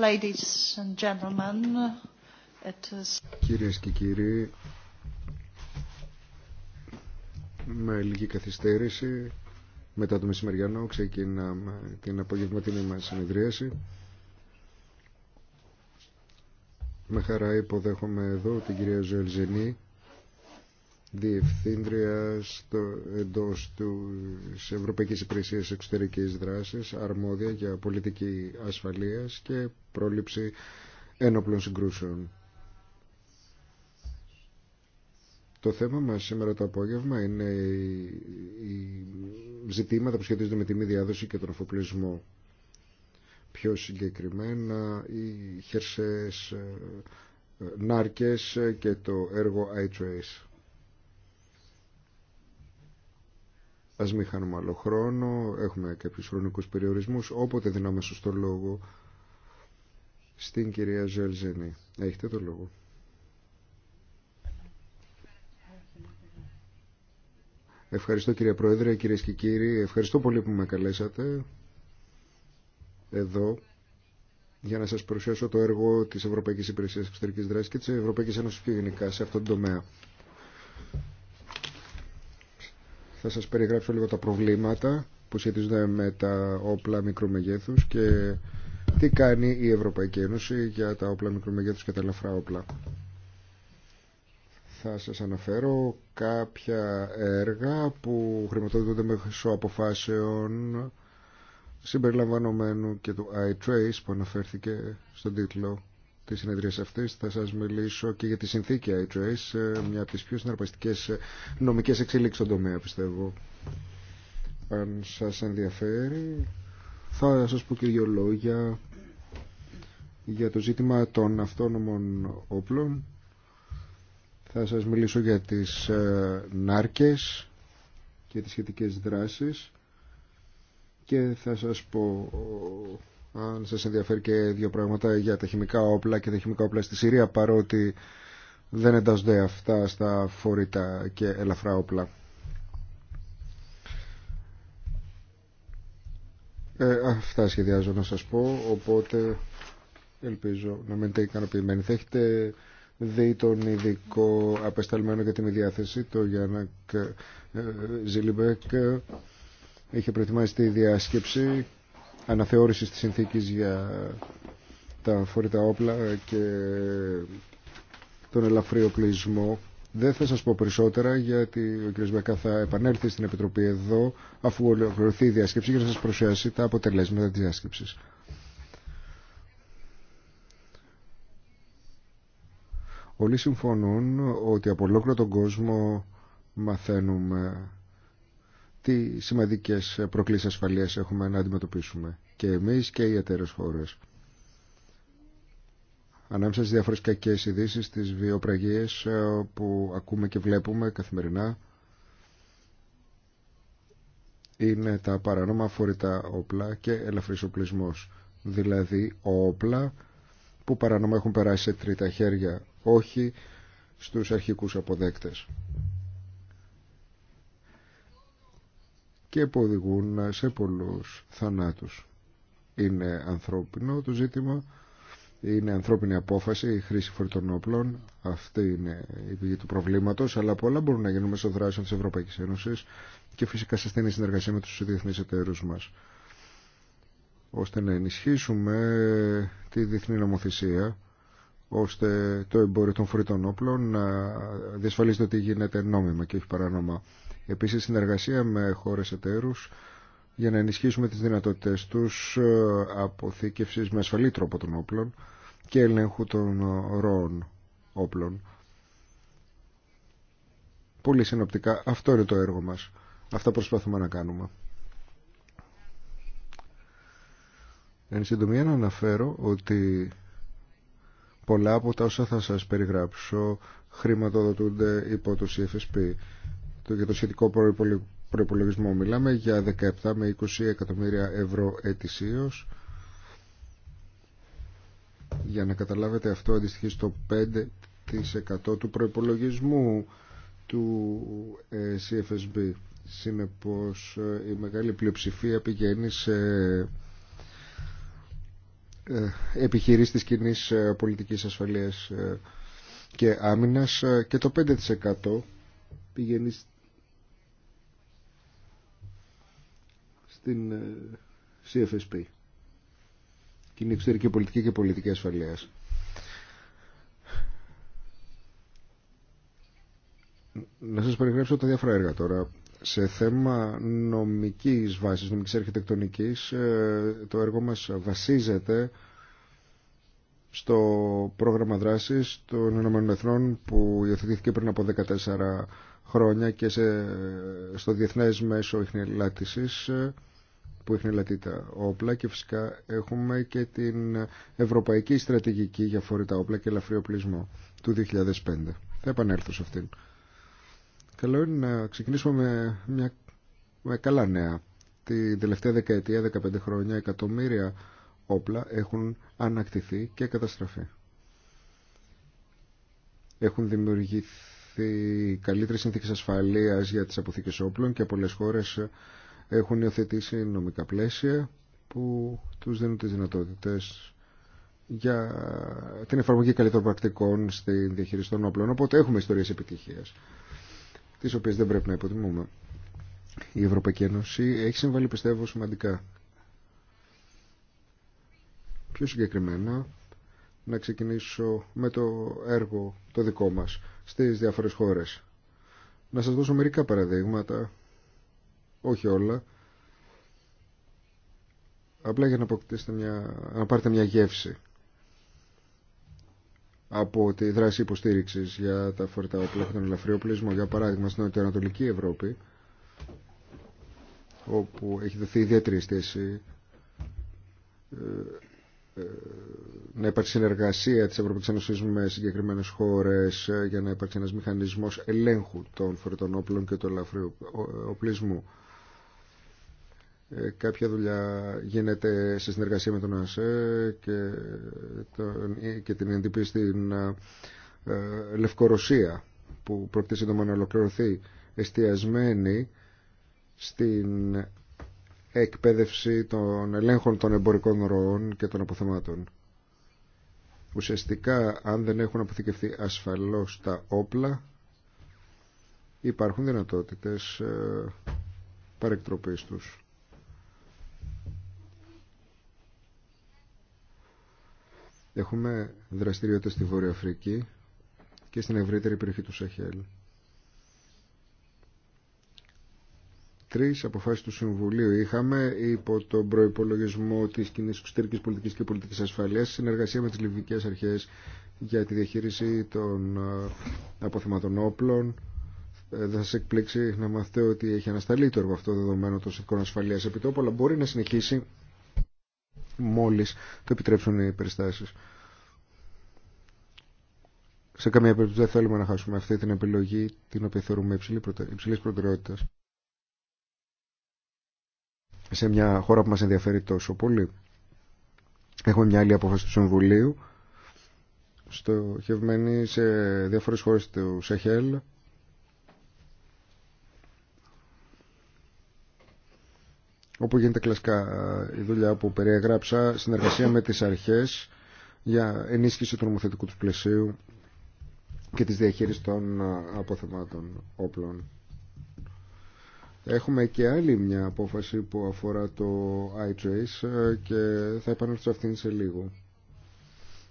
Ladies Κυρίες και κύριοι, με λίγη καθυστέρηση, μετά το μεσημεριανό ξεκινάμε την απογευματινή μας συνεδρίαση. Με χαρά υποδέχομαι εδώ την κυρία Ζωελζενή, διευθύντρια εντό τη Ευρωπαϊκή Υπηρεσίας Εξωτερικής Δράση, αρμόδια για πολιτική ασφαλεία και πρόληψη ένοπλων συγκρούσεων. Το θέμα μας σήμερα το απόγευμα είναι οι ζητήματα που σχετίζονται με τη μη διάδοση και τον αφοπλισμό. Πιο συγκεκριμένα οι χερσές ε, ε, νάρκες και το έργο iTrace. Ας μην χάνουμε άλλο χρόνο, έχουμε κάποιου χρονικού περιορισμούς, όποτε δυνάμε σωστό λόγο στην κυρία Ζελζενή. Έχετε το λόγο. Ευχαριστώ κυρία Πρόεδρε, κυρίε και κύριοι. Ευχαριστώ πολύ που με καλέσατε εδώ για να σας παρουσιάσω το έργο της Ευρωπαϊκής Υπηρεσίας Εξωτερικής Δράσης και της Ευρωπαϊκής Ένωσης και γενικά σε αυτόν τον τομέα. Θα σας περιγράψω λίγο τα προβλήματα που σχετίζονται με τα όπλα μικρομεγέθους και τι κάνει η Ευρωπαϊκή Ένωση για τα όπλα μικρομεγέθους και τα ελαφρά όπλα. Θα σας αναφέρω κάποια έργα που χρηματοδοτούνται χρυσό αποφάσεων συμπεριλαμβανομένου και του iTrace που αναφέρθηκε στον τίτλο τη συνεδρία αυτή θα σα μιλήσω και για τη συνθήκη Trace ε, μια από τι πιο συναρπαστικέ ε, νομικέ εξελίξει στον τομέα, πιστεύω. Αν σα ενδιαφέρει, θα σα πω και δύο λόγια για το ζήτημα των αυτόνομων όπλων. Θα σας μιλήσω για τις ε, νάρκες και τις σχετικές δράσεις και θα σας πω αν σας ενδιαφέρει και δύο πράγματα για τα χημικά όπλα και τα χημικά όπλα στη Συρία παρότι δεν εντάσσονται αυτά στα φορήτα και ελαφρά όπλα. Ε, αυτά σχεδιάζω να σας πω, οπότε ελπίζω να μείνετε ικανοποιημένοι. Θα έχετε δει τον ειδικό απεσταλμένο για την διάθεση, το Γιάννακ ε, Ζιλιμπεκ. Είχε προετοιμάσει τη διάσκεψη Αναθεώρηση της συνθήκης για τα φορητά όπλα και τον ελαφρύ οπλισμό. Δεν θα σας πω περισσότερα γιατί ο κ. Μπεκά θα επανέλθει στην Επιτροπή εδώ αφού ολοκληρωθεί η διάσκεψη για να σας προσφέρει τα αποτελέσματα της διάσκεψης. Όλοι συμφωνούν ότι από ολόκληρο τον κόσμο μαθαίνουμε τι σημαντικές προκλήσεις ασφαλείας έχουμε να αντιμετωπίσουμε και εμείς και οι εταίρες χώρε. Ανάμεσα στις διάφορε κακές ειδήσει, τις βιοπραγίες ε, που ακούμε και βλέπουμε καθημερινά είναι τα παράνομα φορητά όπλα και ελαφρύς οπλισμός. Δηλαδή όπλα που παράνομα έχουν περάσει σε τρίτα χέρια, όχι στους αρχικούς αποδέκτες. και που οδηγούν σε πολλούς θανάτους. Είναι ανθρώπινο το ζήτημα, είναι ανθρώπινη απόφαση, η χρήση φορητών όπλων, αυτή είναι η πηγή του προβλήματος, αλλά πολλά μπορούν να γίνουν μέσω δράσεων της Ευρωπαϊκής Ένωσης και φυσικά σε στενή συνεργασία με τους διεθνείς εταίρους μας, ώστε να ενισχύσουμε τη διεθνή νομοθεσία, ώστε το εμπόριο των φορητών όπλων να διασφαλίζεται ότι γίνεται νόμιμα και όχι παράνομα. Επίσης, συνεργασία με χώρες εταίρους για να ενισχύσουμε τις δυνατότητες τους ε, αποθήκευσης με ασφαλή τρόπο των όπλων και ελέγχου των ροών όπλων. Πολύ συνοπτικά, αυτό είναι το έργο μας. Αυτά προσπαθούμε να κάνουμε. Εν συντομία να αναφέρω ότι πολλά από τα όσα θα σας περιγράψω χρηματοδοτούνται υπό το CFSP το, για το σχετικό προπολογισμό. Μιλάμε για 17 με 20 εκατομμύρια ευρώ ετησίως. Για να καταλάβετε αυτό αντιστοιχεί στο 5% του προϋπολογισμού του ε, CFSB. Συνεπώς ε, η μεγάλη πλειοψηφία πηγαίνει σε ε, επιχειρήσεις της κοινή πολιτικής ασφαλείας και άμυνας και το 5% πηγαίνει την ε, CFSP. Κοινή εξωτερική πολιτική και πολιτική ασφαλείας. Να σας περιγράψω τα διάφορα έργα τώρα. Σε θέμα νομικής βάσης, νομικής αρχιτεκτονικής, ε, το έργο μας βασίζεται στο πρόγραμμα δράσης των ΗΕ που υιοθετήθηκε πριν από 14 χρόνια και σε, στο Διεθνές Μέσο Ιχνηλάτησης που λατεί τα όπλα και φυσικά έχουμε και την Ευρωπαϊκή Στρατηγική για Φορητά Όπλα και Οπλισμό του 2005. Θα επανέλθω σε αυτήν. Καλό είναι να ξεκινήσουμε με, μια, με καλά νέα. Την τελευταία δεκαετία, 15 χρόνια, εκατομμύρια όπλα έχουν ανακτηθεί και καταστραφεί. Έχουν δημιουργηθεί καλύτερες συνθήκες ασφαλείας για τις αποθήκες όπλων και πολλές χώρες έχουν υιοθετήσει νομικά πλαίσια που τους δίνουν τις δυνατότητες για την εφαρμογή καλύτερων πρακτικών στη διαχείριση των όπλων. Οπότε έχουμε ιστορίες επιτυχίας, τις οποίες δεν πρέπει να υποτιμούμε. Η Ευρωπαϊκή Ένωση έχει συμβάλει, πιστεύω, σημαντικά. Πιο συγκεκριμένα, να ξεκινήσω με το έργο το δικό μας στις διάφορες χώρες. Να σας δώσω μερικά παραδείγματα όχι όλα, απλά για να, αποκτήσετε μια, να πάρετε μια γεύση από τη δράση υποστήριξη για τα φορτά όπλα και τον ελαφρύ οπλισμό για παράδειγμα στην Ανατολική Ευρώπη, όπου έχει δοθεί ιδιαίτερη στήση ε, ε, να υπάρξει συνεργασία της Ευρωπαϊκής Ένωσης με συγκεκριμένες χώρες ε, για να υπάρξει ένας μηχανισμός ελέγχου των φορετών όπλων και του ελαφρύ οπλισμού. Ε, κάποια δουλειά γίνεται σε συνεργασία με τον ΑΣΕ και, την εντύπωση στην ε, Λευκορωσία που πρόκειται σύντομα να ολοκληρωθεί εστιασμένη στην εκπαίδευση των ελέγχων των εμπορικών ροών και των αποθεμάτων. Ουσιαστικά, αν δεν έχουν αποθηκευτεί ασφαλώς τα όπλα, υπάρχουν δυνατότητες ε, παρεκτροπής τους. Έχουμε δραστηριότητες στη Βόρεια Αφρική και στην ευρύτερη περιοχή του Σαχέλ. Τρεις αποφάσεις του Συμβουλίου είχαμε υπό τον προϋπολογισμό της κοινή εξωτερικής πολιτικής και πολιτικής ασφαλείας, συνεργασία με τις λιβικές αρχές για τη διαχείριση των ε, αποθεματών όπλων. Δεν θα σα εκπλήξει να μαθαίω ότι έχει ανασταλεί το έργο αυτό δεδομένο των συνθηκών ασφαλεία επιτόπου, αλλά μπορεί να συνεχίσει μόλις το επιτρέψουν οι περιστάσεις. Σε καμία περίπτωση δεν θέλουμε να χάσουμε αυτή την επιλογή την οποία θεωρούμε υψηλή προτεραιότητα. Σε μια χώρα που μας ενδιαφέρει τόσο πολύ. Έχουμε μια άλλη απόφαση του Συμβουλίου στοχευμένη σε διάφορες χώρες του Σαχέλ όπου γίνεται κλασικά ε, η δουλειά που περιέγραψα, συνεργασία με τις αρχές για ενίσχυση του νομοθετικού του πλαισίου και της διαχείρισης των ε, αποθεμάτων όπλων. Έχουμε και άλλη μια απόφαση που αφορά το iTrace ε, και θα επανέλθω σε αυτήν σε λίγο.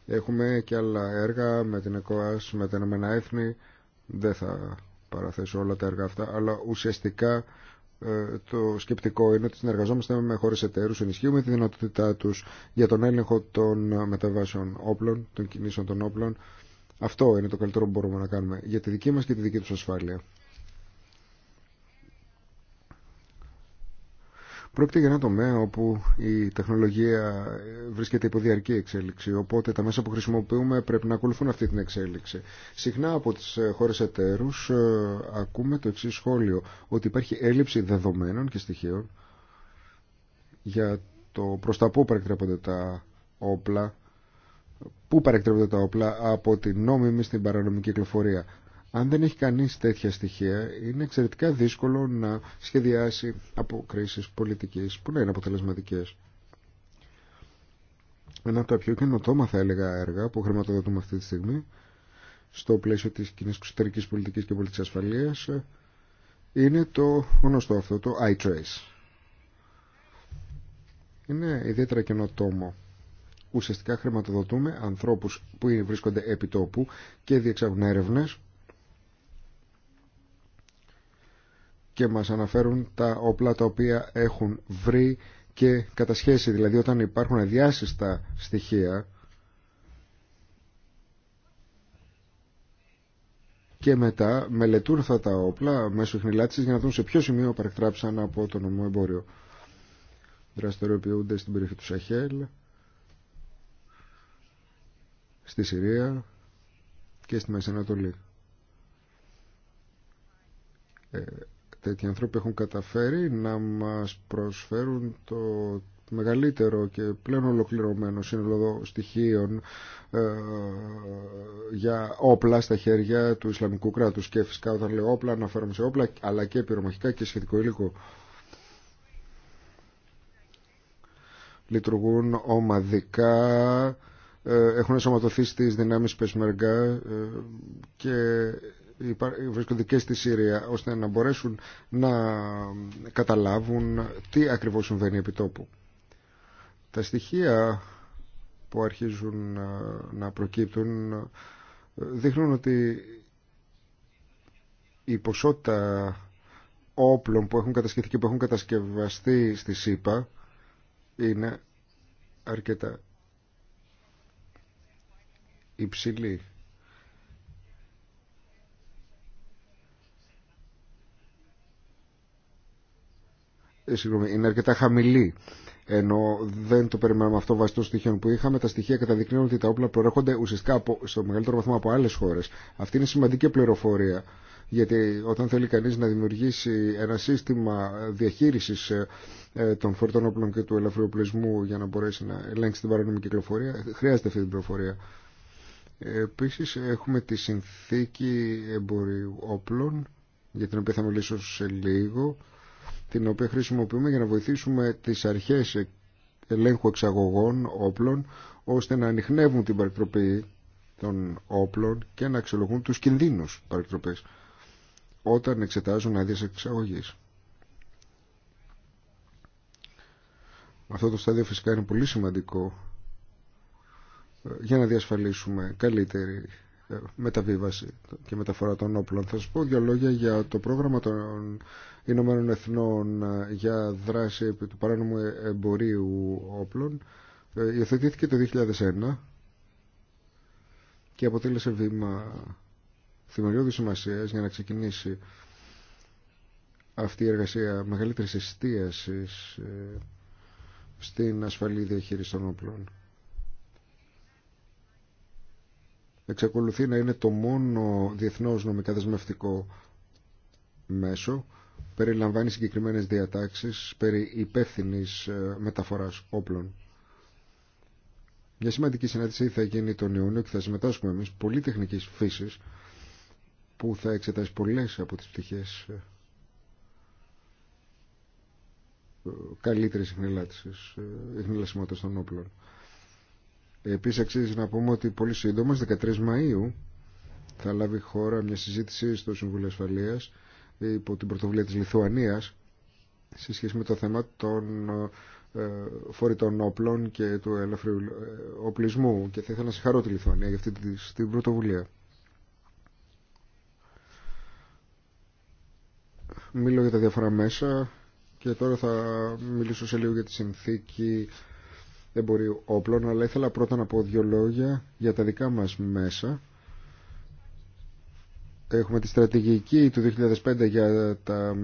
Έχουμε και άλλα έργα με την ΕΚΟΑΣ, με τα Ηνωμένα Έθνη. Δεν θα παραθέσω όλα τα έργα αυτά, αλλά ουσιαστικά ε, το σκεπτικό είναι ότι συνεργαζόμαστε με χώρε εταίρου, ενισχύουμε τη δυνατότητά του για τον έλεγχο των μεταβάσεων όπλων, των κινήσεων των όπλων. Αυτό είναι το καλύτερο που μπορούμε να κάνουμε για τη δική μα και τη δική του ασφάλεια. Πρόκειται για ένα τομέα όπου η τεχνολογία βρίσκεται υπό διαρκή εξέλιξη, οπότε τα μέσα που χρησιμοποιούμε πρέπει να ακολουθούν αυτή την εξέλιξη. Συχνά από τις χώρες εταίρους ε, ακούμε το εξή σχόλιο, ότι υπάρχει έλλειψη δεδομένων και στοιχείων για το προ τα πού παρεκτρέπονται τα όπλα, πού παρεκτρέπονται τα όπλα από την νόμιμη στην παρανομική κυκλοφορία. Αν δεν έχει κανείς τέτοια στοιχεία, είναι εξαιρετικά δύσκολο να σχεδιάσει αποκρίσεις πολιτικής που να είναι αποτελεσματικές. Ένα από τα πιο καινοτόμα, θα έλεγα, έργα που χρηματοδοτούμε αυτή τη στιγμή στο πλαίσιο της κοινή εξωτερικής πολιτικής και πολιτικής ασφαλείας είναι το γνωστό αυτό, το iTrace. Είναι ιδιαίτερα καινοτόμο. Ουσιαστικά χρηματοδοτούμε ανθρώπους που βρίσκονται επί τόπου και διεξάγουν έρευνες και μας αναφέρουν τα όπλα τα οποία έχουν βρει και κατά σχέση, δηλαδή όταν υπάρχουν αδιάσυστα στοιχεία και μετά μελετούν αυτά τα όπλα μέσω χνηλάτησης για να δουν σε ποιο σημείο παρεκτράψαν από το νομό εμπόριο. Δραστηριοποιούνται στην περιοχή του Σαχέλ, στη Συρία και στη Μέση Ανατολή. Ε, τέτοιοι άνθρωποι έχουν καταφέρει να μας προσφέρουν το μεγαλύτερο και πλέον ολοκληρωμένο σύνολο στοιχείων ε, για όπλα στα χέρια του Ισλαμικού κράτους και φυσικά όταν λέω όπλα αναφέρομαι σε όπλα αλλά και πυρομαχικά και σχετικό υλικό λειτουργούν ομαδικά ε, έχουν σωματωθεί στις δυνάμεις Πεσμεργά ε, και βρίσκονται και στη Συρία ώστε να μπορέσουν να καταλάβουν τι ακριβώς συμβαίνει επί τόπου. Τα στοιχεία που αρχίζουν ε, να προκύπτουν ε, δείχνουν ότι η ποσότητα όπλων που έχουν κατασκευαστεί και που έχουν κατασκευαστεί στη ΣΥΠΑ είναι αρκετά υψηλή. Ε, συγγνώμη, είναι αρκετά χαμηλή. Ενώ δεν το περιμέναμε αυτό βάσει των στοιχείων που είχαμε, τα στοιχεία καταδεικνύουν ότι τα όπλα προέρχονται ουσιαστικά από, στο μεγαλύτερο βαθμό από άλλε χώρε. Αυτή είναι σημαντική πληροφορία. Γιατί όταν θέλει κανεί να δημιουργήσει ένα σύστημα διαχείριση ε, ε, των φορτών όπλων και του ελαφριοπλισμού για να μπορέσει να ελέγξει την παράνομη κυκλοφορία, χρειάζεται αυτή την πληροφορία. Επίση, έχουμε τη συνθήκη εμπορίου όπλων, για την οποία θα μιλήσω σε λίγο την οποία χρησιμοποιούμε για να βοηθήσουμε τις αρχές ελέγχου εξαγωγών όπλων ώστε να ανοιχνεύουν την παρεκτροπή των όπλων και να αξιολογούν τους κινδύνους παρακτροπές όταν εξετάζουν άδειες εξαγωγής. Αυτό το στάδιο φυσικά είναι πολύ σημαντικό ε, για να διασφαλίσουμε καλύτερη ε, μεταβίβαση και μεταφορά των όπλων. Θα σα πω δύο λόγια για το πρόγραμμα των Ηνωμένων Εθνών ε, για δράση επί του παράνομου ε, εμπορίου όπλων. Υιοθετήθηκε το 2001 και αποτέλεσε βήμα θεμελιώδης σημασία για να ξεκινήσει αυτή η εργασία μεγαλύτερης εστίασης στην ασφαλή διαχείριση των όπλων. εξακολουθεί να είναι το μόνο διεθνώς νομικά δεσμευτικό μέσο περιλαμβάνει συγκεκριμένες διατάξεις περί υπεύθυνης ε, μεταφοράς όπλων. Μια σημαντική συνάντηση θα γίνει τον Ιούνιο και θα συμμετάσχουμε εμείς πολύ τεχνικής φύσης που θα εξετάσει πολλές από τις πτυχές ε, ε, καλύτερης εχνηλάτησης, εχνηλασιμότητας των όπλων. Επίσης αξίζει να πούμε ότι πολύ σύντομα, στις 13 Μαΐου, θα λάβει χώρα μια συζήτηση στο Συμβούλιο Ασφαλείας υπό την πρωτοβουλία της Λιθουανίας σε σχέση με το θέμα των ε, φορητών όπλων και του ελαφριού ε, οπλισμού και θα ήθελα να συγχαρώ τη Λιθουανία για αυτή την πρωτοβουλία. Μίλω για τα διάφορα μέσα και τώρα θα μιλήσω σε λίγο για τη συνθήκη εμπορίου όπλων, αλλά ήθελα πρώτα να πω δύο λόγια για τα δικά μας μέσα. Έχουμε τη στρατηγική του 2005 για τα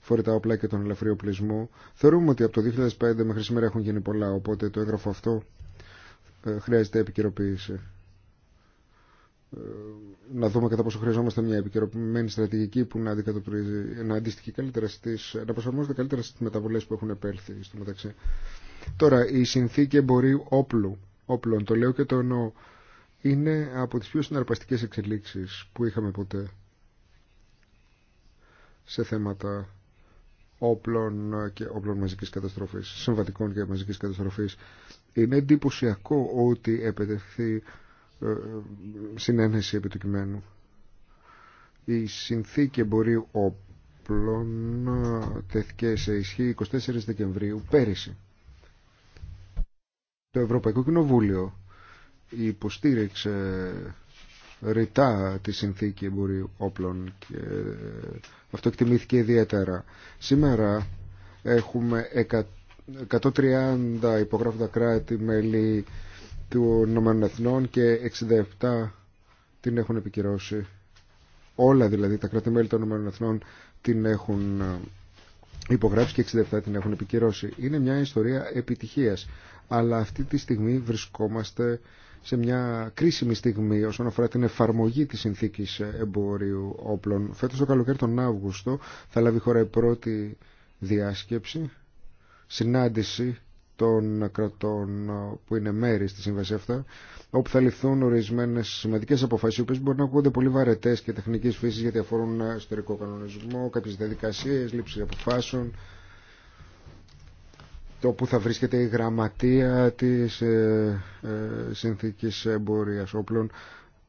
φορητά όπλα και τον ελαφρύ οπλισμό. Θεωρούμε ότι από το 2005 μέχρι σήμερα έχουν γίνει πολλά, οπότε το έγγραφο αυτό ε, χρειάζεται επικαιροποίηση. Ε, να δούμε κατά πόσο χρειαζόμαστε μια επικαιροποιημένη στρατηγική που να, να αντιστοιχεί καλύτερα στις, να καλύτερα στις μεταβολές που έχουν επέλθει στο μεταξύ. Τώρα, η συνθήκη εμπορίου όπλου, όπλων, το λέω και το εννοώ, είναι από τις πιο συναρπαστικές εξελίξεις που είχαμε ποτέ σε θέματα όπλων και όπλων μαζικής καταστροφής, συμβατικών και μαζικής καταστροφής. Είναι εντυπωσιακό ότι επιτευχθεί ε, συνένεση επί του κειμένου. Η συνθήκη εμπορίου όπλων ε, τέθηκε σε ισχύ 24 Δεκεμβρίου πέρυσι. Το Ευρωπαϊκό Κοινοβούλιο υποστήριξε ρητά τη συνθήκη εμπορίου όπλων και αυτό εκτιμήθηκε ιδιαίτερα. Σήμερα έχουμε 130 υπογράφοντα κράτη μέλη του Ηνωμένων και 67 την έχουν επικυρώσει. Όλα δηλαδή τα κράτη-μέλη των Ηνωμένων την έχουν υπογράψει και 67 την έχουν επικυρώσει. Είναι μια ιστορία επιτυχίας. Αλλά αυτή τη στιγμή βρισκόμαστε σε μια κρίσιμη στιγμή όσον αφορά την εφαρμογή της συνθήκης εμπορίου όπλων. Φέτος το καλοκαίρι τον Αύγουστο θα λάβει χώρα η πρώτη διάσκεψη, συνάντηση των κρατών ε, που είναι μέρη στη σύμβαση αυτά, όπου θα ληφθούν ορισμένε σημαντικέ αποφάσει, οι οποίε μπορεί να ακούγονται πολύ βαρετέ και τεχνική φύση, γιατί αφορούν ιστορικό κανονισμό, κάποιε διαδικασίε, λήψη αποφάσεων, το που θα βρίσκεται η γραμματεία τη ε, ε, συνθήκη εμπορία όπλων.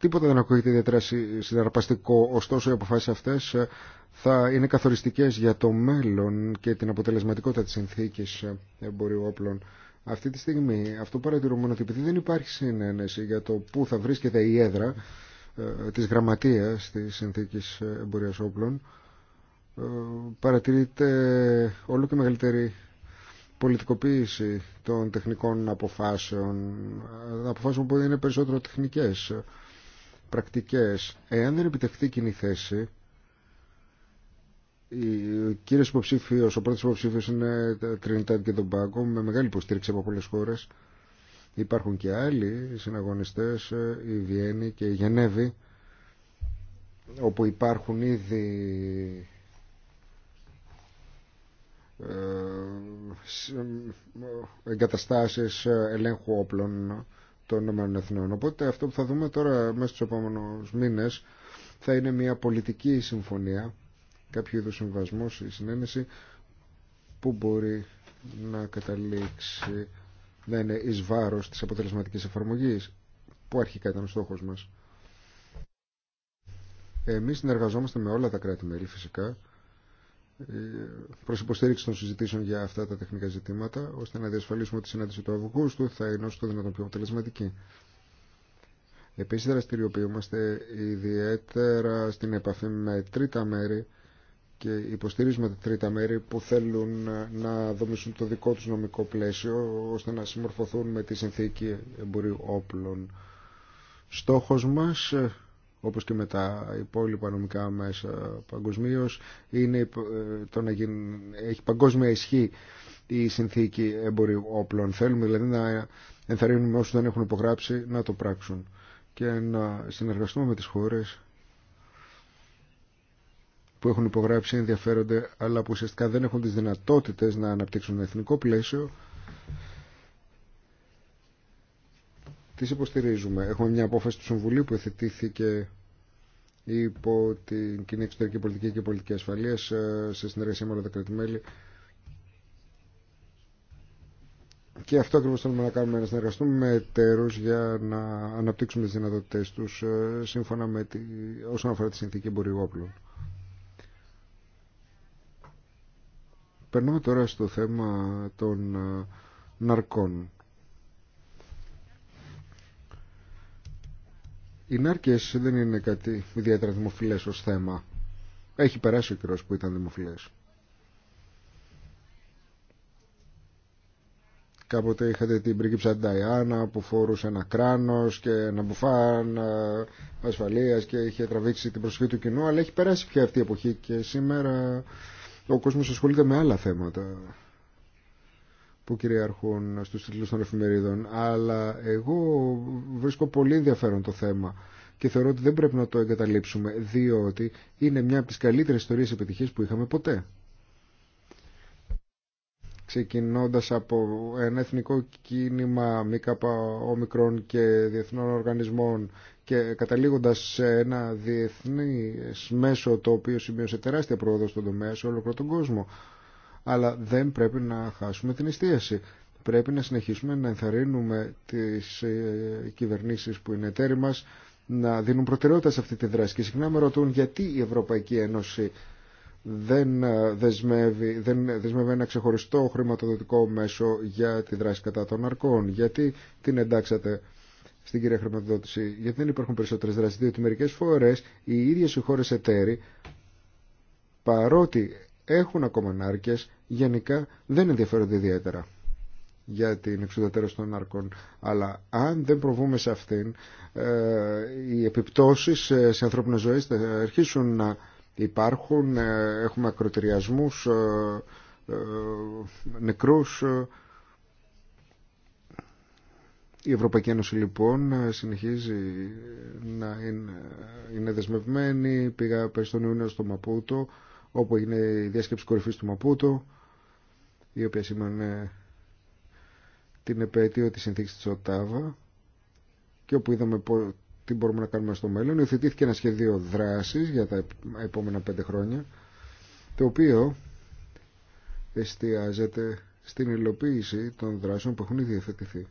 Τίποτα δεν ακούγεται ιδιαίτερα συναρπαστικό, ωστόσο οι αποφάσεις αυτές ε, θα είναι καθοριστικές για το μέλλον και την αποτελεσματικότητα της συνθήκης ε, εμπορίου όπλων. Αυτή τη στιγμή αυτό παρατηρούμε ότι επειδή δεν υπάρχει συνένεση για το πού θα βρίσκεται η έδρα τη ε, της γραμματείας της συνθήκης εμπορίας όπλων, παρατηρείται όλο και μεγαλύτερη πολιτικοποίηση των τεχνικών αποφάσεων, αποφάσεων που είναι περισσότερο τεχνικές πρακτικές. Εάν δεν επιτευχθεί κοινή θέση, ο κύριος υποψήφιος, ο πρώτος υποψήφιος είναι Trinidad και τον Πάγκο, με μεγάλη υποστήριξη από πολλές χώρες. Υπάρχουν και άλλοι συναγωνιστές, η Βιέννη και η Γενέβη, όπου υπάρχουν ήδη ε, ε, εγκαταστάσεις ελέγχου όπλων των εθνών. Οπότε αυτό που θα δούμε τώρα μέσα στους επόμενους μήνες θα είναι μια πολιτική συμφωνία, κάποιο είδους συμβασμός ή συνένεση που μπορεί να καταλήξει να είναι εις βάρος της αποτελεσματικής εφαρμογής που αρχικά ήταν ο στόχος μας. Εμείς συνεργαζόμαστε με όλα τα κράτη-μέλη φυσικά ε, Προ υποστήριξη των συζητήσεων για αυτά τα τεχνικά ζητήματα, ώστε να διασφαλίσουμε ότι η συνάντηση του Αυγούστου θα είναι όσο το δυνατόν πιο αποτελεσματική. Επίσης δραστηριοποιούμαστε ιδιαίτερα στην επαφή με τρίτα μέρη και υποστηρίζουμε τα τρίτα μέρη που θέλουν να δομήσουν το δικό τους νομικό πλαίσιο ώστε να συμμορφωθούν με τη συνθήκη εμπορίου όπλων. Στόχος μας όπως και με τα υπόλοιπα νομικά μέσα παγκοσμίω, είναι ε, το να γίνει, έχει παγκόσμια ισχύ η συνθήκη εμπορίου όπλων. Θέλουμε δηλαδή να ενθαρρύνουμε όσους δεν έχουν υπογράψει να το πράξουν και να συνεργαστούμε με τις χώρες που έχουν υπογράψει ενδιαφέρονται αλλά που ουσιαστικά δεν έχουν τις δυνατότητες να αναπτύξουν ένα εθνικό πλαίσιο τις υποστηρίζουμε. Έχουμε μια απόφαση του Συμβουλίου που εθετήθηκε υπό την κοινή εξωτερική πολιτική και πολιτική ασφαλεία ε, σε συνεργασία με όλα τα κράτη-μέλη. Και αυτό ακριβώ θέλουμε να κάνουμε, να συνεργαστούμε με εταίρου για να αναπτύξουμε τι δυνατότητέ του ε, σύμφωνα με τη, όσον αφορά τη συνθήκη όπλων. Περνάμε τώρα στο θέμα των ε, ναρκών. Οι νάρκε δεν είναι κάτι ιδιαίτερα δημοφιλέ ως θέμα. Έχει περάσει ο καιρός που ήταν δημοφιλές. Κάποτε είχατε την πρίγκιψα Νταϊάννα που φορούσε ένα κράνος και ένα μπουφάν ε, ασφαλεία και είχε τραβήξει την προσοχή του κοινού, αλλά έχει περάσει πια αυτή η εποχή και σήμερα ο κόσμος ασχολείται με άλλα θέματα που κυριαρχούν στους τίτλους των εφημερίδων αλλά εγώ βρίσκω πολύ ενδιαφέρον το θέμα και θεωρώ ότι δεν πρέπει να το εγκαταλείψουμε διότι είναι μια από τις καλύτερες ιστορίες επιτυχίας που είχαμε ποτέ ξεκινώντας από ένα εθνικό κίνημα ομικρών και διεθνών οργανισμών και καταλήγοντας σε ένα διεθνή μέσο το οποίο σημείωσε τεράστια πρόοδο στον τομέα σε όλο τον κόσμο αλλά δεν πρέπει να χάσουμε την εστίαση. Πρέπει να συνεχίσουμε να ενθαρρύνουμε τις ε, κυβερνήσεις που είναι εταίροι μας να δίνουν προτεραιότητα σε αυτή τη δράση. Και συχνά με ρωτούν γιατί η Ευρωπαϊκή Ένωση δεν ε, δεσμεύει, δεν δεσμεύει ένα ξεχωριστό χρηματοδοτικό μέσο για τη δράση κατά των αρκών. Γιατί την εντάξατε στην κυρία χρηματοδότηση, γιατί δεν υπάρχουν περισσότερες δράσεις, διότι μερικές φορές οι ίδιες οι χώρες εταίροι, παρότι έχουν ακόμα νάρκες, γενικά δεν ενδιαφέρονται ιδιαίτερα για την εξουδετερώση των ναρκών. Αλλά αν δεν προβούμε σε αυτήν, ε, οι επιπτώσεις σε ανθρώπινες ζωές θα αρχίσουν να υπάρχουν. Ε, έχουμε ακροτηριασμούς, ε, νεκρούς. Η Ευρωπαϊκή Ένωση λοιπόν συνεχίζει να είναι, δεσμευμένη. Πήγα πέρσι στο Μαπούτο όπου έγινε η διάσκεψη κορυφή του Μαπούτο, η οποία σήμανε την επέτειο τη συνθήκης τη Οτάβα και όπου είδαμε τι μπορούμε να κάνουμε στο μέλλον. Υιοθετήθηκε ένα σχεδίο δράσης για τα επόμενα πέντε χρόνια, το οποίο εστιάζεται στην υλοποίηση των δράσεων που έχουν ήδη υιοθετηθεί.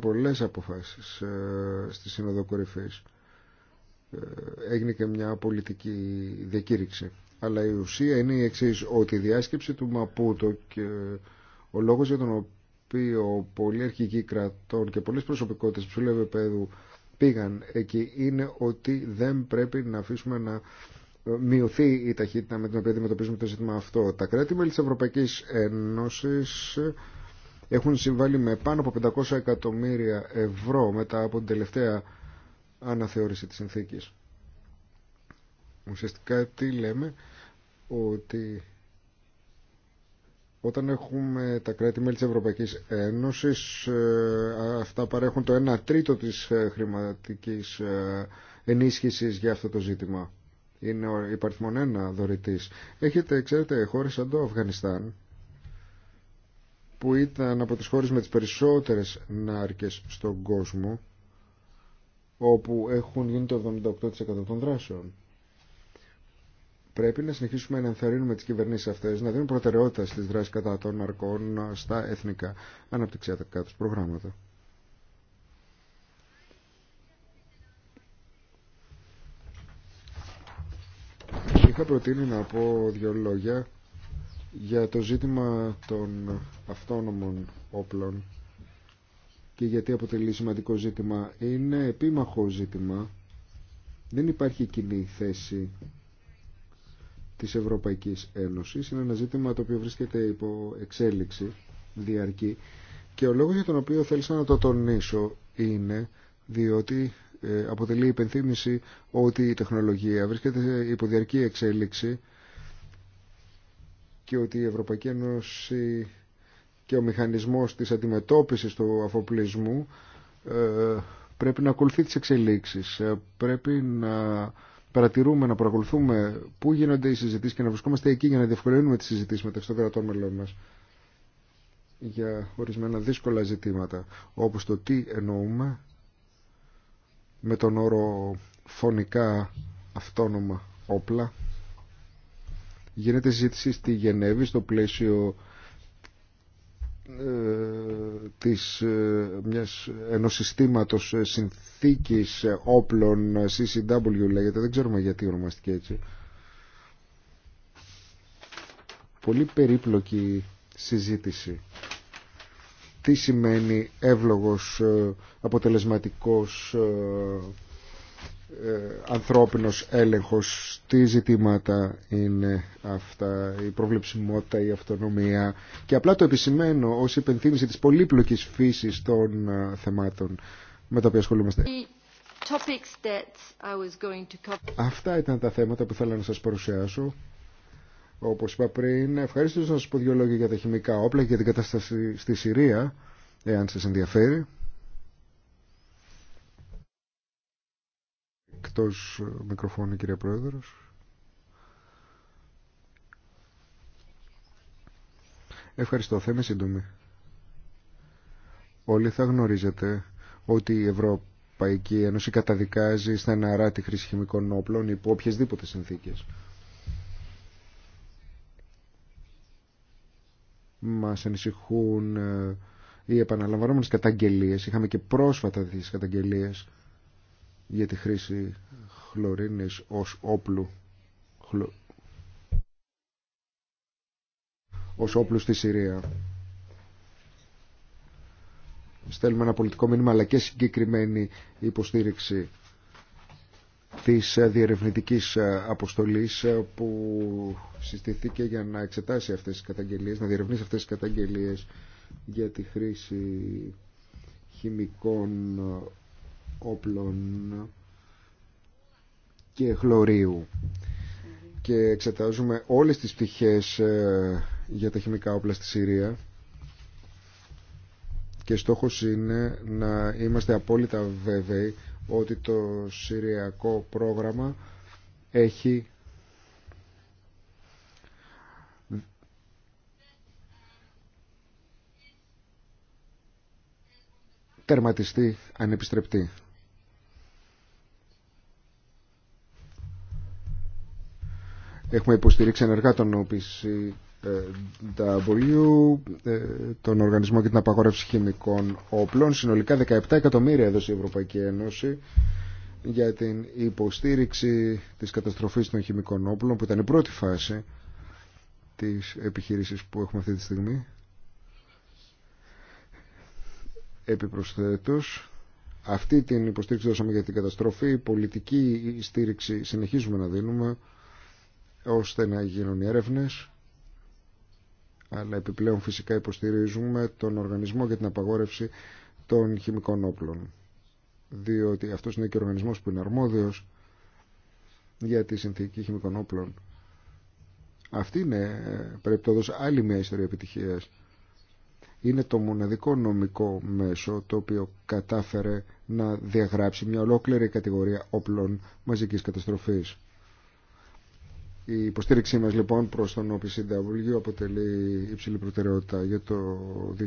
πολλές αποφάσεις ε, στη Σύνοδο Κορυφής. Ε, έγινε και μια πολιτική διακήρυξη. Αλλά η ουσία είναι η εξή ότι η διάσκεψη του Μαπούτο και ο λόγος για τον οποίο πολλοί αρχηγοί κρατών και πολλές προσωπικότητες ψηλού επίπεδου πήγαν εκεί είναι ότι δεν πρέπει να αφήσουμε να ε, μειωθεί η ταχύτητα με την οποία αντιμετωπίζουμε το ζήτημα αυτό. Τα κράτη-μέλη της Ευρωπαϊκής Ένωσης έχουν συμβάλει με πάνω από 500 εκατομμύρια ευρώ μετά από την τελευταία αναθεώρηση της συνθήκης. Ουσιαστικά τι λέμε ότι όταν έχουμε τα κράτη-μέλη της Ευρωπαϊκής Ένωσης ε, αυτά παρέχουν το 1 τρίτο της ε, χρηματικής ε, ενίσχυσης για αυτό το ζήτημα. Είναι η υπαριθμόν ένα δωρητής. Έχετε, ξέρετε, χώρες σαν το Αφγανιστάν που ήταν από τις χώρες με τις περισσότερες νάρκες στον κόσμο όπου έχουν γίνει το 78% των δράσεων. Πρέπει να συνεχίσουμε να ενθαρρύνουμε τις κυβερνήσει αυτές να δίνουν προτεραιότητα στις δράσεις κατά των ναρκών στα εθνικά αναπτυξιακά τους προγράμματα. Είχα προτείνει να πω δύο λόγια για το ζήτημα των αυτόνομων όπλων και γιατί αποτελεί σημαντικό ζήτημα. Είναι επίμαχο ζήτημα. Δεν υπάρχει κοινή θέση της Ευρωπαϊκής Ένωσης. Είναι ένα ζήτημα το οποίο βρίσκεται υπό εξέλιξη διαρκή. Και ο λόγος για τον οποίο θέλησα να το τονίσω είναι διότι ε, αποτελεί υπενθύμηση ότι η τεχνολογία βρίσκεται υπό διαρκή εξέλιξη και ότι η Ευρωπαϊκή Ένωση και ο μηχανισμός της αντιμετώπισης του αφοπλισμού ε, πρέπει να ακολουθεί τις εξελίξεις. Ε, πρέπει να παρατηρούμε, να παρακολουθούμε πού γίνονται οι συζητήσεις και να βρισκόμαστε εκεί για να διευκολύνουμε τις συζητήσεις μεταξύ των κρατών μελών μας για ορισμένα δύσκολα ζητήματα όπως το τι εννοούμε με τον όρο φωνικά αυτόνομα όπλα γίνεται συζήτηση στη Γενέβη στο πλαίσιο ε, της ε, μιας ενός συστήματος ε, συνθήκης όπλων CCW λέγεται δεν ξέρουμε γιατί ονομαστηκε έτσι πολύ περίπλοκη συζήτηση τι σημαίνει εύλογος αποτελεσματικός ε, ανθρώπινος έλεγχος τι ζητήματα είναι αυτά η προβλεψιμότητα, η αυτονομία και απλά το επισημαίνω ως υπενθύμηση της πολύπλοκης φύσης των ε, θεμάτων με τα οποία ασχολούμαστε Αυτά ήταν τα θέματα που θέλω να σας παρουσιάσω όπως είπα πριν ευχαριστώ να σας πω δύο λόγια για τα χημικά όπλα και για την κατάσταση στη Συρία εάν σας ενδιαφέρει Εκτός ε, μικροφώνου κυρία Πρόεδρος. Ευχαριστώ, θα είμαι σύντομη. Όλοι θα γνωρίζετε ότι η Ευρωπαϊκή Ένωση καταδικάζει στεναρά τη χρήση χημικών όπλων υπό οποιασδήποτε συνθήκες. Μας ανησυχούν ε, οι επαναλαμβανόμενες καταγγελίες. Είχαμε και πρόσφατα τις καταγγελίες για τη χρήση χλωρίνης ως όπλου ως όπλου στη Συρία. Στέλνουμε ένα πολιτικό μήνυμα αλλά και συγκεκριμένη υποστήριξη της ε, διερευνητικής ε, αποστολής ε, που συστηθήκε για να εξετάσει αυτές τις καταγγελίες, να διερευνήσει αυτές τις καταγγελίες για τη χρήση χημικών όπλων και χλωρίου και εξετάζουμε όλες τις πτυχές ε, για τα χημικά όπλα στη Συρία και στόχος είναι να είμαστε απόλυτα βέβαιοι ότι το Συριακό πρόγραμμα έχει τερματιστεί ανεπιστρεπτή. Έχουμε υποστηρίξει ενεργά τον OPCW, ε, τον Οργανισμό για την Απαγόρευση Χημικών Όπλων. Συνολικά 17 εκατομμύρια έδωσε η Ευρωπαϊκή Ένωση για την υποστήριξη της καταστροφής των χημικών όπλων που ήταν η πρώτη φάση της επιχείρησης που έχουμε αυτή τη στιγμή. Επιπροσθέτως, αυτή την υποστήριξη δώσαμε για την καταστροφή, πολιτική στήριξη συνεχίζουμε να δίνουμε ώστε να γίνουν οι έρευνες αλλά επιπλέον φυσικά υποστηρίζουμε τον οργανισμό για την απαγόρευση των χημικών όπλων διότι αυτός είναι και ο οργανισμός που είναι αρμόδιος για τη συνθήκη χημικών όπλων αυτή είναι περιπτώδος άλλη μια ιστορία επιτυχίας είναι το μοναδικό νομικό μέσο το οποίο κατάφερε να διαγράψει μια ολόκληρη κατηγορία όπλων μαζικής καταστροφής η υποστήριξή μας λοιπόν προς τον OPCW αποτελεί υψηλή προτεραιότητα για το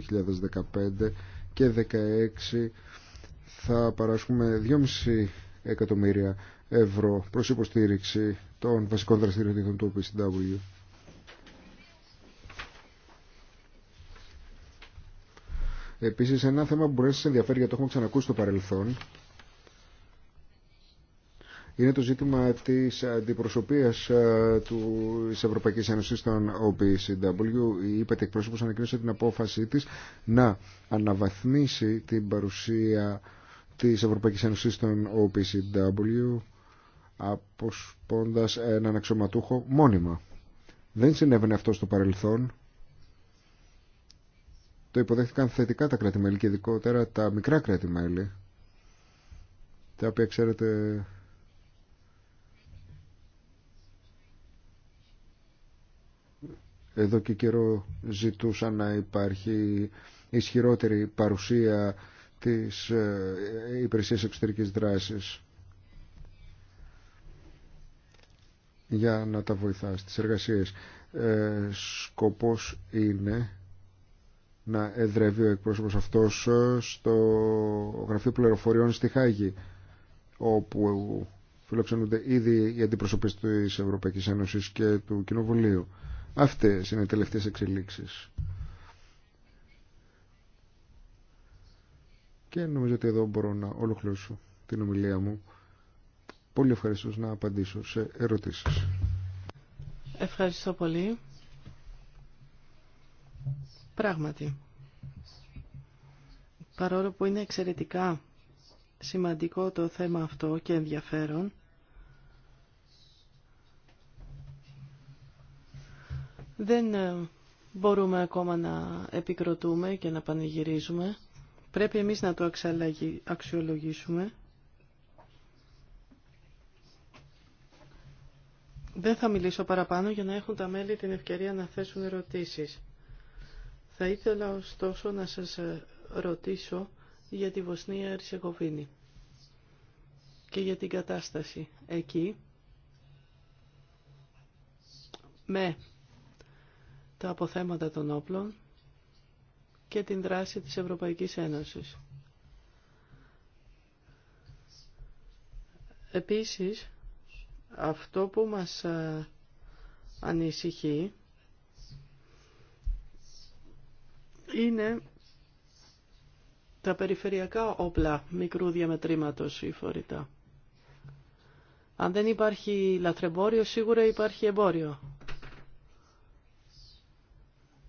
2015 και 2016 θα παράσχουμε 2,5 εκατομμύρια ευρώ προς υποστήριξη των βασικών δραστηριοτήτων του OPCW. Επίσης ένα θέμα που μπορεί να σας ενδιαφέρει γιατί το έχουμε ξανακούσει στο παρελθόν είναι το ζήτημα της αντιπροσωπείας ε, της Ευρωπαϊκής Ένωσης των OPCW. Η ΥΠΑΤ εκπρόσωπος ανακοίνωσε την απόφασή της να αναβαθμίσει την παρουσία της Ευρωπαϊκής Ένωσης των OPCW αποσπώντας έναν αξιωματούχο μόνιμα. Δεν συνέβαινε αυτό στο παρελθόν. Το υποδέχτηκαν θετικά τα κράτη-μέλη και ειδικότερα τα μικρά κράτη-μέλη, τα οποία ξέρετε Εδώ και καιρό ζητούσα να υπάρχει ισχυρότερη παρουσία της ε, υπηρεσίας εξωτερικής δράσης για να τα βοηθά στις εργασίες. Ε, σκοπός είναι να εδρεύει ο εκπρόσωπος αυτός ε, στο Γραφείο Πληροφοριών στη Χάγη όπου φιλοξενούνται ήδη οι αντιπροσωπείς της Ευρωπαϊκής Ένωσης και του Κοινοβουλίου. Αυτές είναι οι τελευταίες εξελίξεις. Και νομίζω ότι εδώ μπορώ να ολοκληρώσω την ομιλία μου. Πολύ ευχαριστώ να απαντήσω σε ερωτήσεις. Ευχαριστώ πολύ. Πράγματι, παρόλο που είναι εξαιρετικά σημαντικό το θέμα αυτό και ενδιαφέρον, Δεν ε, μπορούμε ακόμα να επικροτούμε και να πανηγυρίζουμε. Πρέπει εμείς να το αξιολογήσουμε. Δεν θα μιλήσω παραπάνω για να έχουν τα μέλη την ευκαιρία να θέσουν ερωτήσεις. Θα ήθελα ωστόσο να σας ε, ρωτήσω για τη Βοσνία Ερσεγοβίνη και για την κατάσταση εκεί με τα αποθέματα των όπλων και την δράση της Ευρωπαϊκής Ένωσης. Επίσης, αυτό που μας ε, ανησυχεί είναι τα περιφερειακά όπλα μικρού διαμετρήματος ή φορητά. Αν δεν υπάρχει λαθρεμπόριο, σίγουρα υπάρχει εμπόριο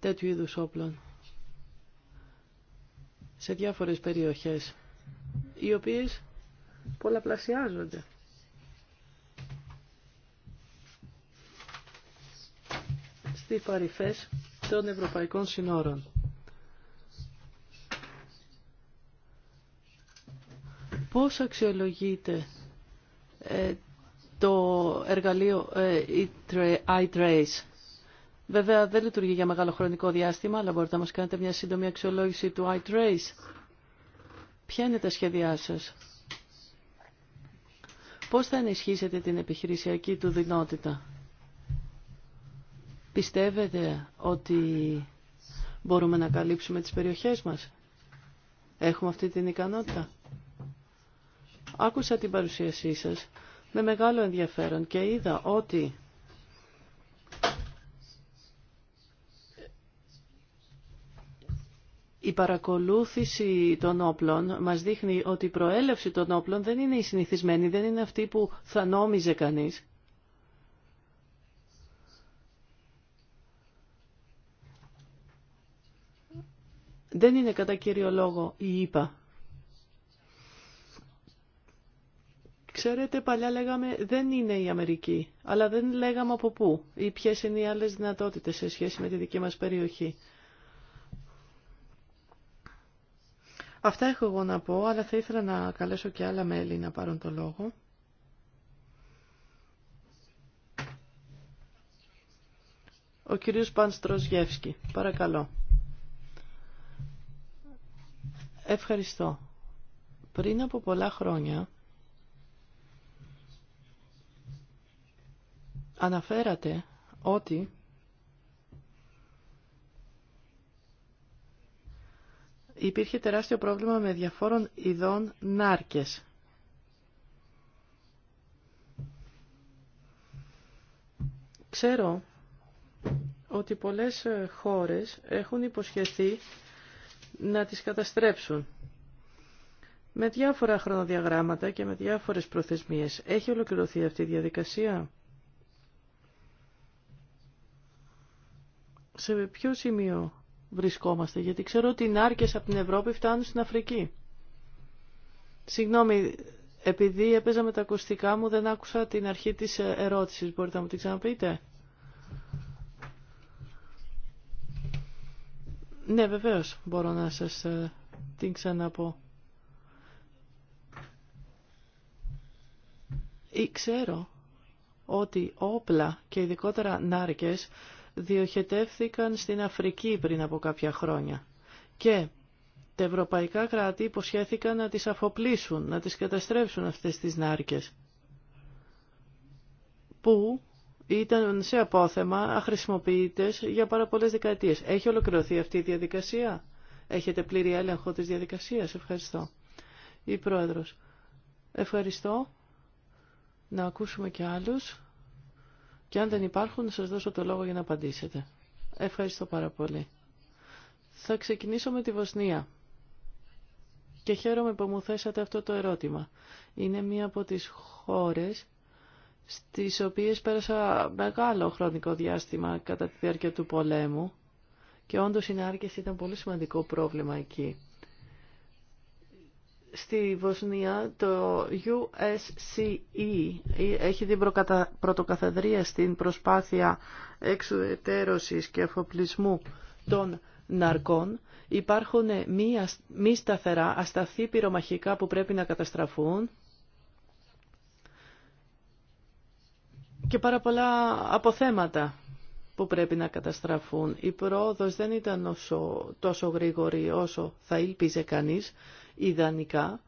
τέτοιου είδους όπλων σε διάφορες περιοχές οι οποίες πολλαπλασιάζονται. στι παρυφές των ευρωπαϊκών συνόρων. Πώς αξιολογείται ε, το εργαλείο ε, iTrace Βέβαια δεν λειτουργεί για μεγάλο χρονικό διάστημα, αλλά μπορείτε να μας κάνετε μια σύντομη αξιολόγηση του iTrace. Ποια είναι τα σχέδιά σας. Πώς θα ενισχύσετε την επιχειρησιακή του δυνότητα. Πιστεύετε ότι μπορούμε να καλύψουμε τις περιοχές μας. Έχουμε αυτή την ικανότητα. Άκουσα την παρουσίασή σας με μεγάλο ενδιαφέρον και είδα ότι Η παρακολούθηση των όπλων μας δείχνει ότι η προέλευση των όπλων δεν είναι η συνηθισμένη, δεν είναι αυτή που θα νόμιζε κανείς. Δεν είναι κατά κύριο λόγο η ΙΠΑ. Ξέρετε, παλιά λέγαμε δεν είναι η Αμερική, αλλά δεν λέγαμε από πού ή ποιες είναι οι άλλες δυνατότητες σε σχέση με τη δική μας περιοχή. Αυτά έχω εγώ να πω, αλλά θα ήθελα να καλέσω και άλλα μέλη να πάρουν το λόγο. Ο κύριος Πανστροζιεύσκη, παρακαλώ. Ευχαριστώ. Πριν από πολλά χρόνια αναφέρατε ότι υπήρχε τεράστιο πρόβλημα με διαφόρων ειδών νάρκες. Ξέρω ότι πολλές ε, χώρες έχουν υποσχεθεί να τις καταστρέψουν με διάφορα χρονοδιαγράμματα και με διάφορες προθεσμίες. Έχει ολοκληρωθεί αυτή η διαδικασία. Σε ποιο σημείο βρισκόμαστε, γιατί ξέρω ότι οι νάρκες από την Ευρώπη φτάνουν στην Αφρική. Συγγνώμη, επειδή έπαιζα με τα ακουστικά μου δεν άκουσα την αρχή της ερώτησης. Μπορείτε να μου την ξαναπείτε. Ναι, βεβαίως μπορώ να σας ε, την ξαναπώ. Ή ξέρω ότι όπλα και ειδικότερα νάρκες διοχετεύθηκαν στην Αφρική πριν από κάποια χρόνια. Και τα ευρωπαϊκά κράτη υποσχέθηκαν να τις αφοπλίσουν, να τις καταστρέψουν αυτές τις νάρκες. Που ήταν σε απόθεμα αχρησιμοποιητές για πάρα πολλές δεκαετίες. Έχει ολοκληρωθεί αυτή η διαδικασία. Έχετε πλήρη έλεγχο της διαδικασίας. Ευχαριστώ. Η Πρόεδρος. Ευχαριστώ. Να ακούσουμε και άλλους. Και αν δεν υπάρχουν, σας δώσω το λόγο για να απαντήσετε. Ευχαριστώ πάρα πολύ. Θα ξεκινήσω με τη Βοσνία. Και χαίρομαι που μου θέσατε αυτό το ερώτημα. Είναι μία από τις χώρες στις οποίες πέρασα μεγάλο χρονικό διάστημα κατά τη διάρκεια του πολέμου και όντως η νάρκες ήταν πολύ σημαντικό πρόβλημα εκεί στη Βοσνία το USCE έχει την πρωτοκαθεδρία στην προσπάθεια εξουδετέρωσης και εφοπλισμού των ναρκών. Υπάρχουν μη, μη σταθερά, ασταθή πυρομαχικά που πρέπει να καταστραφούν και πάρα πολλά αποθέματα που πρέπει να καταστραφούν. Η πρόοδος δεν ήταν όσο, τόσο γρήγορη όσο θα ήλπιζε κανείς ιδανικά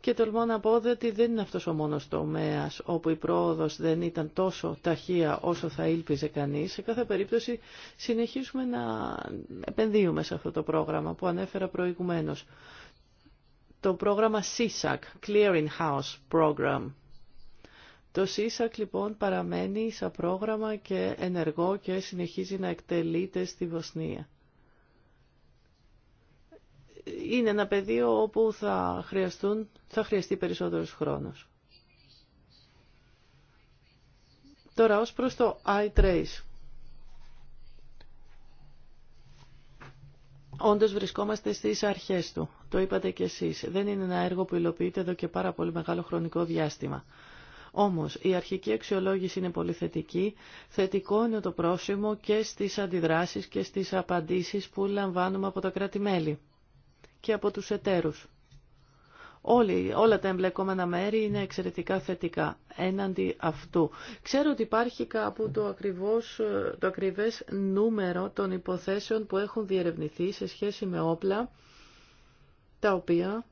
και τολμώ να πω ότι δεν είναι αυτός ο μόνος τομέας όπου η πρόοδος δεν ήταν τόσο ταχεία όσο θα ήλπιζε κανείς. Σε κάθε περίπτωση συνεχίζουμε να επενδύουμε σε αυτό το πρόγραμμα που ανέφερα προηγουμένως. Το πρόγραμμα CSAC, Clearing House Program. Το CSAC λοιπόν παραμένει σαν πρόγραμμα και ενεργό και συνεχίζει να εκτελείται στη Βοσνία είναι ένα πεδίο όπου θα, χρειαστούν, θα χρειαστεί περισσότερος χρόνος. Τώρα ως προς το iTrace. Όντως βρισκόμαστε στις αρχές του. Το είπατε κι εσείς. Δεν είναι ένα έργο που υλοποιείται εδώ και πάρα πολύ μεγάλο χρονικό διάστημα. Όμως η αρχική αξιολόγηση είναι πολύ θετική. Θετικό είναι το πρόσημο και στις αντιδράσεις και στις απαντήσεις που λαμβάνουμε από τα κράτη-μέλη και από τους εταίρους. Όλοι, όλα τα εμπλεκόμενα μέρη είναι εξαιρετικά θετικά έναντι αυτού. Ξέρω ότι υπάρχει κάπου το, ακριβώς, το ακριβές νούμερο των υποθέσεων που έχουν διερευνηθεί σε σχέση με όπλα, τα οποία,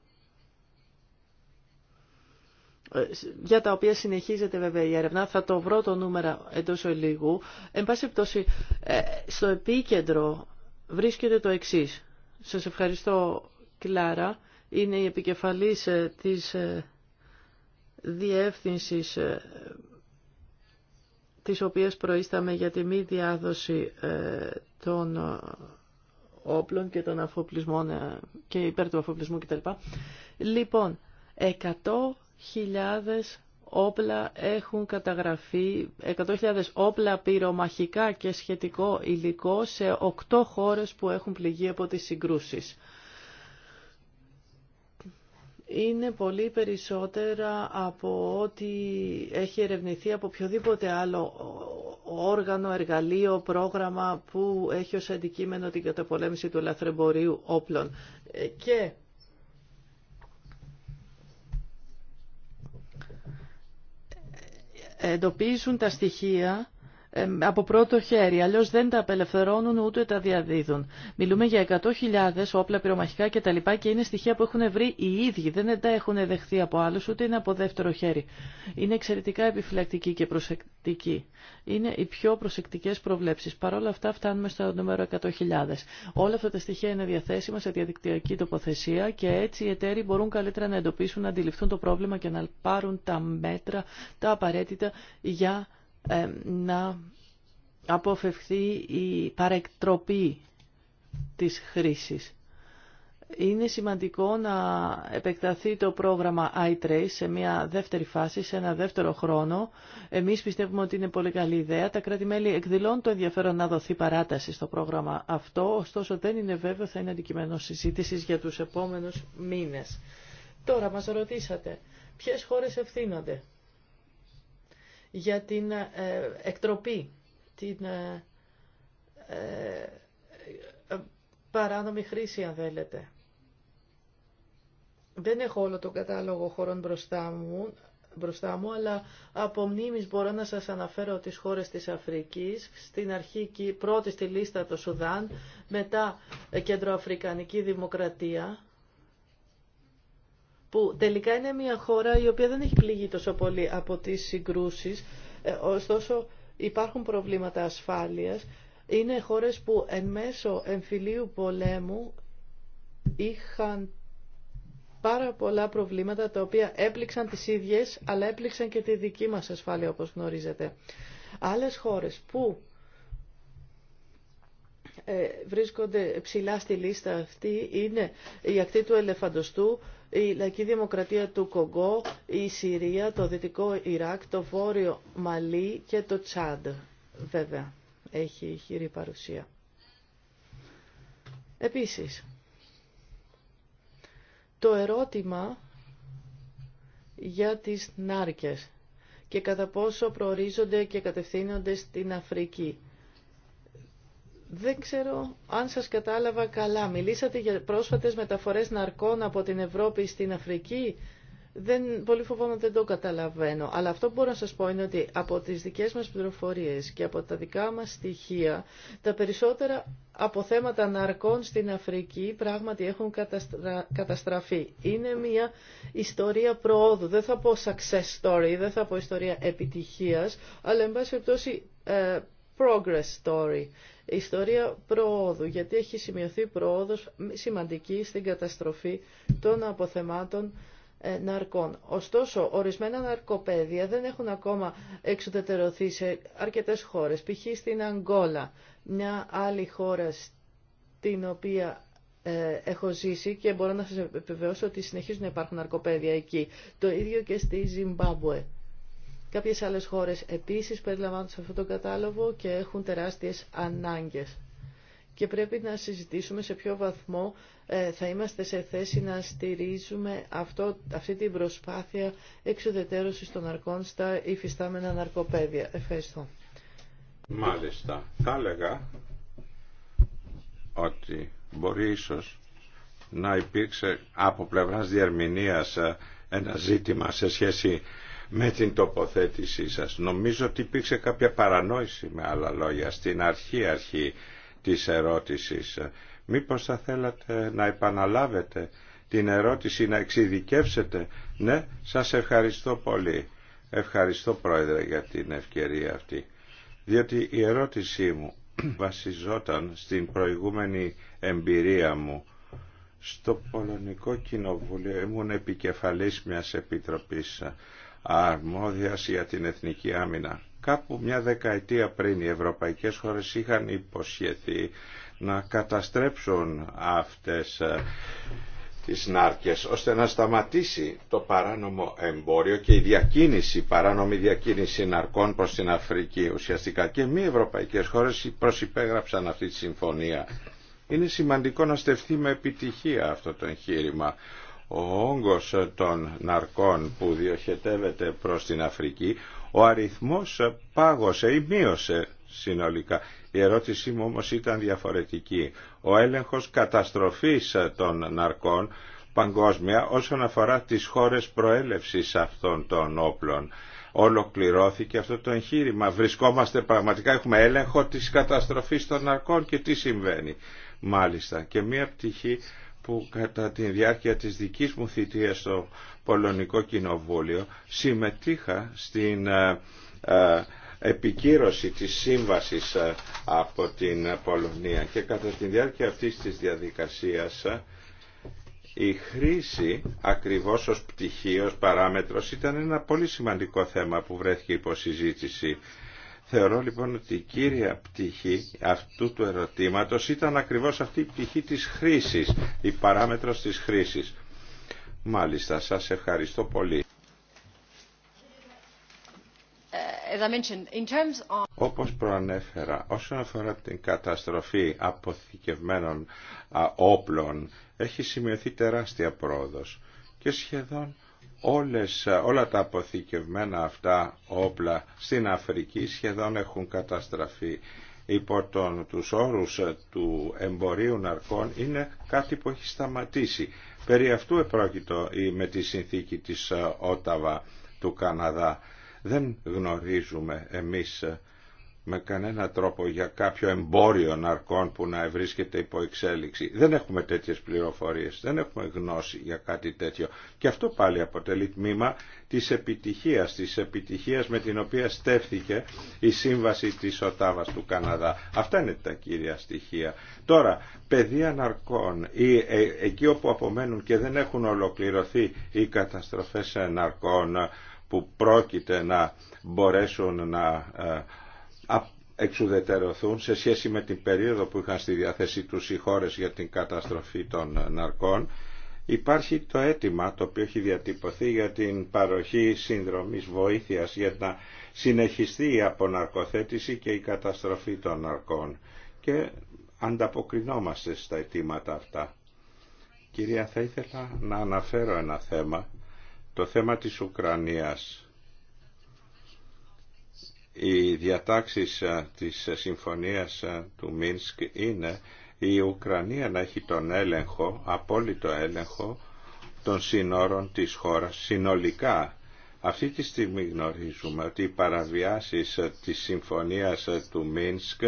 ε, για τα οποία συνεχίζεται βέβαια η έρευνα. Θα το βρω το νούμερο εντός ολίγου. Εν πάση πτώση, ε, στο επίκεντρο βρίσκεται το εξής. Σας ευχαριστώ Κλάρα είναι η επικεφαλής ε, της ε, διεύθυνσης ε, της οποίας προείσταμε για τη μη διάδοση των όπλων και των αφοπλισμών και υπέρ του αφοπλισμού κτλ. Λοιπόν, 100.000 όπλα έχουν καταγραφεί, 100.000 όπλα πυρομαχικά και σχετικό υλικό σε 8 χώρες που έχουν πληγεί από τις συγκρούσεις είναι πολύ περισσότερα από ό,τι έχει ερευνηθεί από οποιοδήποτε άλλο όργανο, εργαλείο, πρόγραμμα που έχει ως αντικείμενο την καταπολέμηση του λαθρεμπορίου όπλων. Ε, και εντοπίζουν τα στοιχεία από πρώτο χέρι, αλλιώς δεν τα απελευθερώνουν ούτε τα διαδίδουν. Μιλούμε για 100.000 όπλα πυρομαχικά κτλ. Και, και είναι στοιχεία που έχουν βρει οι ίδιοι, δεν τα έχουν δεχθεί από άλλους, ούτε είναι από δεύτερο χέρι. Είναι εξαιρετικά επιφυλακτική και προσεκτική. Είναι οι πιο προσεκτικέ προβλέψει. Παρ' όλα αυτά φτάνουμε στο νούμερο 100.000. Όλα αυτά τα στοιχεία είναι διαθέσιμα σε διαδικτυακή τοποθεσία και έτσι οι εταίροι μπορούν καλύτερα να εντοπίσουν, να αντιληφθούν το πρόβλημα και να πάρουν τα μέτρα, τα απαραίτητα για ε, να αποφευχθεί η παρεκτροπή της χρήσης. Είναι σημαντικό να επεκταθεί το πρόγραμμα iTrace σε μια δεύτερη φάση, σε ένα δεύτερο χρόνο. Εμείς πιστεύουμε ότι είναι πολύ καλή ιδέα. Τα κράτη-μέλη εκδηλώνουν το ενδιαφέρον να δοθεί παράταση στο πρόγραμμα αυτό, ωστόσο δεν είναι βέβαιο θα είναι αντικείμενο συζήτηση για τους επόμενους μήνες. Τώρα μας ρωτήσατε ποιες χώρες ευθύνονται για την ε, εκτροπή, την ε, ε, παράνομη χρήση αν θέλετε. Δεν έχω όλο τον κατάλογο χωρών μπροστά μου, αλλά από μνήμης μπορώ να σας αναφέρω τις χώρες της Αφρικής, στην αρχή πρώτη στη λίστα το Σουδάν, μετά Κεντροαφρικανική Δημοκρατία, που τελικά είναι μια χώρα η οποία δεν έχει πληγεί τόσο πολύ από τις συγκρούσεις, ε, ωστόσο υπάρχουν προβλήματα ασφάλειας. Είναι χώρες που εν μέσω εμφυλίου πολέμου είχαν πάρα πολλά προβλήματα τα οποία έπληξαν τις ίδιες, αλλά έπληξαν και τη δική μας ασφάλεια όπως γνωρίζετε. Άλλες χώρες που ε, βρίσκονται ψηλά στη λίστα αυτή είναι η ακτή του ελεφαντοστού, η Λαϊκή Δημοκρατία του Κογκό, η Συρία, το Δυτικό Ιράκ, το Βόρειο Μαλί και το Τσάντ. Βέβαια, έχει χειρή παρουσία. Επίσης, το ερώτημα για τις νάρκες και κατά πόσο προορίζονται και κατευθύνονται στην Αφρική. Δεν ξέρω αν σας κατάλαβα καλά. Μιλήσατε για πρόσφατες μεταφορές ναρκών από την Ευρώπη στην Αφρική. Δεν, πολύ ότι δεν το καταλαβαίνω. Αλλά αυτό που μπορώ να σας πω είναι ότι από τις δικές μας πληροφορίες και από τα δικά μας στοιχεία, τα περισσότερα από θέματα ναρκών στην Αφρική πράγματι έχουν καταστρα... καταστραφεί. Είναι μια ιστορία προόδου. Δεν θα πω success story, δεν θα πω ιστορία επιτυχίας, αλλά εν πάση περιπτώσει ε, progress story ιστορία προόδου, γιατί έχει σημειωθεί προόδος σημαντική στην καταστροφή των αποθεμάτων ε, ναρκών. Ωστόσο, ορισμένα ναρκοπαίδια δεν έχουν ακόμα εξουδετερωθεί σε αρκετές χώρες, π.χ. στην Αγγόλα, μια άλλη χώρα στην οποία ε, έχω ζήσει και μπορώ να σας επιβεβαιώσω ότι συνεχίζουν να υπάρχουν ναρκοπαίδια εκεί. Το ίδιο και στη Ζιμπάμπουε. Κάποιες άλλες χώρες επίσης περιλαμβάνονται σε αυτόν τον κατάλογο και έχουν τεράστιες ανάγκες. Και πρέπει να συζητήσουμε σε ποιο βαθμό ε, θα είμαστε σε θέση να στηρίζουμε αυτό, αυτή την προσπάθεια εξουδετέρωσης των αρκών στα υφιστάμενα ναρκοπαίδια. Ευχαριστώ. Μάλιστα. Θα έλεγα ότι μπορεί ίσως να υπήρξε από πλευράς διερμηνίας ε, ένα ζήτημα σε σχέση με την τοποθέτησή σας. Νομίζω ότι υπήρξε κάποια παρανόηση με άλλα λόγια στην αρχή αρχή της ερώτησης. Μήπως θα θέλατε να επαναλάβετε την ερώτηση, να εξειδικεύσετε. Ναι, σας ευχαριστώ πολύ. Ευχαριστώ Πρόεδρε για την ευκαιρία αυτή. Διότι η ερώτησή μου βασιζόταν στην προηγούμενη εμπειρία μου στο Πολωνικό Κοινοβούλιο ήμουν επικεφαλής μιας επιτροπής αρμόδιας για την εθνική άμυνα. Κάπου μια δεκαετία πριν οι ευρωπαϊκές χώρες είχαν υποσχεθεί να καταστρέψουν αυτές ε, τις νάρκες ώστε να σταματήσει το παράνομο εμπόριο και η διακίνηση, παράνομη διακίνηση ναρκών προς την Αφρική ουσιαστικά και μη ευρωπαϊκές χώρες προσυπέγραψαν αυτή τη συμφωνία. Είναι σημαντικό να στεφθεί με επιτυχία αυτό το εγχείρημα ο όγκος των ναρκών που διοχετεύεται προς την Αφρική, ο αριθμός πάγωσε ή μείωσε συνολικά. Η ερώτησή μου όμως ήταν διαφορετική. Ο έλεγχος καταστροφής των ναρκών παγκόσμια όσον αφορά τις χώρες προέλευσης αυτών των όπλων. Ολοκληρώθηκε αυτό το εγχείρημα. Βρισκόμαστε πραγματικά, έχουμε έλεγχο της καταστροφής των ναρκών και τι συμβαίνει. Μάλιστα. Και μία πτυχή που κατά τη διάρκεια της δικής μου θητείας στο Πολωνικό Κοινοβούλιο συμμετείχα στην ε, ε, επικύρωση της σύμβασης ε, από την Πολωνία και κατά τη διάρκεια αυτής της διαδικασίας η χρήση ακριβώς ως πτυχίο, ήταν ένα πολύ σημαντικό θέμα που βρέθηκε υπό συζήτηση Θεωρώ λοιπόν ότι η κύρια πτυχή αυτού του ερωτήματος ήταν ακριβώς αυτή η πτυχή της χρήσης, η παράμετρος της χρήσης. Μάλιστα, σας ευχαριστώ πολύ. Uh, Όπως προανέφερα, όσον αφορά την καταστροφή αποθηκευμένων όπλων, έχει σημειωθεί τεράστια πρόοδος και σχεδόν όλες, όλα τα αποθηκευμένα αυτά όπλα στην Αφρική σχεδόν έχουν καταστραφεί. Υπό τον, τους όρους του εμπορίου ναρκών είναι κάτι που έχει σταματήσει. Περί αυτού επρόκειτο με τη συνθήκη της ε, Όταβα του Καναδά. Δεν γνωρίζουμε εμείς ε, με κανένα τρόπο για κάποιο εμπόριο ναρκών που να βρίσκεται υπό εξέλιξη. Δεν έχουμε τέτοιες πληροφορίες, δεν έχουμε γνώση για κάτι τέτοιο. Και αυτό πάλι αποτελεί τμήμα της επιτυχίας, της επιτυχίας με την οποία στέφθηκε η σύμβαση της Οτάβας του Καναδά. Αυτά είναι τα κύρια στοιχεία. Τώρα, παιδεία ναρκών ή ε, εκεί όπου απομένουν και δεν έχουν ολοκληρωθεί οι καταστροφές ε, ναρκών ε, που πρόκειται να μπορέσουν να εξουδετερωθούν σε σχέση με την περίοδο που είχαν στη διάθεσή τους οι χώρες για την καταστροφή των ναρκών. Υπάρχει το αίτημα το οποίο έχει διατυπωθεί για την παροχή συνδρομής βοήθειας για να συνεχιστεί η αποναρκοθέτηση και η καταστροφή των ναρκών και ανταποκρινόμαστε στα αιτήματα αυτά. Κυρία, θα ήθελα να αναφέρω ένα θέμα, το θέμα της Ουκρανίας οι διατάξεις της συμφωνίας του Μίνσκ είναι η Ουκρανία να έχει τον έλεγχο, απόλυτο έλεγχο των συνόρων της χώρας συνολικά. Αυτή τη στιγμή γνωρίζουμε ότι οι παραβιάσεις της συμφωνίας του Μίνσκ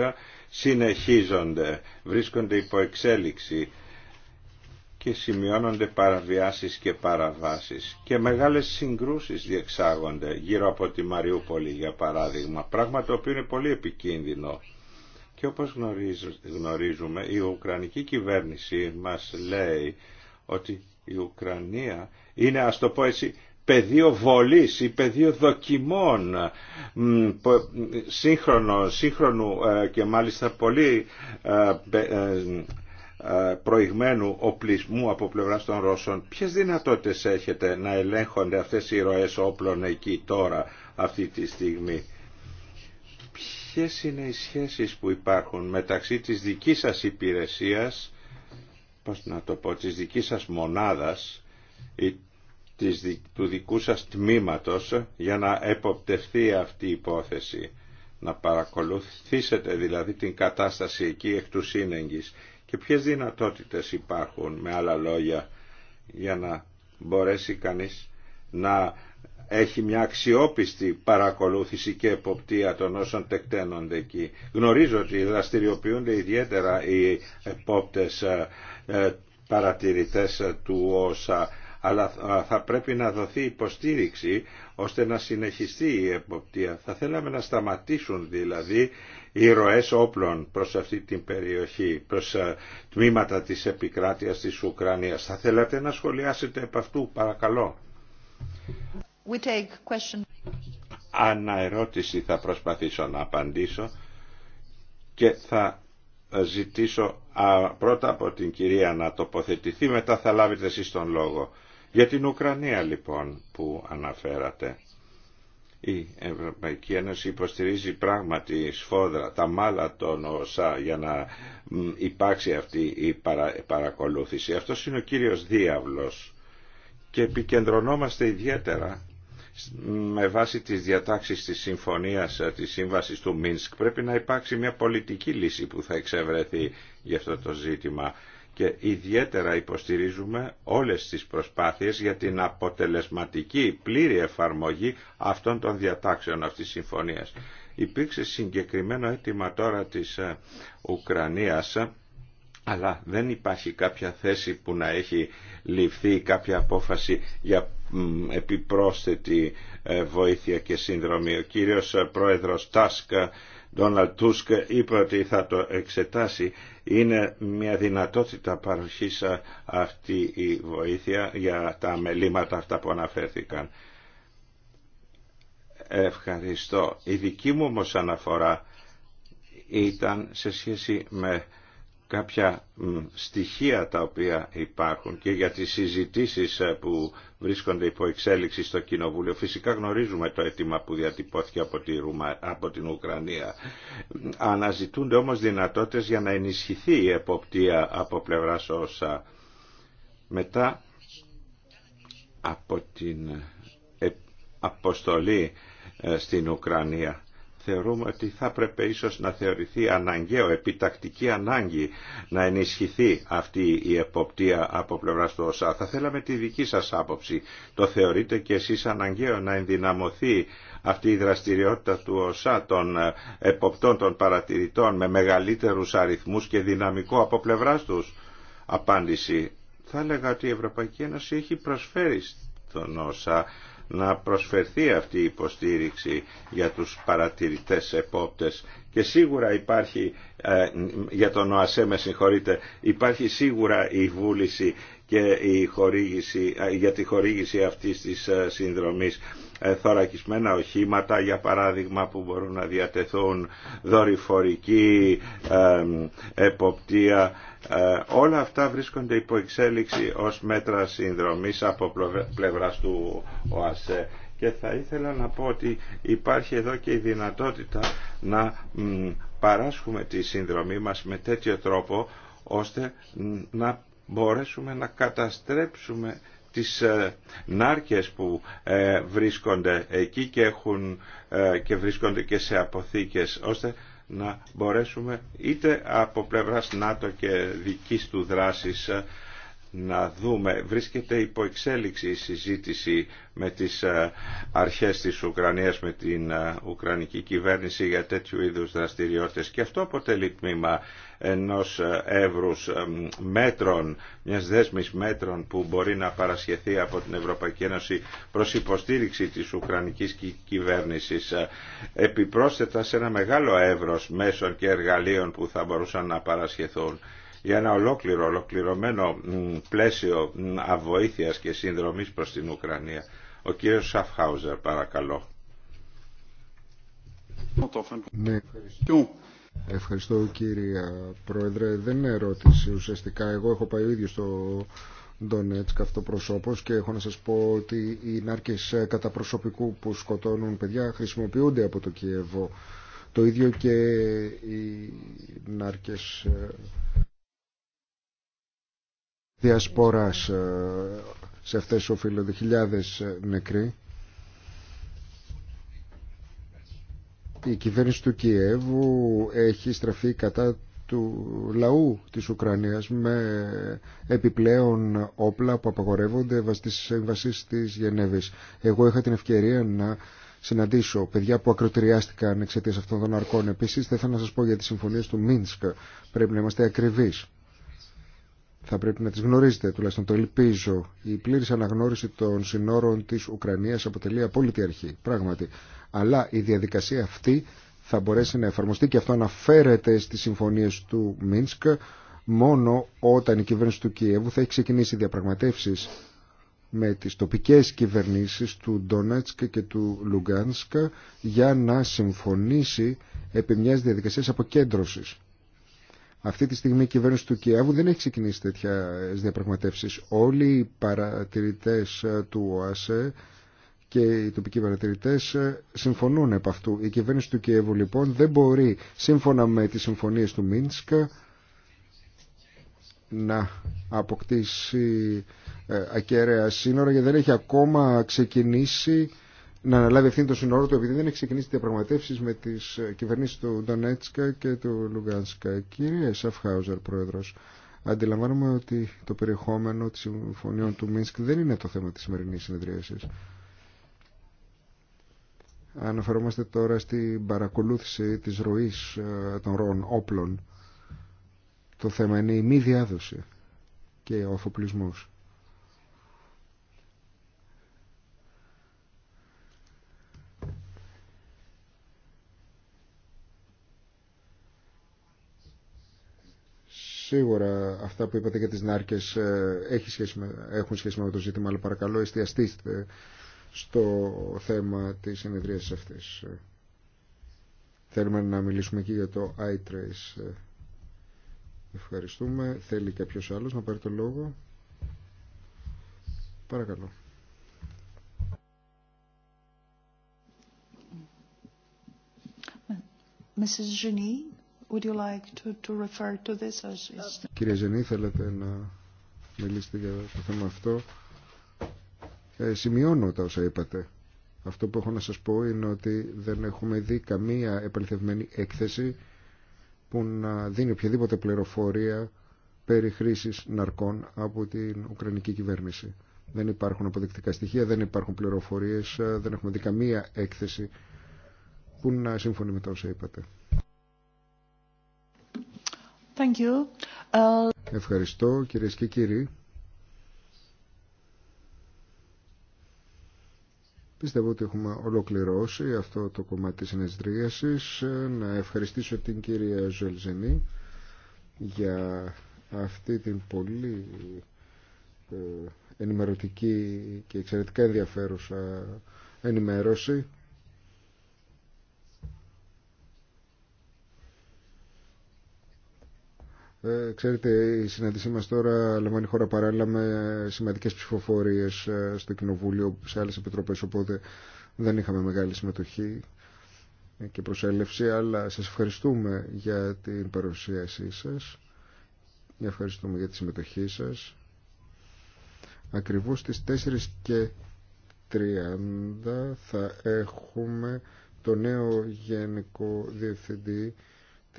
συνεχίζονται, βρίσκονται υπό εξέλιξη και σημειώνονται παραβιάσεις και παραβάσεις και μεγάλες συγκρούσεις διεξάγονται γύρω από τη Μαριούπολη για παράδειγμα, πράγμα το οποίο είναι πολύ επικίνδυνο. Και όπως γνωρίζουμε η Ουκρανική κυβέρνηση μας λέει ότι η Ουκρανία είναι ας το πω έτσι πεδίο βολής ή πεδίο δοκιμών σύγχρονο, σύγχρονου ε, και μάλιστα πολύ ε, ε, ε, προηγμένου οπλισμού από πλευρά των Ρώσων, ποιες δυνατότητες έχετε να ελέγχονται αυτέ οι ροέ όπλων εκεί τώρα, αυτή τη στιγμή. Ποιες είναι οι σχέσεις που υπάρχουν μεταξύ της δική σας υπηρεσίας, πώς να το πω, της δικής σας μονάδας ή της, του δικού σας τμήματο για να εποπτευθεί αυτή η υπόθεση. Να παρακολουθήσετε δηλαδή την κατάσταση εκεί εκ του σύνεγγης και ποιες δυνατότητες υπάρχουν με άλλα λόγια για να μπορέσει κανείς να έχει μια αξιόπιστη παρακολούθηση και εποπτεία των όσων τεκταίνονται εκεί. Γνωρίζω ότι δραστηριοποιούνται ιδιαίτερα οι επόπτες ε, ε, παρατηρητές του όσα αλλά θα πρέπει να δοθεί υποστήριξη ώστε να συνεχιστεί η εποπτεία. Θα θέλαμε να σταματήσουν δηλαδή οι ροές όπλων προς αυτή την περιοχή, προς τμήματα της επικράτειας της Ουκρανίας. Θα θέλατε να σχολιάσετε επ' αυτού, παρακαλώ. Αναερώτηση θα προσπαθήσω να απαντήσω και θα ε, ζητήσω πρώτα από την κυρία να τοποθετηθεί, μετά θα λάβετε εσείς τον λόγο. Για την Ουκρανία λοιπόν που αναφέρατε. Η Ευρωπαϊκή Ένωση υποστηρίζει πράγματι σφόδρα τα μάλα των ΟΣΑ για να υπάρξει αυτή η παρακολούθηση. Αυτός είναι ο κύριος διάβλος και επικεντρωνόμαστε ιδιαίτερα με βάση τις διατάξεις της συμφωνίας ε, της σύμβασης του Μίνσκ πρέπει να υπάρξει μια πολιτική λύση που θα εξευρεθεί για αυτό το ζήτημα και ιδιαίτερα υποστηρίζουμε όλες τις προσπάθειες για την αποτελεσματική πλήρη εφαρμογή αυτών των διατάξεων αυτής της συμφωνίας. Υπήρξε συγκεκριμένο αίτημα τώρα της ε, Ουκρανίας αλλά δεν υπάρχει κάποια θέση που να έχει ληφθεί κάποια απόφαση για επιπρόσθετη ε, βοήθεια και σύνδρομη. Ο κύριος ε, Πρόεδρος Τάσκα... Ντόναλτ Τούσκ είπε ότι θα το εξετάσει. Είναι μια δυνατότητα παροχής ε, αυτή η βοήθεια για τα μελήματα αυτά που αναφέρθηκαν. Ευχαριστώ. Η δική μου όμως αναφορά ήταν σε σχέση με κάποια στοιχεία τα οποία υπάρχουν και για τις συζητήσεις ε, που βρίσκονται υπό εξέλιξη στο Κοινοβούλιο. Φυσικά γνωρίζουμε το αίτημα που διατυπώθηκε από την Ουκρανία. Αναζητούνται όμως δυνατότητες για να ενισχυθεί η εποπτεία από πλευρά όσα μετά από την ε, αποστολή ε, στην Ουκρανία θεωρούμε ότι θα πρέπει ίσως να θεωρηθεί αναγκαίο, επιτακτική ανάγκη να ενισχυθεί αυτή η εποπτεία από πλευρά του ΩΣΑ. Θα θέλαμε τη δική σας άποψη. Το θεωρείτε και εσείς αναγκαίο να ενδυναμωθεί αυτή η δραστηριότητα του ΩΣΑ των ε, εποπτών των παρατηρητών με μεγαλύτερους αριθμούς και δυναμικό από πλευρά τους. Απάντηση. Θα έλεγα ότι η Ευρωπαϊκή Ένωση έχει προσφέρει στον ΩΣΑ να προσφερθεί αυτή η υποστήριξη για τους παρατηρητές επόπτες και σίγουρα υπάρχει, ε, για τον ΟΑΣΕ με συγχωρείτε, υπάρχει σίγουρα η βούληση και η χορήγηση, ε, για τη χορήγηση αυτής της ε, συνδρομής θωρακισμένα οχήματα για παράδειγμα που μπορούν να διατεθούν δορυφορική εποπτεία ε, όλα αυτά βρίσκονται υπό εξέλιξη ως μέτρα συνδρομής από πλευράς του ΟΑΣΕ και θα ήθελα να πω ότι υπάρχει εδώ και η δυνατότητα να παράσχουμε τη συνδρομή μας με τέτοιο τρόπο ώστε να μπορέσουμε να καταστρέψουμε τις ε, νάρκες που ε, βρίσκονται εκεί και, έχουν, και βρίσκονται και σε αποθήκες ώστε να μπορέσουμε είτε από πλευράς ΝΑΤΟ και δικής του δράσης να δούμε. Βρίσκεται υπό εξέλιξη η συζήτηση με τις ε, αρχές της Ουκρανίας, με την ε, Ουκρανική κυβέρνηση για τέτοιου είδους δραστηριότητες και αυτό αποτελεί τμήμα ενός ε, εύρους μέτρων, μιας δέσμης μέτρων που μπορεί να παρασχεθεί από την Ευρωπαϊκή Ένωση προς υποστήριξη της Ουκρανικής κυβέρνησης. Επιπρόσθετα σε ένα μεγάλο εύρος μέσων και εργαλείων που θα μπορούσαν να παρασχεθούν για ένα ολόκληρο, ολοκληρωμένο πλαίσιο αβοήθειας και συνδρομής προς την Ουκρανία. Ο κύριος Σαφχάουζερ, παρακαλώ. Ναι. Ευχαριστώ κύριε Πρόεδρε. Δεν είναι ερώτηση ουσιαστικά. Εγώ έχω πάει ο ίδιος στο Ντονέτσκ προσώπος, και έχω να σας πω ότι οι νάρκες ε, κατά προσωπικού που σκοτώνουν παιδιά χρησιμοποιούνται από το Κιέβο. Το ίδιο και οι νάρκες ε, διασποράς ε, σε αυτές οφείλονται χιλιάδες ε, νεκροί η κυβέρνηση του Κιέβου έχει στραφεί κατά του λαού της Ουκρανίας με επιπλέον όπλα που απαγορεύονται στις συμβασίες της Γενέβης. Εγώ είχα την ευκαιρία να συναντήσω παιδιά που ακροτηριάστηκαν εξαιτίας αυτών των αρκών. Επίσης, θα ήθελα να σας πω για τις συμφωνίες του Μίνσκ. Πρέπει να είμαστε ακριβείς θα πρέπει να τις γνωρίζετε, τουλάχιστον το ελπίζω. Η πλήρης αναγνώριση των συνόρων της Ουκρανίας αποτελεί απόλυτη αρχή, πράγματι. Αλλά η διαδικασία αυτή θα μπορέσει να εφαρμοστεί και αυτό αναφέρεται στις συμφωνίες του Μίνσκ μόνο όταν η κυβέρνηση του Κιέβου θα έχει ξεκινήσει διαπραγματεύσεις με τις τοπικές κυβερνήσεις του Ντόνατσκ και του Λουγκάνσκ για να συμφωνήσει επί μιας διαδικασίας αποκέντρωσης αυτή τη στιγμή η κυβέρνηση του Κιέβου δεν έχει ξεκινήσει τέτοια ε, διαπραγματεύσεις. Όλοι οι παρατηρητές ε, του ΟΑΣΕ και οι τοπικοί παρατηρητές ε, συμφωνούν επ' αυτού. Η κυβέρνηση του Κιέβου λοιπόν δεν μπορεί σύμφωνα με τις συμφωνίες του Μίνσκ να αποκτήσει ακέραια σύνορα γιατί δεν έχει ακόμα ξεκινήσει να αναλάβει ευθύνη το συνόρο του επειδή δεν έχει ξεκινήσει διαπραγματεύσει με τι ε, κυβερνήσει του Ντονέτσκα και του Λουγκάνσκα. Κύριε Σαφχάουζερ, πρόεδρο, αντιλαμβάνομαι ότι το περιεχόμενο τη συμφωνιών του Μίνσκ δεν είναι το θέμα τη σημερινή συνεδρίαση. Αναφερόμαστε τώρα στην παρακολούθηση της ροή ε, των ροών όπλων. Το θέμα είναι η μη διάδοση και ο αφοπλισμός. Σίγουρα αυτά που είπατε για τις νάρκες ε, έχει σχέση με, έχουν σχέση με το ζήτημα, αλλά παρακαλώ εστιαστείστε στο θέμα της συνεδρίας αυτής. Θέλουμε να μιλήσουμε και για το iTrace. Ευχαριστούμε. Θέλει κάποιος άλλος να πάρει το λόγο. Παρακαλώ. Mrs. Would you like Κύριε Ζενή, θέλετε να μιλήσετε για το θέμα αυτό. Ε, σημειώνω τα όσα είπατε. Αυτό που έχω να σας πω είναι ότι δεν έχουμε δει καμία επαληθευμένη έκθεση που να δίνει οποιαδήποτε πληροφορία περί χρήσης ναρκών από την Ουκρανική κυβέρνηση. Δεν υπάρχουν αποδεικτικά στοιχεία, δεν υπάρχουν πληροφορίες, ε, δεν έχουμε δει καμία έκθεση που να σύμφωνη με τα όσα είπατε. Uh, Ευχαριστώ κυρίες και κύριοι. Πιστεύω ότι έχουμε ολοκληρώσει αυτό το κομμάτι της συνεδρίασης. Να ευχαριστήσω την κυρία Ζελζενή για αυτή την πολύ ε, ενημερωτική και εξαιρετικά ενδιαφέρουσα ενημέρωση. Ε, ξέρετε, η συνάντησή μας τώρα λαμβάνει χώρα παράλληλα με σημαντικές ψηφοφορίες ε, στο Κοινοβούλιο, σε άλλες επιτροπές, οπότε δεν είχαμε μεγάλη συμμετοχή και προσέλευση, αλλά σας ευχαριστούμε για την παρουσίασή σας. Ευχαριστούμε για τη συμμετοχή σας. Ακριβώς στις 4 και 30 θα έχουμε το νέο Γενικό Διευθυντή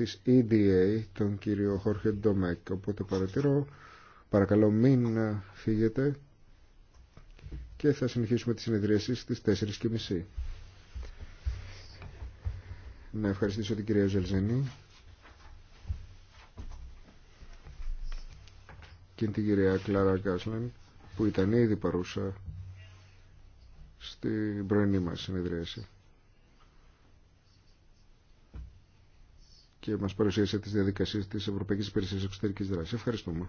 της EDA, τον κύριο Χόρχε Ντομέκ. Οπότε παρατηρώ, παρακαλώ μην φύγετε και θα συνεχίσουμε τη συνεδρίαση στις 4.30. Να ευχαριστήσω την κυρία Ζελζενή και την κυρία Κλάρα Γκάσλεν που ήταν ήδη παρούσα στην πρωινή μας συνεδρίαση. και μας παρουσίασε τις διαδικασίες της Ευρωπαϊκής Υπηρεσίας Εξωτερικής Δράσης. Ευχαριστούμε.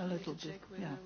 A little bit, yeah.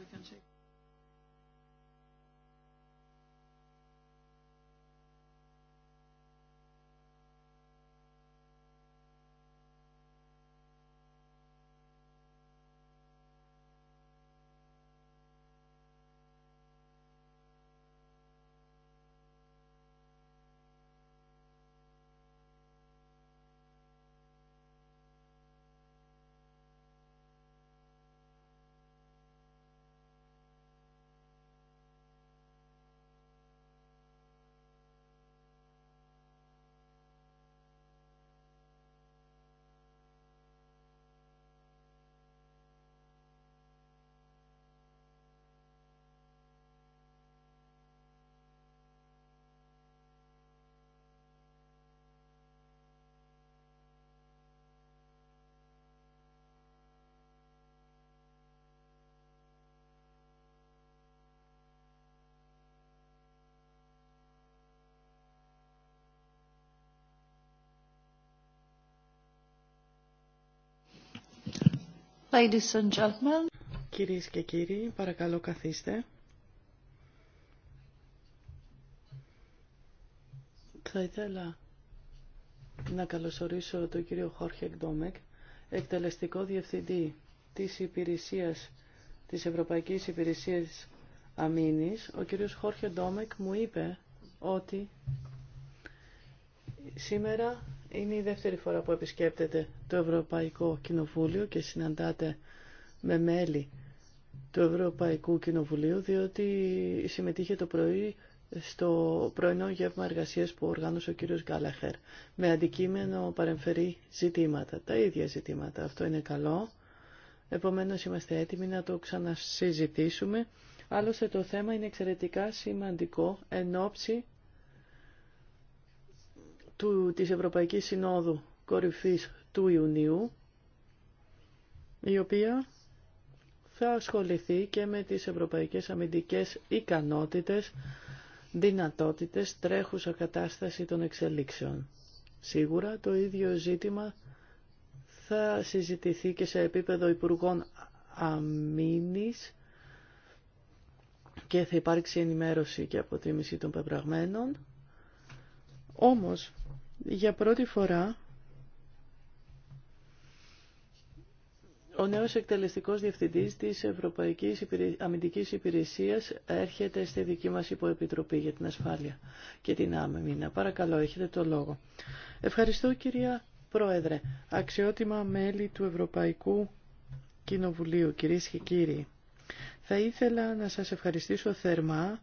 Ladies Κυρίες και κύριοι, παρακαλώ καθίστε. Θα ήθελα να καλωσορίσω τον κύριο Χόρχε Ντόμεκ, εκτελεστικό διευθυντή της υπηρεσίας της Ευρωπαϊκής Υπηρεσίας Αμήνης. Ο κύριος Χόρχε Ντόμεκ μου είπε ότι σήμερα είναι η δεύτερη φορά που επισκέπτεται το Ευρωπαϊκό Κοινοβούλιο και συναντάτε με μέλη του Ευρωπαϊκού Κοινοβουλίου, διότι συμμετείχε το πρωί στο πρωινό γεύμα εργασίας που οργάνωσε ο κύριος Γκάλαχερ με αντικείμενο παρεμφερεί ζητήματα, τα ίδια ζητήματα. Αυτό είναι καλό. Επομένως είμαστε έτοιμοι να το ξανασυζητήσουμε. Άλλωστε το θέμα είναι εξαιρετικά σημαντικό εν ώψη του, της Ευρωπαϊκής Συνόδου Κορυφής του Ιουνίου, η οποία θα ασχοληθεί και με τις ευρωπαϊκές αμυντικές ικανότητες, δυνατότητες, τρέχουσα κατάσταση των εξελίξεων. Σίγουρα το ίδιο ζήτημα θα συζητηθεί και σε επίπεδο Υπουργών Αμήνης και θα υπάρξει ενημέρωση και αποτίμηση των πεπραγμένων. Όμως, για πρώτη φορά Ο νέος εκτελεστικός διευθυντής της Ευρωπαϊκής Αμυντικής Υπηρεσίας έρχεται στη δική μας υποεπιτροπή για την ασφάλεια και την άμυνα. Παρακαλώ, έχετε το λόγο. Ευχαριστώ κυρία Πρόεδρε, αξιότιμα μέλη του Ευρωπαϊκού Κοινοβουλίου, κυρίες και κύριοι. Θα ήθελα να σας ευχαριστήσω θερμά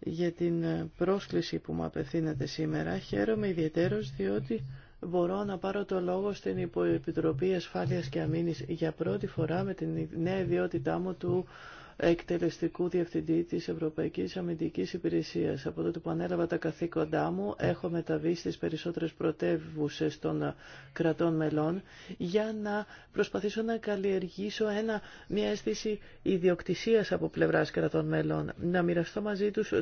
για την πρόσκληση που μου απευθύνατε σήμερα. Χαίρομαι ιδιαίτερος διότι μπορώ να πάρω το λόγο στην Υποεπιτροπή Ασφάλειας και Αμήνης για πρώτη φορά με την νέα ιδιότητά μου του εκτελεστικού διευθυντή της Ευρωπαϊκής Αμυντικής Υπηρεσίας. Από τότε που ανέλαβα τα καθήκοντά μου, έχω μεταβεί στις περισσότερες πρωτεύουσε των κρατών μελών για να προσπαθήσω να καλλιεργήσω ένα, μια αίσθηση ιδιοκτησίας από πλευράς κρατών μελών, να μοιραστώ μαζί τους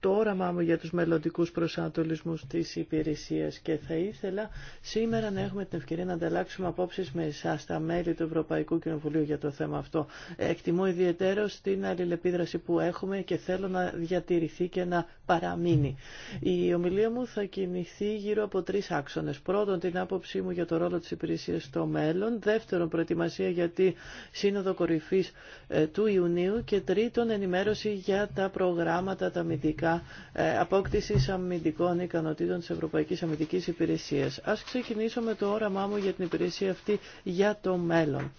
το, όραμά μου για τους μελλοντικού προσανατολισμούς της υπηρεσίας και θα ήθελα σήμερα να έχουμε την ευκαιρία να ανταλλάξουμε απόψεις με εσά τα μέλη του Ευρωπαϊκού Κοινοβουλίου για το θέμα αυτό. Εκτιμώ ιδιαίτερα στην αλληλεπίδραση που έχουμε και θέλω να διατηρηθεί και να παραμείνει. Η ομιλία μου θα κινηθεί γύρω από τρει άξονε. Πρώτον, την άποψή μου για το ρόλο τη υπηρεσία στο μέλλον. Δεύτερον, προετοιμασία για τη Σύνοδο Κορυφής ε, του Ιουνίου. Και τρίτον, ενημέρωση για τα προγράμματα τα αμυντικά ε, απόκτησης αμυντικών ικανοτήτων τη Ευρωπαϊκή Αμυντική Υπηρεσία. Α ξεκινήσω με το όραμά μου για την υπηρεσία αυτή για το μέλλον.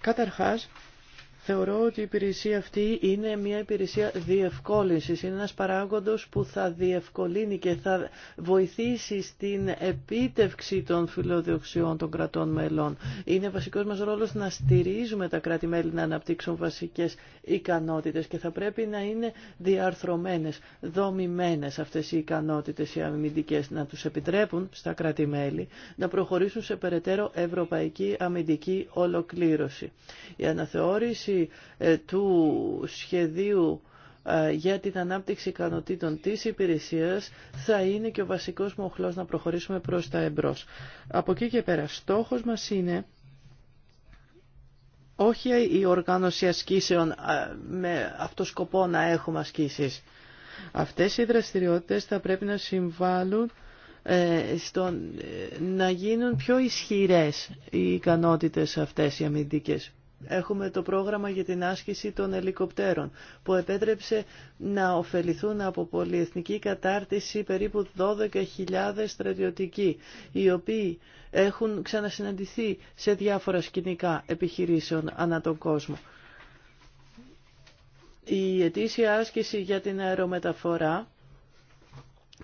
Καταρχάς, Θεωρώ ότι η υπηρεσία αυτή είναι μια υπηρεσία διευκόλυνσης, είναι ένας παράγοντος που θα διευκολύνει και θα βοηθήσει στην επίτευξη των φιλοδοξιών των κρατών μελών. Είναι βασικός μας ρόλος να στηρίζουμε τα κράτη-μέλη να αναπτύξουν βασικές ικανότητες και θα πρέπει να είναι διαρθρωμένες, δομημένες αυτές οι ικανότητες οι αμυντικές, να τους επιτρέπουν στα κράτη-μέλη να προχωρήσουν σε περαιτέρω ευρωπαϊκή αμυντική ολοκλήρωση. Η αναθεώρηση ε, του σχεδίου ε, για την ανάπτυξη ικανοτήτων της υπηρεσίας θα είναι και ο βασικός μοχλός να προχωρήσουμε προς τα εμπρός. Από εκεί και πέρα, στόχος μας είναι όχι η οργάνωση ασκήσεων ε, με αυτό σκοπό να έχουμε ασκήσεις. Αυτές οι δραστηριότητες θα πρέπει να συμβάλλουν στο να γίνουν πιο ισχυρές οι ικανότητες αυτές οι αμυντικές Έχουμε το πρόγραμμα για την άσκηση των ελικοπτέρων που επέτρεψε να ωφεληθούν από πολυεθνική κατάρτιση περίπου 12.000 στρατιωτικοί οι οποίοι έχουν ξανασυναντηθεί σε διάφορα σκηνικά επιχειρήσεων ανά τον κόσμο. Η ετήσια άσκηση για την αερομεταφορά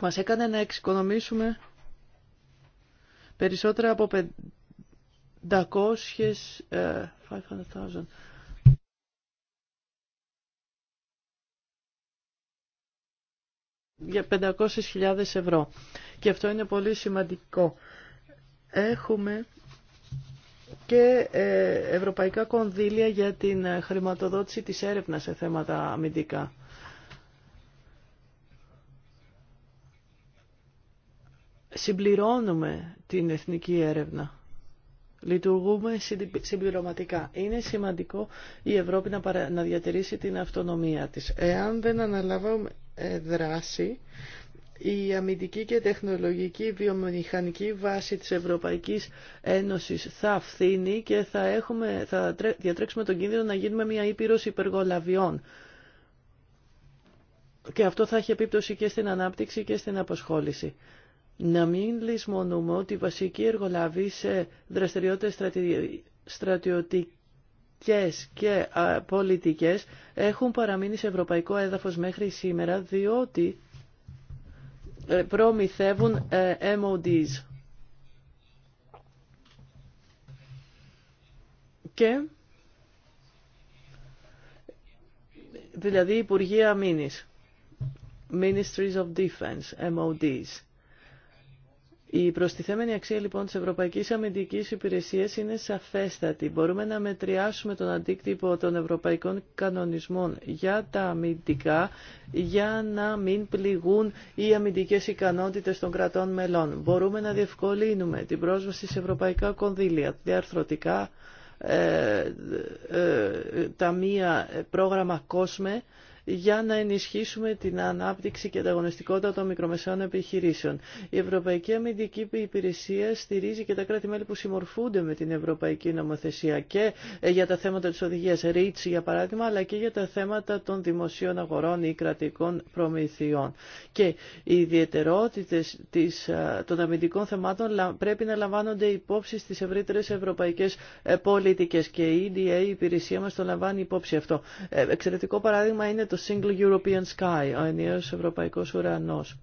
μας έκανε να εξοικονομήσουμε περισσότερα από 500 500,000. για 500.000 ευρώ. Και αυτό είναι πολύ σημαντικό. Έχουμε και ε, ευρωπαϊκά κονδύλια για την ε, χρηματοδότηση της έρευνας σε θέματα αμυντικά. Συμπληρώνουμε την εθνική έρευνα. Λειτουργούμε συμπληρωματικά. Είναι σημαντικό η Ευρώπη να, να διατηρήσει την αυτονομία της. Εάν δεν αναλάβουμε ε, δράση, η αμυντική και τεχνολογική βιομηχανική βάση της Ευρωπαϊκής Ένωσης θα φθήνει και θα, έχουμε, θα διατρέξουμε τον κίνδυνο να γίνουμε μια ήπειρος υπεργολαβιών. Και αυτό θα έχει επίπτωση και στην ανάπτυξη και στην αποσχόληση να μην λησμονούμε ότι οι βασικοί εργολάβη σε δραστηριότητες στρατιωτικές και πολιτικές έχουν παραμείνει σε ευρωπαϊκό έδαφος μέχρι σήμερα διότι ε, προμηθεύουν ε, MODs. Και δηλαδή Υπουργεία Μήνης, Ministries of Defense, MODs. Η προστιθέμενη αξία λοιπόν της Ευρωπαϊκής Αμυντικής Υπηρεσίας είναι σαφέστατη. Μπορούμε να μετριάσουμε τον αντίκτυπο των ευρωπαϊκών κανονισμών για τα αμυντικά για να μην πληγούν οι αμυντικές ικανότητες των κρατών μελών. Μπορούμε να διευκολύνουμε την πρόσβαση σε ευρωπαϊκά κονδύλια, διαρθρωτικά ε, ε, ε ταμεία, πρόγραμμα COSME για να ενισχύσουμε την ανάπτυξη και ανταγωνιστικότητα των μικρομεσαίων επιχειρήσεων. Η Ευρωπαϊκή Αμυντική Υπηρεσία στηρίζει και τα κράτη-μέλη που συμμορφούνται με την Ευρωπαϊκή Νομοθεσία και ε, για τα θέματα τη οδηγία REACH, για παράδειγμα, αλλά και για τα θέματα των δημοσίων αγορών ή κρατικών προμηθειών. Και οι ιδιαιτερότητε ε, των αμυντικών θεμάτων πρέπει να λαμβάνονται υπόψη στι ευρύτερε ευρωπαϊκέ ε, πολιτικέ και η EDA, η υπηρεσία μα, το λαμβάνει υπόψη αυτό. Εξαιρετικό παράδειγμα είναι το Single European Sky, ο ενιαίος ευρωπαϊκός ουρανός.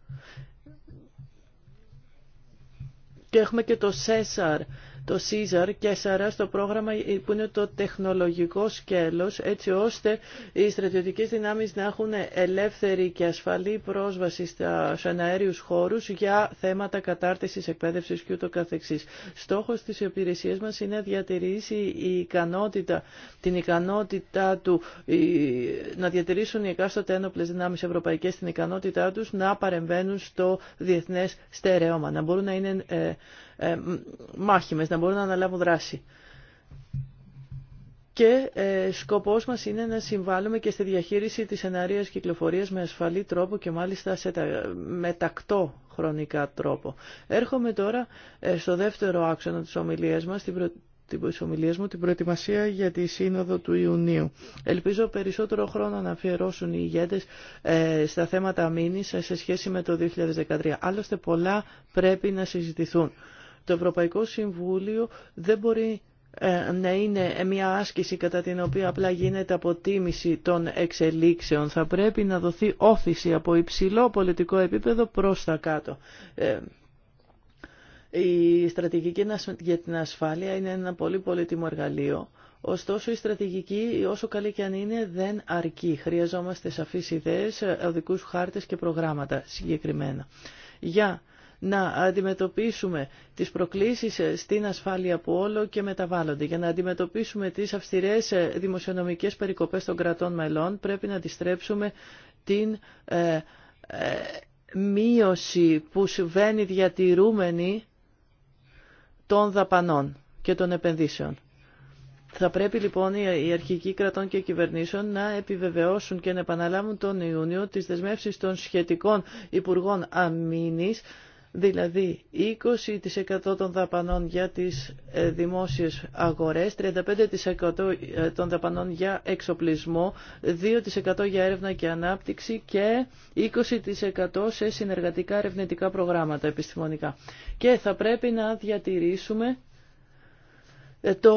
Και έχουμε και το Σέσαρ το Caesar και Σαρά στο πρόγραμμα που είναι το τεχνολογικό σκέλος έτσι ώστε οι στρατιωτικές δυνάμεις να έχουν ελεύθερη και ασφαλή πρόσβαση στα αέριους χώρους για θέματα κατάρτισης, εκπαίδευσης και ούτω καθεξής. Στόχος της υπηρεσία μας είναι να διατηρήσει η ικανότητα, την ικανότητά του, να διατηρήσουν οι εκάστοτε ένοπλες δυνάμεις ευρωπαϊκές την ικανότητά τους να παρεμβαίνουν στο διεθνές στερεώμα, να μπορούν να είναι ε, ε, μάχημες, να μπορούν να αναλάβουν δράση. Και ε, σκοπός μας είναι να συμβάλλουμε και στη διαχείριση της εναρίας κυκλοφορίας με ασφαλή τρόπο και μάλιστα σε τα, με τακτό χρονικά τρόπο. Έρχομαι τώρα ε, στο δεύτερο άξονα της ομιλίας μας, την προ ομιλίας μου την προετοιμασία για τη Σύνοδο του Ιουνίου. Ελπίζω περισσότερο χρόνο να αφιερώσουν οι ηγέτες ε, στα θέματα μήνυσης σε σχέση με το 2013. Άλλωστε πολλά πρέπει να συζητηθούν. Το Ευρωπαϊκό Συμβούλιο δεν μπορεί ε, να είναι μια άσκηση κατά την οποία απλά γίνεται αποτίμηση των εξελίξεων. Θα πρέπει να δοθεί όθηση από υψηλό πολιτικό επίπεδο προς τα κάτω. Ε, η στρατηγική για την ασφάλεια είναι ένα πολύ πολύτιμο εργαλείο. Ωστόσο η στρατηγική, όσο καλή και αν είναι, δεν αρκεί. Χρειαζόμαστε σαφείς ιδέες, οδικούς χάρτες και προγράμματα συγκεκριμένα. Για να αντιμετωπίσουμε τις προκλήσεις ε, στην ασφάλεια που όλο και μεταβάλλονται. Για να αντιμετωπίσουμε τις αυστηρές ε, δημοσιονομικές περικοπές των κρατών μελών πρέπει να αντιστρέψουμε την ε, μείωση που συμβαίνει διατηρούμενη των δαπανών και των επενδύσεων. Θα πρέπει λοιπόν οι αρχικοί κρατών και κυβερνήσεων να επιβεβαιώσουν και να επαναλάβουν τον Ιούνιο τις δεσμεύσεις των σχετικών Υπουργών Αμήνης δηλαδή 20% των δαπανών για τις ε, δημόσιες αγορές, 35% ε, των δαπανών για εξοπλισμό, 2% για έρευνα και ανάπτυξη και 20% σε συνεργατικά ερευνητικά προγράμματα επιστημονικά. Και θα πρέπει να διατηρήσουμε ε, το...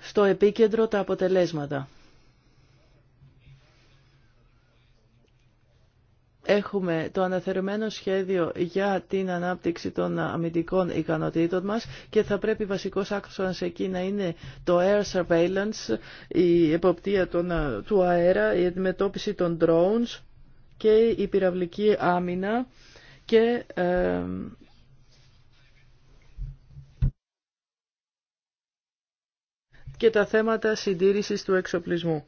στο επίκεντρο τα αποτελέσματα. Έχουμε το αναθερωμένο σχέδιο για την ανάπτυξη των αμυντικών ικανοτήτων μας και θα πρέπει βασικός άξονας εκεί να είναι το air surveillance, η εποπτεία του αέρα, η αντιμετώπιση των drones και η πυραυλική άμυνα και και τα θέματα συντήρησης του εξοπλισμού.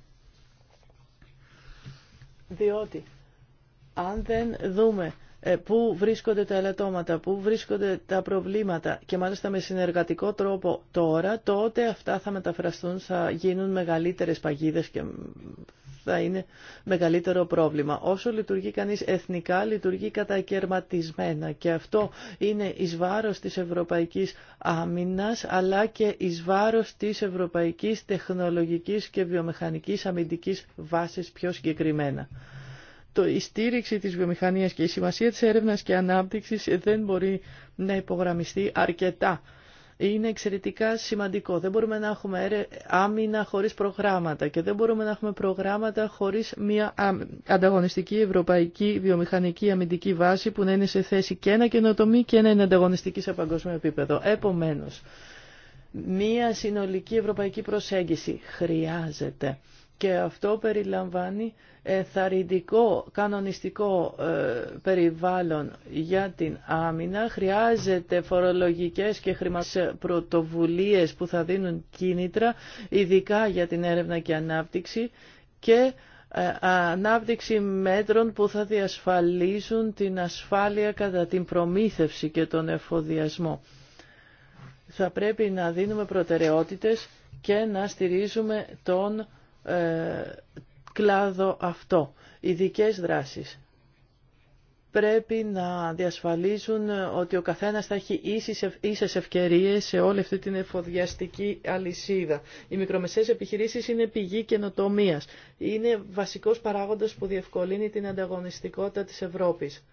Διότι αν δεν δούμε ε, πού βρίσκονται τα ελαττώματα, πού βρίσκονται τα προβλήματα και μάλιστα με συνεργατικό τρόπο τώρα, τότε αυτά θα μεταφραστούν, θα γίνουν μεγαλύτερες παγίδες και θα είναι μεγαλύτερο πρόβλημα. Όσο λειτουργεί κανείς εθνικά, λειτουργεί κατακαιρματισμένα και αυτό είναι εις βάρος της ευρωπαϊκής άμυνας αλλά και εις βάρος της ευρωπαϊκής τεχνολογικής και βιομηχανικής αμυντικής βάσης πιο συγκεκριμένα το, η στήριξη της βιομηχανίας και η σημασία της έρευνας και ανάπτυξης δεν μπορεί να υπογραμμιστεί αρκετά. Είναι εξαιρετικά σημαντικό. Δεν μπορούμε να έχουμε άμυνα χωρίς προγράμματα και δεν μπορούμε να έχουμε προγράμματα χωρίς μια ανταγωνιστική ευρωπαϊκή βιομηχανική αμυντική βάση που να είναι σε θέση και να καινοτομεί και να είναι ανταγωνιστική σε παγκόσμιο επίπεδο. Επομένως, μια συνολική ευρωπαϊκή προσέγγιση χρειάζεται και αυτό περιλαμβάνει θαρρυντικό κανονιστικό ε, περιβάλλον για την άμυνα. Χρειάζεται φορολογικές και χρηματικές πρωτοβουλίες που θα δίνουν κίνητρα, ειδικά για την έρευνα και ανάπτυξη και ε, ανάπτυξη μέτρων που θα διασφαλίζουν την ασφάλεια κατά την προμήθευση και τον εφοδιασμό. Θα πρέπει να δίνουμε προτεραιότητες και να στηρίζουμε τον ε, κλάδο αυτό, ειδικέ δράσεις. Πρέπει να διασφαλίζουν ότι ο καθένας θα έχει ίσες ευκαιρίες σε όλη αυτή την εφοδιαστική αλυσίδα. Οι μικρομεσαίες επιχειρήσεις είναι πηγή καινοτομίας. Είναι βασικός παράγοντας που διευκολύνει την ανταγωνιστικότητα της Ευρώπης.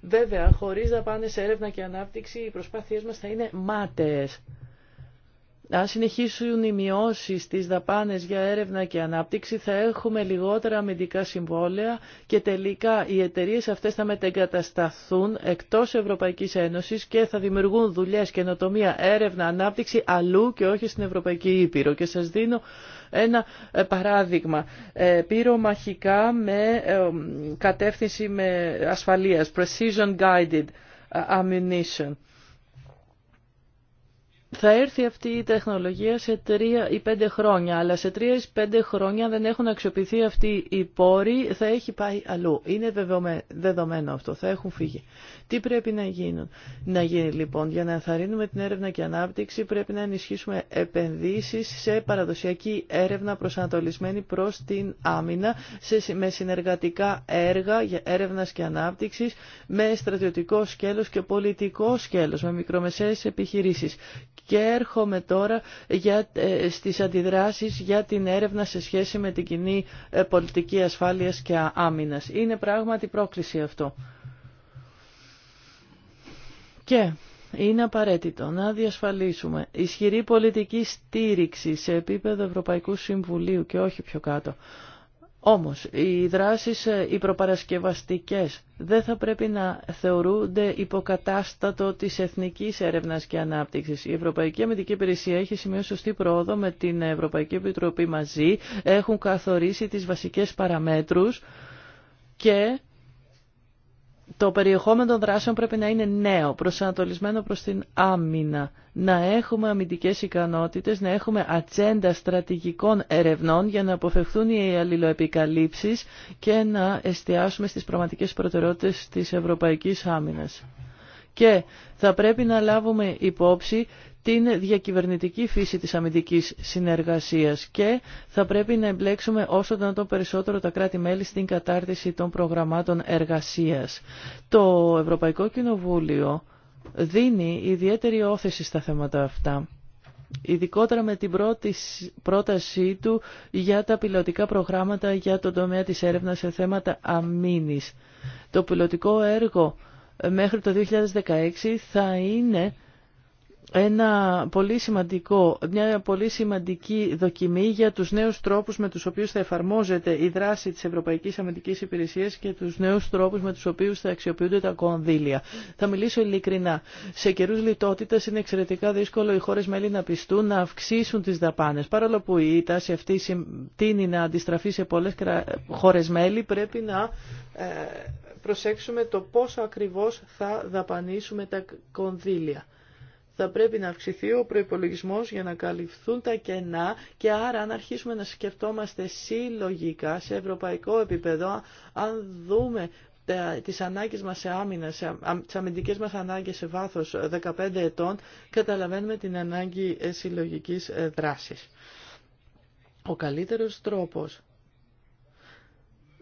Βέβαια, χωρίς να πάνε σε έρευνα και ανάπτυξη, οι προσπάθειές μας θα είναι μάταιες αν συνεχίσουν οι μειώσει στι δαπάνε για έρευνα και ανάπτυξη, θα έχουμε λιγότερα αμυντικά συμβόλαια και τελικά οι εταιρείε αυτέ θα μετεγκατασταθούν εκτό Ευρωπαϊκή Ένωση και θα δημιουργούν δουλειέ, καινοτομία, έρευνα, ανάπτυξη αλλού και όχι στην Ευρωπαϊκή Ήπειρο. Και σα δίνω ένα ε, παράδειγμα. Ε, Πυρομαχικά με ε, κατεύθυνση με ασφαλεία, precision guided ammunition θα έρθει αυτή η τεχνολογία σε τρία ή πέντε χρόνια, αλλά σε τρία ή πέντε χρόνια δεν έχουν αξιοποιηθεί αυτοί οι πόροι, θα έχει πάει αλλού. Είναι δεδομένο αυτό, θα έχουν φύγει. Τι πρέπει να, γίνουν. να γίνει λοιπόν, για να ενθαρρύνουμε την έρευνα και ανάπτυξη πρέπει να ενισχύσουμε επενδύσεις σε παραδοσιακή έρευνα προσανατολισμένη προς την άμυνα, σε, με συνεργατικά έργα για έρευνας και ανάπτυξης, με στρατιωτικό σκέλος και πολιτικό σκέλος, με μικρομεσαίες επιχειρήσεις και έρχομαι τώρα για, ε, στις αντιδράσεις για την έρευνα σε σχέση με την κοινή ε, πολιτική ασφάλειας και άμυνας. Είναι πράγματι πρόκληση αυτό. Και είναι απαραίτητο να διασφαλίσουμε ισχυρή πολιτική στήριξη σε επίπεδο Ευρωπαϊκού Συμβουλίου και όχι πιο κάτω όμως, οι δράσεις, ε, οι προπαρασκευαστικές δεν θα πρέπει να θεωρούνται υποκατάστατο της εθνικής έρευνας και ανάπτυξης. Η Ευρωπαϊκή Αμυντική Υπηρεσία έχει σημειώσει σωστή πρόοδο με την Ευρωπαϊκή Επιτροπή μαζί. Έχουν καθορίσει τις βασικές παραμέτρους και το περιεχόμενο των δράσεων πρέπει να είναι νέο, προσανατολισμένο προς την άμυνα. Να έχουμε αμυντικές ικανότητες, να έχουμε ατζέντα στρατηγικών ερευνών για να αποφευχθούν οι αλληλοεπικαλύψεις και να εστιάσουμε στις πραγματικές προτεραιότητες της ευρωπαϊκής άμυνας. Και θα πρέπει να λάβουμε υπόψη την διακυβερνητική φύση της αμυντικής συνεργασίας και θα πρέπει να εμπλέξουμε όσο το το περισσότερο τα κράτη-μέλη στην κατάρτιση των προγραμμάτων εργασίας. Το Ευρωπαϊκό Κοινοβούλιο δίνει ιδιαίτερη όθεση στα θέματα αυτά ειδικότερα με την πρώτη πρότασή του για τα πιλωτικά προγράμματα για τον τομέα της έρευνας σε θέματα αμήνης. Το πιλωτικό έργο μέχρι το 2016 θα είναι ένα πολύ σημαντικό, μια πολύ σημαντική δοκιμή για τους νέους τρόπους με τους οποίους θα εφαρμόζεται η δράση της Ευρωπαϊκής Αμυντικής Υπηρεσίας και τους νέους τρόπους με τους οποίους θα αξιοποιούνται τα κονδύλια. Θα μιλήσω ειλικρινά. Σε καιρούς λιτότητας είναι εξαιρετικά δύσκολο οι χώρες μέλη να πιστούν να αυξήσουν τις δαπάνες. Παρόλο που η τάση αυτή τίνει να αντιστραφεί σε πολλές χώρες μέλη, πρέπει να ε, προσέξουμε το πόσο ακριβώς θα δαπανίσουμε τα κονδύλια θα πρέπει να αυξηθεί ο προϋπολογισμός για να καλυφθούν τα κενά και άρα αν αρχίσουμε να σκεφτόμαστε συλλογικά σε ευρωπαϊκό επίπεδο, αν δούμε τις ανάγκες μας σε άμυνα, σε, τις αμυντικές μας ανάγκες σε βάθος 15 ετών, καταλαβαίνουμε την ανάγκη ε, συλλογικής ε, δράσης. Ο καλύτερος τρόπος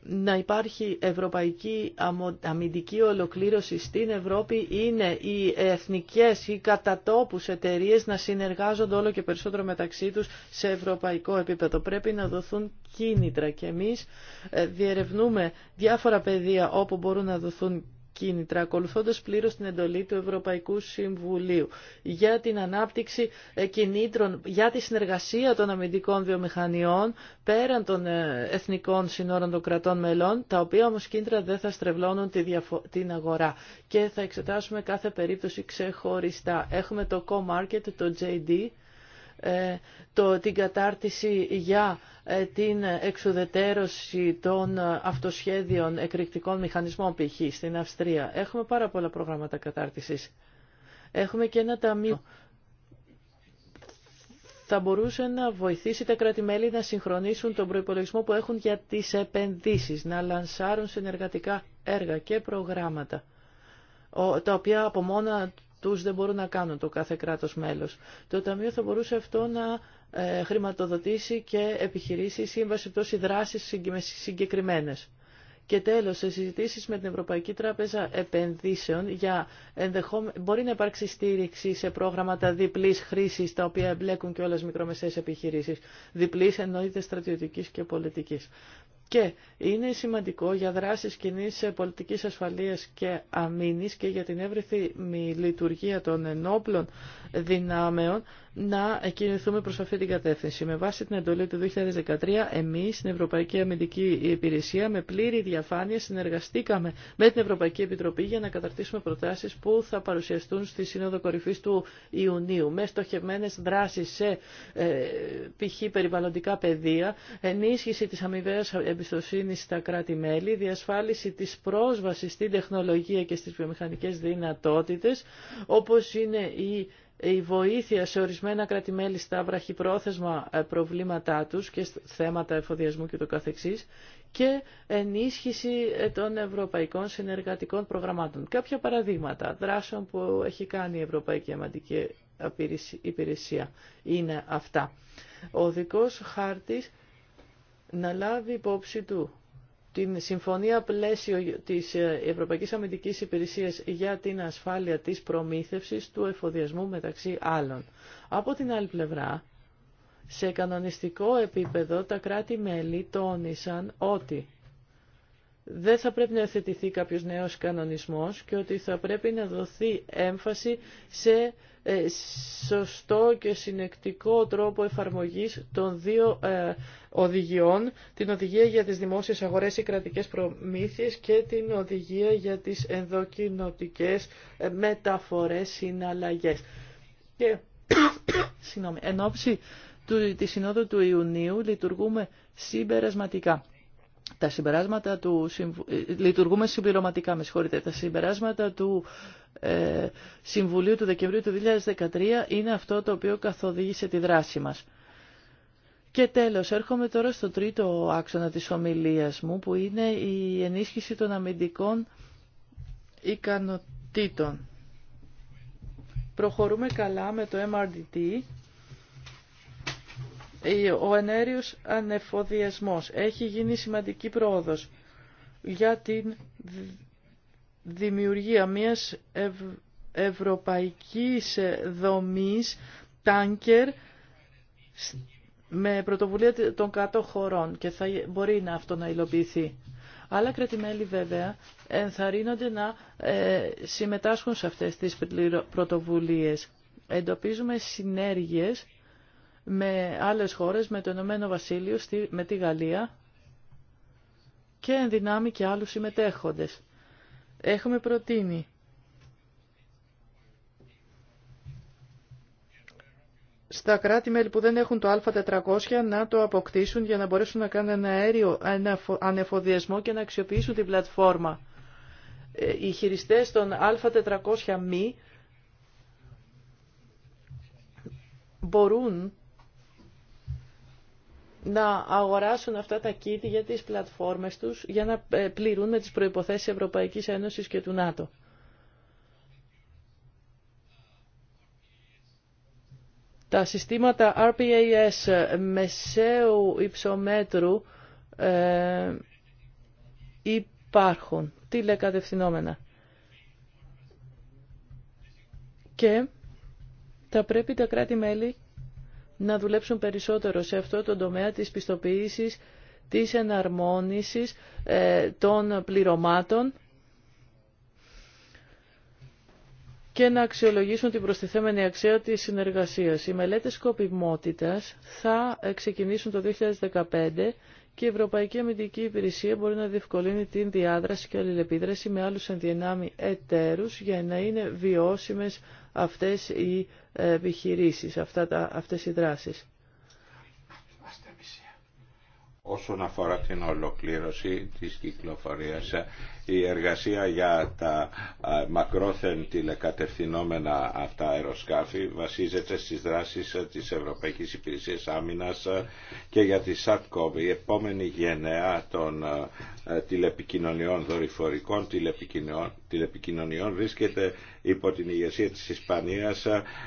να υπάρχει ευρωπαϊκή αμυντική ολοκλήρωση στην Ευρώπη είναι οι εθνικές ή κατατόπους εταιρείε να συνεργάζονται όλο και περισσότερο μεταξύ τους σε ευρωπαϊκό επίπεδο. Πρέπει να δοθούν κίνητρα και εμείς ε, διερευνούμε διάφορα πεδία όπου μπορούν να δοθούν κίνητρα, ακολουθώντας πλήρως την εντολή του Ευρωπαϊκού Συμβουλίου για την ανάπτυξη ε, κινήτρων, για τη συνεργασία των αμυντικών βιομηχανιών πέραν των ε, εθνικών συνόρων των κρατών μελών, τα οποία όμως κίνητρα δεν θα στρεβλώνουν την αγορά. Και θα εξετάσουμε κάθε περίπτωση ξεχωριστά. Έχουμε το Co-Market, το JD, ε, το, την κατάρτιση για ε, την εξουδετέρωση των ε, αυτοσχέδιων εκρηκτικών μηχανισμών π.χ. στην Αυστρία. Έχουμε πάρα πολλά προγράμματα κατάρτισης. Έχουμε και ένα ταμείο θα μπορούσε να βοηθήσει τα κράτη-μέλη να συγχρονίσουν τον προϋπολογισμό που έχουν για τις επενδύσεις, να λανσάρουν συνεργατικά έργα και προγράμματα, τα οποία από μόνα τους δεν μπορούν να κάνουν το κάθε κράτος μέλος. Το Ταμείο θα μπορούσε αυτό να ε, χρηματοδοτήσει και επιχειρήσει σύμβαση πτώση δράσεις συγκεκριμένες. Και τέλος, σε συζητήσεις με την Ευρωπαϊκή Τράπεζα Επενδύσεων για ενδεχόμε... μπορεί να υπάρξει στήριξη σε πρόγραμματα διπλής χρήσης τα οποία εμπλέκουν και όλες μικρομεσαίες επιχειρήσεις. Διπλής εννοείται στρατιωτικής και πολιτικής. Και είναι σημαντικό για δράσεις κοινή πολιτικής ασφαλείας και αμήνης και για την εύρυθμη λειτουργία των ενόπλων δυνάμεων να κινηθούμε προς αυτή την κατεύθυνση. Με βάση την εντολή του 2013, εμείς στην Ευρωπαϊκή Αμυντική Υπηρεσία με πλήρη διαφάνεια συνεργαστήκαμε με την Ευρωπαϊκή Επιτροπή για να καταρτήσουμε προτάσεις που θα παρουσιαστούν στη Σύνοδο Κορυφής του Ιουνίου με στοχευμένες δράσεις σε ε, π.χ. περιβαλλοντικά πεδία, ενίσχυση της αμοιβαίας εμπιστοσύνη στα κράτη-μέλη, διασφάλιση της πρόσβασης στην τεχνολογία και στις βιομηχανικές δυνατότητες, όπως είναι η η βοήθεια σε ορισμένα κράτη-μέλη στα βραχυπρόθεσμα ε, προβλήματά τους και θέματα εφοδιασμού και το καθεξής και ενίσχυση ε, των ευρωπαϊκών συνεργατικών προγραμμάτων. Κάποια παραδείγματα δράσεων που έχει κάνει η Ευρωπαϊκή Αμαντική Υπηρεσία είναι αυτά. Ο δικός χάρτης να λάβει υπόψη του την συμφωνία πλαίσιο της ε, Ευρωπαϊκής Αμυντικής Υπηρεσίας για την ασφάλεια της προμήθευσης του εφοδιασμού μεταξύ άλλων. Από την άλλη πλευρά, σε κανονιστικό επίπεδο τα κράτη-μέλη τόνισαν ότι δεν θα πρέπει να θετηθεί κάποιος νέος κανονισμός και ότι θα πρέπει να δοθεί έμφαση σε ε, σωστό και συνεκτικό τρόπο εφαρμογής των δύο ε, οδηγιών, την οδηγία για τις δημόσιες αγορές ή κρατικές προμήθειες και την οδηγία για τις ενδοκινοτικές ε, μεταφορές συναλλαγές. Και, συγγνώμη, εν ώψη της Συνόδου του Ιουνίου λειτουργούμε συμπερασματικά τα συμπεράσματα του ε, λειτουργούμε συμπληρωματικά, με συγχωρείτε. Τα συμπεράσματα του ε, Συμβουλίου του Δεκεμβρίου του 2013 είναι αυτό το οποίο καθοδήγησε τη δράση μας. Και τέλος, έρχομαι τώρα στο τρίτο άξονα της ομιλίας μου, που είναι η ενίσχυση των αμυντικών ικανοτήτων. Προχωρούμε καλά με το MRDT, ο ενέριος ανεφοδιασμός. Έχει γίνει σημαντική πρόοδος για την δημιουργία μιας ευ... ευρωπαϊκής δομής τάνκερ με πρωτοβουλία των κάτω χωρών και θα μπορεί να αυτό να υλοποιηθεί. Άλλα κρατημέλη βέβαια ενθαρρύνονται να ε, συμμετάσχουν σε αυτές τις πρωτοβουλίες. Εντοπίζουμε συνέργειες με άλλες χώρες, με το Ηνωμένο Βασίλειο, με τη Γαλλία και εν δυνάμει και άλλους συμμετέχοντες. Έχουμε προτείνει στα κράτη-μέλη που δεν έχουν το Α400 να το αποκτήσουν για να μπορέσουν να κάνουν ένα αέριο ένα ανεφοδιασμό και να αξιοποιήσουν την πλατφόρμα. Ε, οι χειριστές των Α400 μη μπορούν να αγοράσουν αυτά τα kit για τις πλατφόρμες τους για να ε, πληρούν με τις προϋποθέσεις Ευρωπαϊκής Ένωσης και του ΝΑΤΟ. Τα συστήματα RPAS μεσαίου υψομέτρου ε, υπάρχουν τηλεκατευθυνόμενα. Και θα πρέπει τα κράτη-μέλη να δουλέψουν περισσότερο σε αυτό το τομέα της πιστοποίησης, της εναρμόνισης ε, των πληρωμάτων και να αξιολογήσουν την προστιθέμενη αξία της συνεργασίας. Οι μελέτες σκοπιμότητας θα ξεκινήσουν το 2015 και η Ευρωπαϊκή Αμυντική Υπηρεσία μπορεί να διευκολύνει την διάδραση και αλληλεπίδραση με άλλους ενδυνάμει εταίρους για να είναι βιώσιμες αυτές οι επιχειρήσεις, αυτά τα, αυτές οι δράσεις. Όσον αφορά την ολοκλήρωση της κυκλοφορίας, η εργασία για τα μακρόθεν τηλεκατευθυνόμενα αυτά αεροσκάφη βασίζεται στις δράσεις της Ευρωπαϊκής Υπηρεσίας Άμυνας και για τη ΣΑΤΚΟΒ, η επόμενη γενεά των τηλεπικοινωνιών, δορυφορικών τηλεπικοινωνιών, τηλεπικοινωνιών βρίσκεται υπό την ηγεσία της Ισπανίας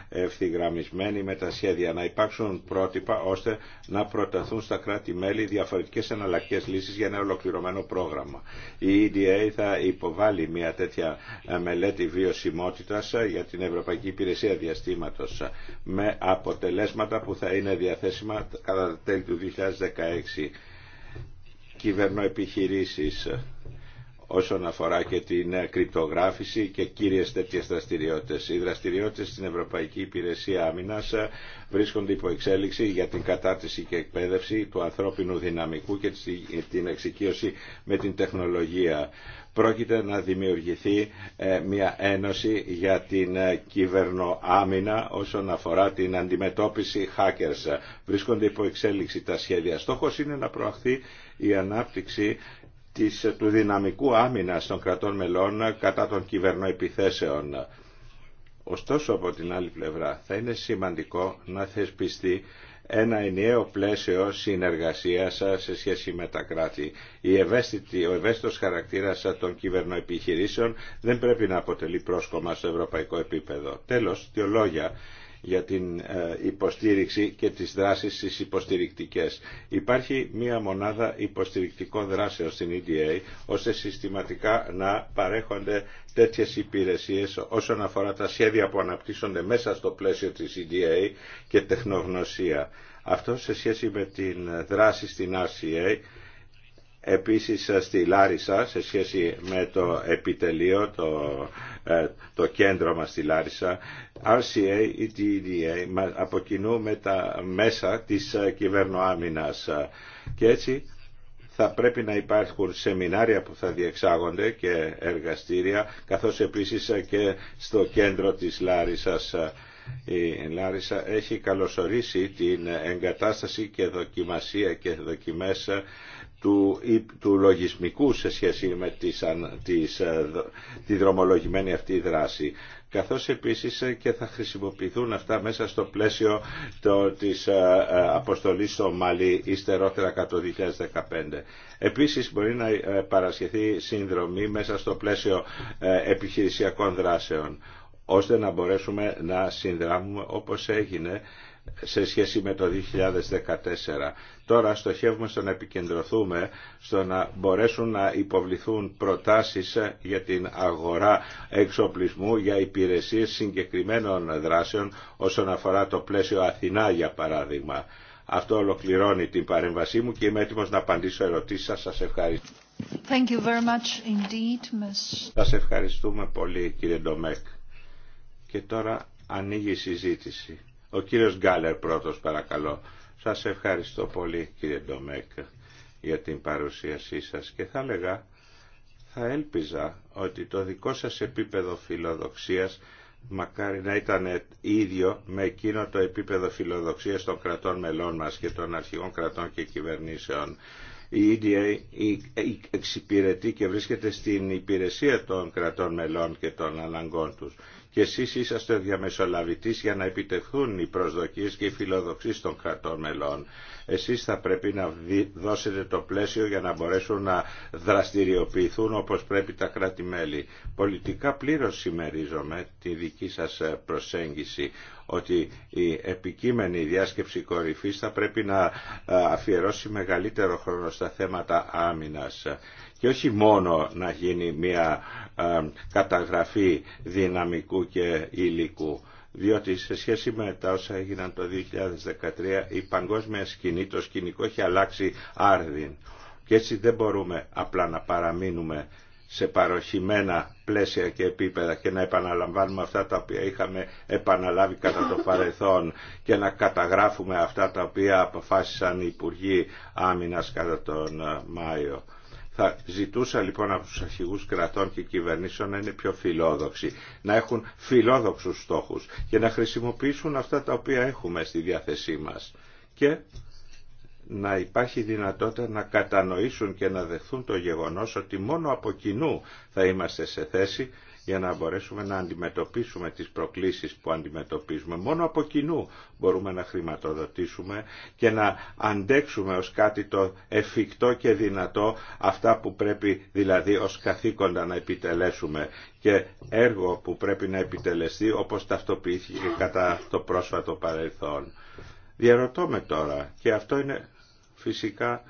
ευθυγραμμισμένη με τα σχέδια να υπάρξουν πρότυπα ώστε να προταθούν στα κράτη-μέλη διαφορετικές εναλλακτικές λύσεις για ένα ολοκληρωμένο πρόγραμμα. Η EDA θα υποβάλει μια τέτοια ε, μελέτη βιωσιμότητας ε, για την Ευρωπαϊκή Υπηρεσία Διαστήματος ε, με αποτελέσματα που θα είναι διαθέσιμα κατά τέλη του 2016. Κυβερνοεπιχειρήσεις όσον αφορά και την ε, κρυπτογράφηση και κύριες τέτοιες δραστηριότητες. Οι δραστηριότητες στην Ευρωπαϊκή Υπηρεσία Άμυνας ε, βρίσκονται υπό εξέλιξη για την κατάρτιση και εκπαίδευση του ανθρώπινου δυναμικού και ε, την εξοικείωση με την τεχνολογία. Πρόκειται να δημιουργηθεί μια ένωση για την κυβερνοάμυνα όσον αφορά την αντιμετώπιση hackers. Βρίσκονται υπό εξέλιξη τα σχέδια. Στόχος είναι να προαχθεί η ανάπτυξη της, του δυναμικού άμυνας των κρατών μελών κατά των κυβερνοεπιθέσεων. Ωστόσο από την άλλη πλευρά θα είναι σημαντικό να θεσπιστεί ένα ενιαίο πλαίσιο συνεργασίας σε σχέση με τα κράτη. Η ευαίσθητη, ο ευαίσθητος χαρακτήρας των κυβερνοεπιχειρήσεων δεν πρέπει να αποτελεί πρόσκομα στο ευρωπαϊκό επίπεδο. Τέλος, δύο λόγια για την ε, υποστήριξη και τις δράσεις στις υποστηρικτικές. Υπάρχει μία μονάδα υποστηρικτικών δράσεων στην EDA ώστε συστηματικά να παρέχονται τέτοιες υπηρεσίες όσον αφορά τα σχέδια που αναπτύσσονται μέσα στο πλαίσιο της EDA και τεχνογνωσία. Αυτό σε σχέση με την δράση στην RCA Επίσης ε, στη Λάρισα σε σχέση με το επιτελείο, το, ε, το κέντρο μας στη Λάρισα, RCA ή e TDA από με τα μέσα της ε, κυβερνοάμυνας και έτσι θα πρέπει να υπάρχουν σεμινάρια που θα διεξάγονται και εργαστήρια, καθώς επίσης και στο κέντρο της Λάρισας. Η Λάρισα έχει καλωσορίσει την εγκατάσταση και δοκιμασία και δοκιμές του, λογισμικού σε σχέση με τις, ε, τη δρομολογημένη αυτή δράση καθώς επίσης ε, και θα χρησιμοποιηθούν αυτά μέσα στο πλαίσιο το, της ε, αποστολής στο Μαλί ύστερότερα κατά το 2015. Επίσης μπορεί να παρασχεθεί συνδρομή μέσα στο πλαίσιο επιχειρησιακών δράσεων ώστε να μπορέσουμε να συνδράμουμε όπως έγινε σε σχέση με το 2014. Τώρα στοχεύουμε στο να επικεντρωθούμε στο να μπορέσουν να υποβληθούν προτάσεις για την αγορά εξοπλισμού για υπηρεσίες συγκεκριμένων δράσεων όσον αφορά το πλαίσιο Αθηνά για παράδειγμα. Αυτό ολοκληρώνει την παρέμβασή μου και είμαι έτοιμος να απαντήσω ερωτήσεις σας. Σας ευχαριστώ. Thank you very much indeed, Ms. Σας ευχαριστούμε πολύ κύριε Ντομέκ. Και τώρα ανοίγει η συζήτηση. Ο κύριος Γκάλερ πρώτος παρακαλώ. Σας ευχαριστώ πολύ κύριε Ντομέκ για την παρουσίασή σας και θα έλεγα, θα έλπιζα ότι το δικό σας επίπεδο φιλοδοξίας μακάρι να ήταν ίδιο με εκείνο το επίπεδο φιλοδοξίας των κρατών μελών μας και των αρχηγών κρατών και κυβερνήσεων. Η EDA εξυπηρετεί και βρίσκεται στην υπηρεσία των κρατών μελών και των αναγκών τους και εσείς είσαστε ο διαμεσολαβητής για να επιτευχθούν οι προσδοκίες και οι φιλοδοξίες των κρατών μελών. Εσείς θα πρέπει να δώσετε το πλαίσιο για να μπορέσουν να δραστηριοποιηθούν όπως πρέπει τα κράτη-μέλη. Πολιτικά πλήρως συμμερίζομαι τη δική σας ε, προσέγγιση ότι η επικείμενη διάσκεψη κορυφής θα πρέπει να ε, αφιερώσει μεγαλύτερο χρόνο στα θέματα άμυνας και όχι μόνο να γίνει μια ε, καταγραφή δυναμικού και υλικού διότι σε σχέση με τα όσα έγιναν το 2013 η παγκόσμια σκηνή, το σκηνικό έχει αλλάξει άρδιν και έτσι δεν μπορούμε απλά να παραμείνουμε σε παροχημένα πλαίσια και επίπεδα και να επαναλαμβάνουμε αυτά τα οποία είχαμε επαναλάβει κατά το παρελθόν και να καταγράφουμε αυτά τα οποία αποφάσισαν οι Υπουργοί Άμυνας κατά τον ε, Μάιο. Θα ζητούσα λοιπόν από τους αρχηγούς κρατών και κυβερνήσεων να είναι πιο φιλόδοξοι, να έχουν φιλόδοξους στόχους και να χρησιμοποιήσουν αυτά τα οποία έχουμε στη διάθεσή μας. Και να υπάρχει δυνατότητα να κατανοήσουν και να δεχθούν το γεγονός ότι μόνο από κοινού θα είμαστε σε θέση για να μπορέσουμε να αντιμετωπίσουμε τις προκλήσεις που αντιμετωπίζουμε. Μόνο από κοινού μπορούμε να χρηματοδοτήσουμε και να αντέξουμε ως κάτι το εφικτό και δυνατό αυτά που πρέπει δηλαδή ως καθήκοντα να επιτελέσουμε και έργο που πρέπει να επιτελεστεί όπως ταυτοποιήθηκε κατά το πρόσφατο παρελθόν. Διαρωτώ με τώρα και αυτό είναι φυσικά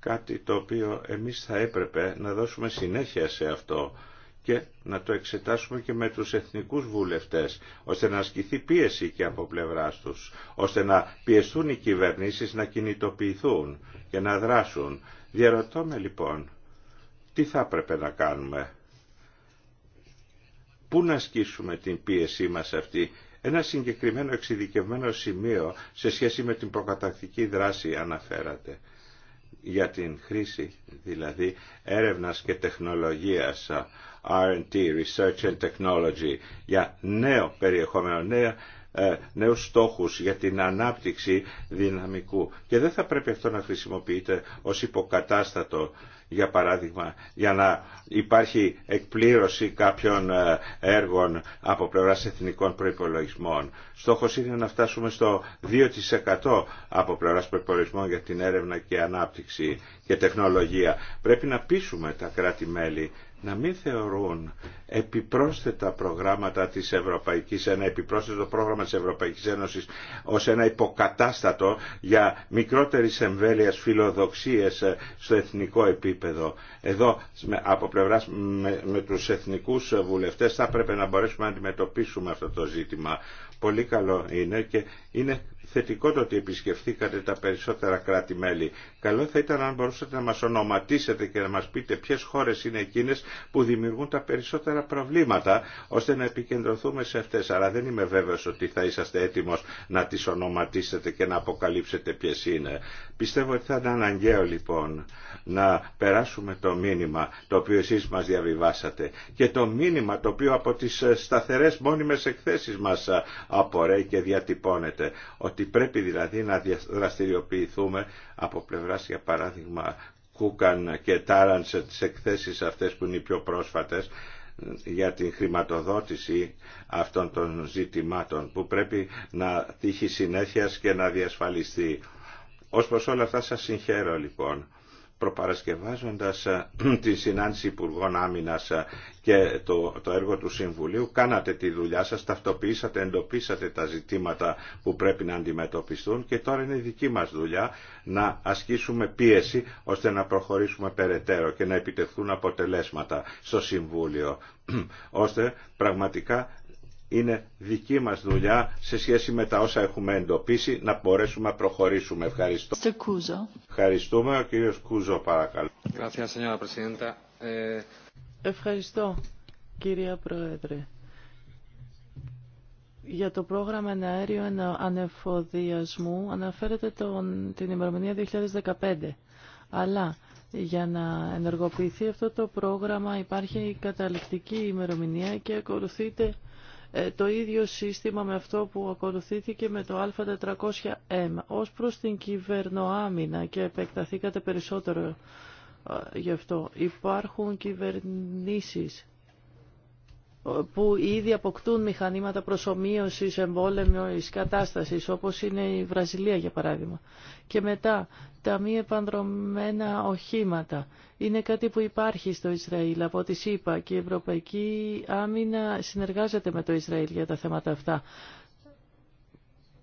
κάτι το οποίο εμείς θα έπρεπε να δώσουμε συνέχεια σε αυτό και να το εξετάσουμε και με τους εθνικούς βουλευτές, ώστε να ασκηθεί πίεση και από πλευράς τους, ώστε να πιεστούν οι κυβερνήσεις να κινητοποιηθούν και να δράσουν. Διαρωτώ με λοιπόν, τι θα έπρεπε να κάνουμε, πού να ασκήσουμε την πίεσή μας αυτή, ένα συγκεκριμένο εξειδικευμένο σημείο σε σχέση με την προκατακτική δράση αναφέρατε για την χρήση δηλαδή έρευνας και τεχνολογίας R&T, Research and Technology, για νέο περιεχόμενο, νέα ε, νέους στόχους για την ανάπτυξη δυναμικού και δεν θα πρέπει αυτό να χρησιμοποιείται ως υποκατάστατο για παράδειγμα, για να υπάρχει εκπλήρωση κάποιων ε, έργων από πλευράς εθνικών προϋπολογισμών. Στόχος είναι να φτάσουμε στο 2% από πλευράς προϋπολογισμών για την έρευνα και ανάπτυξη και τεχνολογία. Πρέπει να πείσουμε τα κράτη-μέλη να μην θεωρούν επιπρόσθετα προγράμματα της Ευρωπαϊκής, ένα επιπρόσθετο πρόγραμμα της Ευρωπαϊκής Ένωσης ως ένα υποκατάστατο για μικρότερης εμβέλειας φιλοδοξίες στο εθνικό επίπεδο. Εδώ από πλευράς με, με τους εθνικούς βουλευτές θα πρέπει να μπορέσουμε να αντιμετωπίσουμε αυτό το ζήτημα. Πολύ καλό είναι και είναι θετικό το ότι επισκεφθήκατε τα περισσότερα κράτη-μέλη. Καλό θα ήταν αν μπορούσατε να μας ονοματίσετε και να μας πείτε ποιες χώρες είναι εκείνες που δημιουργούν τα περισσότερα προβλήματα, ώστε να επικεντρωθούμε σε αυτές. Αλλά δεν είμαι βέβαιος ότι θα είσαστε έτοιμος να τις ονοματίσετε και να αποκαλύψετε ποιες είναι. Πιστεύω ότι θα ήταν αναγκαίο λοιπόν να περάσουμε το μήνυμα το οποίο εσείς μας διαβιβάσατε και το μήνυμα το οποίο από τις σταθερές μόνιμες εκθέσεις μας απορρέει και διατυπώνεται ότι πρέπει δηλαδή να δραστηριοποιηθούμε από πλευράς για παράδειγμα Κούκαν και Τάραν σε τις εκθέσεις αυτές που είναι οι πιο πρόσφατες ε, για την χρηματοδότηση αυτών των ζητημάτων που πρέπει να τύχει συνέχεια και να διασφαλιστεί. Ως προς όλα αυτά σας συγχαίρω λοιπόν προπαρασκευάζοντας ε, τη συνάντηση Υπουργών Άμυνας ε, και το, το έργο του Συμβουλίου, κάνατε τη δουλειά σας, ταυτοποιήσατε, εντοπίσατε τα ζητήματα που πρέπει να αντιμετωπιστούν και τώρα είναι η δική μας δουλειά να ασκήσουμε πίεση ώστε να προχωρήσουμε περαιτέρω και να επιτευχθούν αποτελέσματα στο Συμβούλιο, ώστε πραγματικά είναι δική μας δουλειά σε σχέση με τα όσα έχουμε εντοπίσει να μπορέσουμε να προχωρήσουμε. Ευχαριστώ. Ευχαριστούμε. Ο κύριος Κούζο παρακαλώ. Ε, Ευχαριστώ κύριε Πρόεδρε. Για το πρόγραμμα αέριο ανεφοδιασμού αναφέρεται την ημερομηνία 2015. Αλλά για να ενεργοποιηθεί αυτό το πρόγραμμα υπάρχει η καταληκτική ημερομηνία και ακολουθείται ε, το ίδιο σύστημα με αυτό που ακολουθήθηκε με το Α400M. Ως προς την κυβερνοάμυνα και επεκταθήκατε περισσότερο ε, γι' αυτό. Υπάρχουν κυβερνήσεις που ήδη αποκτούν μηχανήματα προσωμείωσης εμπόλεμης κατάστασης, όπως είναι η Βραζιλία για παράδειγμα. Και μετά, τα μη επανδρομένα οχήματα. Είναι κάτι που υπάρχει στο Ισραήλ, από ό,τι είπα, και η Ευρωπαϊκή Άμυνα συνεργάζεται με το Ισραήλ για τα θέματα αυτά.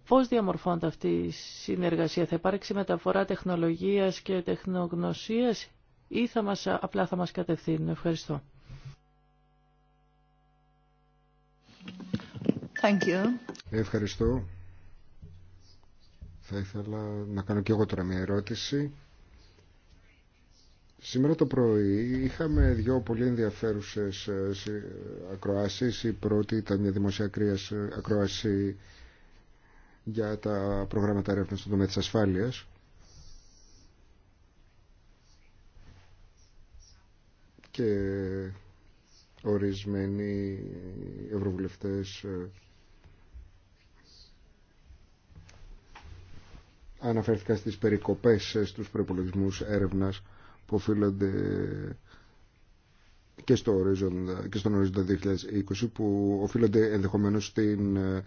Πώς διαμορφώνεται αυτή η συνεργασία, θα υπάρξει μεταφορά τεχνολογίας και τεχνογνωσίας ή θα μας, απλά θα μας κατευθύνουν. Ευχαριστώ. Thank you. Ευχαριστώ. Θα ήθελα να κάνω και εγώ τώρα μια ερώτηση. Σήμερα το πρωί είχαμε δύο πολύ ενδιαφέρουσες ε, ακροάσεις. Η πρώτη ήταν μια δημοσία ε, ακροάση για τα προγράμματα έρευνας στον τομέα της ασφάλειας. Και ορισμένοι ευρωβουλευτές ε, αναφέρθηκα στις περικοπές ε, στους προϋπολογισμούς έρευνας που οφείλονται και, στο ορίζοντα, και στον ορίζοντα 2020 που οφείλονται ενδεχομένως στην ε,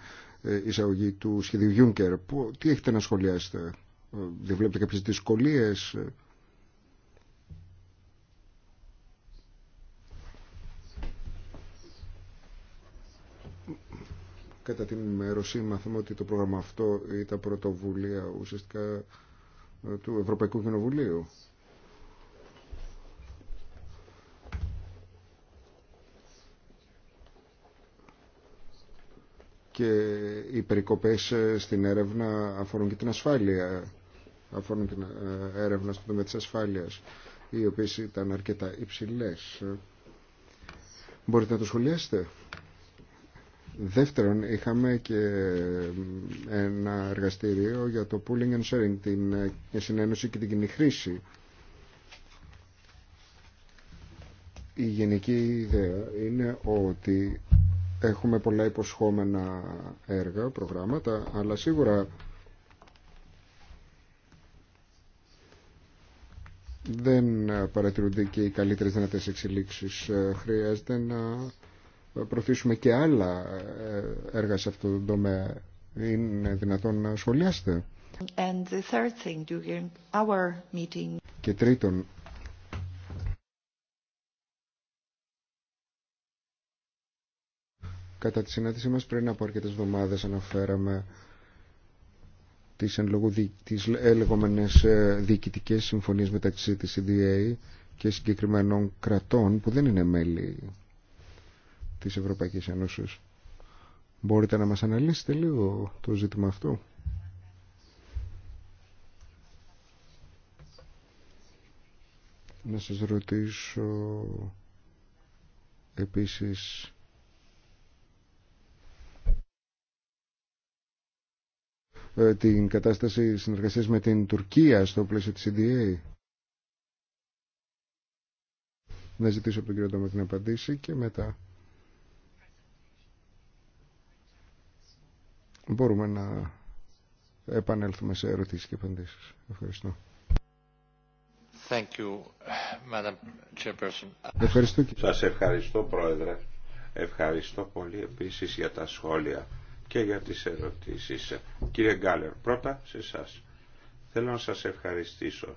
εισαγωγή του σχεδίου Juncker. τι έχετε να σχολιάσετε, ε, δεν βλέπετε κάποιες δυσκολίες Κατά την ενημέρωση μάθαμε ότι το πρόγραμμα αυτό ήταν πρωτοβουλία ουσιαστικά ε, του Ευρωπαϊκού Κοινοβουλίου. και οι περικοπές ε, στην έρευνα αφορούν και την ασφάλεια αφορούν την ε, έρευνα στον τομέα της ασφάλειας οι οποίες ήταν αρκετά υψηλές μπορείτε να το σχολιάσετε Δεύτερον, είχαμε και ένα εργαστήριο για το pooling and sharing, την ε, συνένωση και την κοινή χρήση. Η γενική ιδέα είναι ότι έχουμε πολλά υποσχόμενα έργα, προγράμματα, αλλά σίγουρα δεν παρατηρούνται και οι καλύτερες δυνατές εξελίξεις. Ε, χρειάζεται να προωθήσουμε και άλλα ε, έργα σε αυτό το τομέα. Είναι δυνατόν να σχολιάσετε. And the third thing our meeting. Και τρίτον, κατά τη συνάντησή μας πριν από αρκετές εβδομάδες αναφέραμε τις, εν λόγω, τις ε, λεγόμενες ε, διοικητικές συμφωνίες μεταξύ της CDA και συγκεκριμένων κρατών που δεν είναι μέλη της Ευρωπαϊκής Ένωσης. Μπορείτε να μας αναλύσετε λίγο το ζήτημα αυτό. Να σας ρωτήσω επίσης ε, την κατάσταση συνεργασίας με την Τουρκία στο πλαίσιο της CDA. Να ζητήσω από τον κύριο Ντόμακ να απαντήσει και μετά μπορούμε να επανέλθουμε σε ερωτήσεις και απαντήσεις. Ευχαριστώ. Thank you, Madam ευχαριστώ. Σας ευχαριστώ Πρόεδρε. Ευχαριστώ πολύ επίσης για τα σχόλια και για τις ερωτήσεις. Κύριε Γκάλερ, πρώτα σε εσά. Θέλω να σας ευχαριστήσω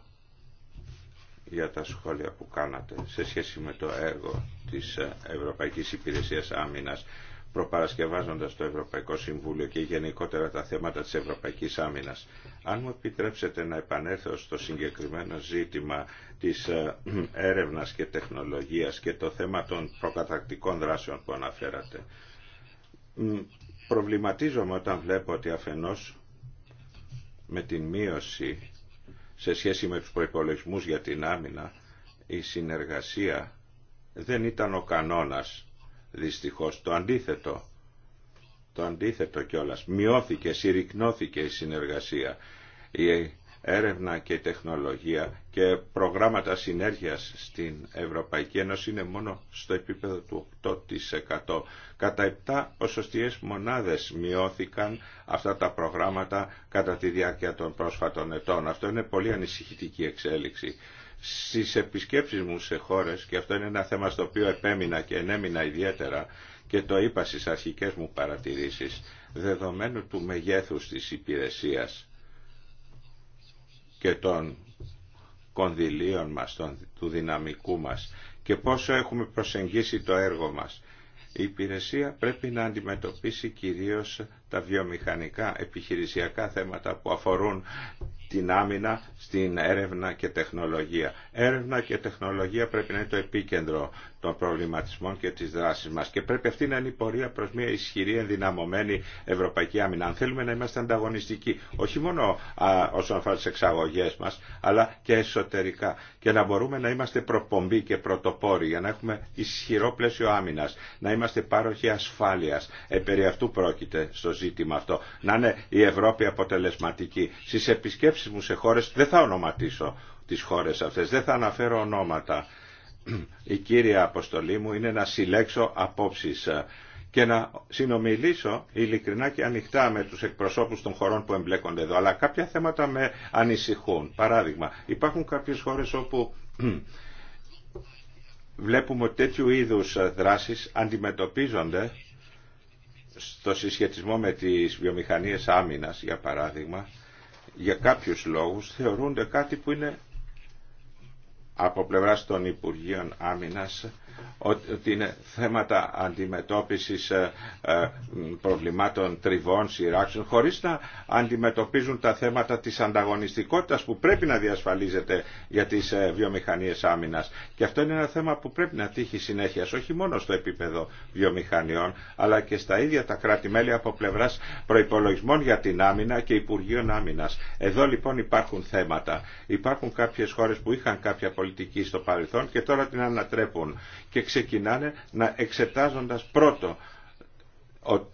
για τα σχόλια που κάνατε σε σχέση με το έργο της Ευρωπαϊκής Υπηρεσίας Άμυνας προπαρασκευάζοντας το Ευρωπαϊκό Συμβούλιο και γενικότερα τα θέματα της Ευρωπαϊκής Άμυνας. Αν μου επιτρέψετε να επανέλθω στο συγκεκριμένο ζήτημα της ε, έρευνας και τεχνολογίας και το θέμα των προκατακτικών δράσεων που αναφέρατε. Προβληματίζομαι όταν βλέπω ότι αφενός με την μείωση σε σχέση με τους προϋπολογισμούς για την άμυνα η συνεργασία δεν ήταν ο κανόνας δυστυχώς. Το αντίθετο, το αντίθετο κιόλας. Μειώθηκε, συρρυκνώθηκε η συνεργασία. Η έρευνα και η τεχνολογία και προγράμματα συνέργειας στην Ευρωπαϊκή Ένωση είναι μόνο στο επίπεδο του 8%. Κατά 7 ποσοστιές μονάδες μειώθηκαν αυτά τα προγράμματα κατά τη διάρκεια των πρόσφατων ετών. Αυτό είναι πολύ ανησυχητική εξέλιξη στις επισκέψεις μου σε χώρες και αυτό είναι ένα θέμα στο οποίο επέμεινα και ενέμεινα ιδιαίτερα και το είπα στις αρχικές μου παρατηρήσεις δεδομένου του μεγέθους της υπηρεσίας και των κονδυλίων μας, του δυναμικού μας και πόσο έχουμε προσεγγίσει το έργο μας. Η υπηρεσία πρέπει να αντιμετωπίσει κυρίως τα βιομηχανικά επιχειρησιακά θέματα που αφορούν την άμυνα στην έρευνα και τεχνολογία. Έρευνα και τεχνολογία πρέπει να είναι το επίκεντρο των προβληματισμών και τη δράση μα. και πρέπει αυτή να είναι η πορεία προ μια ισχυρή ενδυναμωμένη ευρωπαϊκή άμυνα. Αν θέλουμε να είμαστε ανταγωνιστικοί, όχι μόνο α, όσον αφορά τι εξαγωγέ μα, αλλά και εσωτερικά και να μπορούμε να είμαστε προπομπή και πρωτοπόροι για να έχουμε ισχυρό πλαίσιο άμυνα, να είμαστε πάροχοι ασφάλεια. Ε, περί αυτού πρόκειται στο ζήτημα αυτό. Να είναι η Ευρώπη αποτελεσματική. Στις επισκέψεις επισκέψεις μου σε χώρες, δεν θα ονοματίσω τις χώρες αυτές, δεν θα αναφέρω ονόματα. Η κύρια αποστολή μου είναι να συλλέξω απόψεις και να συνομιλήσω ειλικρινά και ανοιχτά με τους εκπροσώπους των χωρών που εμπλέκονται εδώ. Αλλά κάποια θέματα με ανησυχούν. Παράδειγμα, υπάρχουν κάποιες χώρες όπου βλέπουμε ότι τέτοιου είδους δράσεις αντιμετωπίζονται στο συσχετισμό με τις βιομηχανίες άμυνας, για παράδειγμα, για κάποιους λόγους θεωρούνται κάτι που είναι από πλευράς των Υπουργείων Άμυνας ότι είναι θέματα αντιμετώπισης ε, ε, προβλημάτων τριβών, σειράξεων, χωρίς να αντιμετωπίζουν τα θέματα της ανταγωνιστικότητας που πρέπει να διασφαλίζεται για τις ε, βιομηχανίες άμυνας. Και αυτό είναι ένα θέμα που πρέπει να τύχει συνέχεια, όχι μόνο στο επίπεδο βιομηχανιών, αλλά και στα ίδια τα κράτη-μέλη από πλευράς προϋπολογισμών για την άμυνα και Υπουργείων Άμυνας. Εδώ λοιπόν υπάρχουν θέματα. Υπάρχουν κάποιες χώρες που είχαν κάποια πολιτική στο παρελθόν και τώρα την ανατρέπουν και ξεκινάνε να εξετάζοντας πρώτο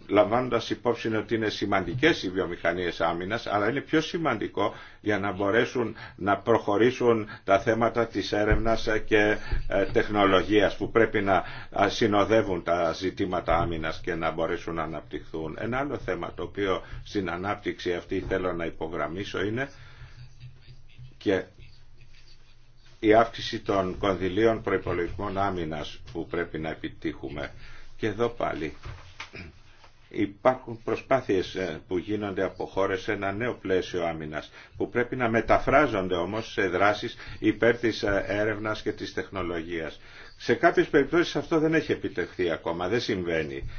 λαμβάνοντας υπόψη ότι είναι σημαντικές οι βιομηχανίες άμυνας, αλλά είναι πιο σημαντικό για να μπορέσουν να προχωρήσουν τα θέματα της έρευνας και ε, τεχνολογίας που πρέπει να συνοδεύουν τα ζητήματα άμυνας και να μπορέσουν να αναπτυχθούν. Ένα άλλο θέμα το οποίο στην ανάπτυξη αυτή θέλω να υπογραμμίσω είναι η αύξηση των κονδυλίων προϋπολογισμών άμυνας που πρέπει να επιτύχουμε. Και εδώ πάλι υπάρχουν προσπάθειες ε, που γίνονται από χώρες σε ένα νέο πλαίσιο άμυνας που πρέπει να μεταφράζονται όμως σε δράσεις υπέρ της ε, έρευνας και της τεχνολογίας. Σε κάποιες περιπτώσεις αυτό δεν έχει επιτευχθεί ακόμα, δεν συμβαίνει.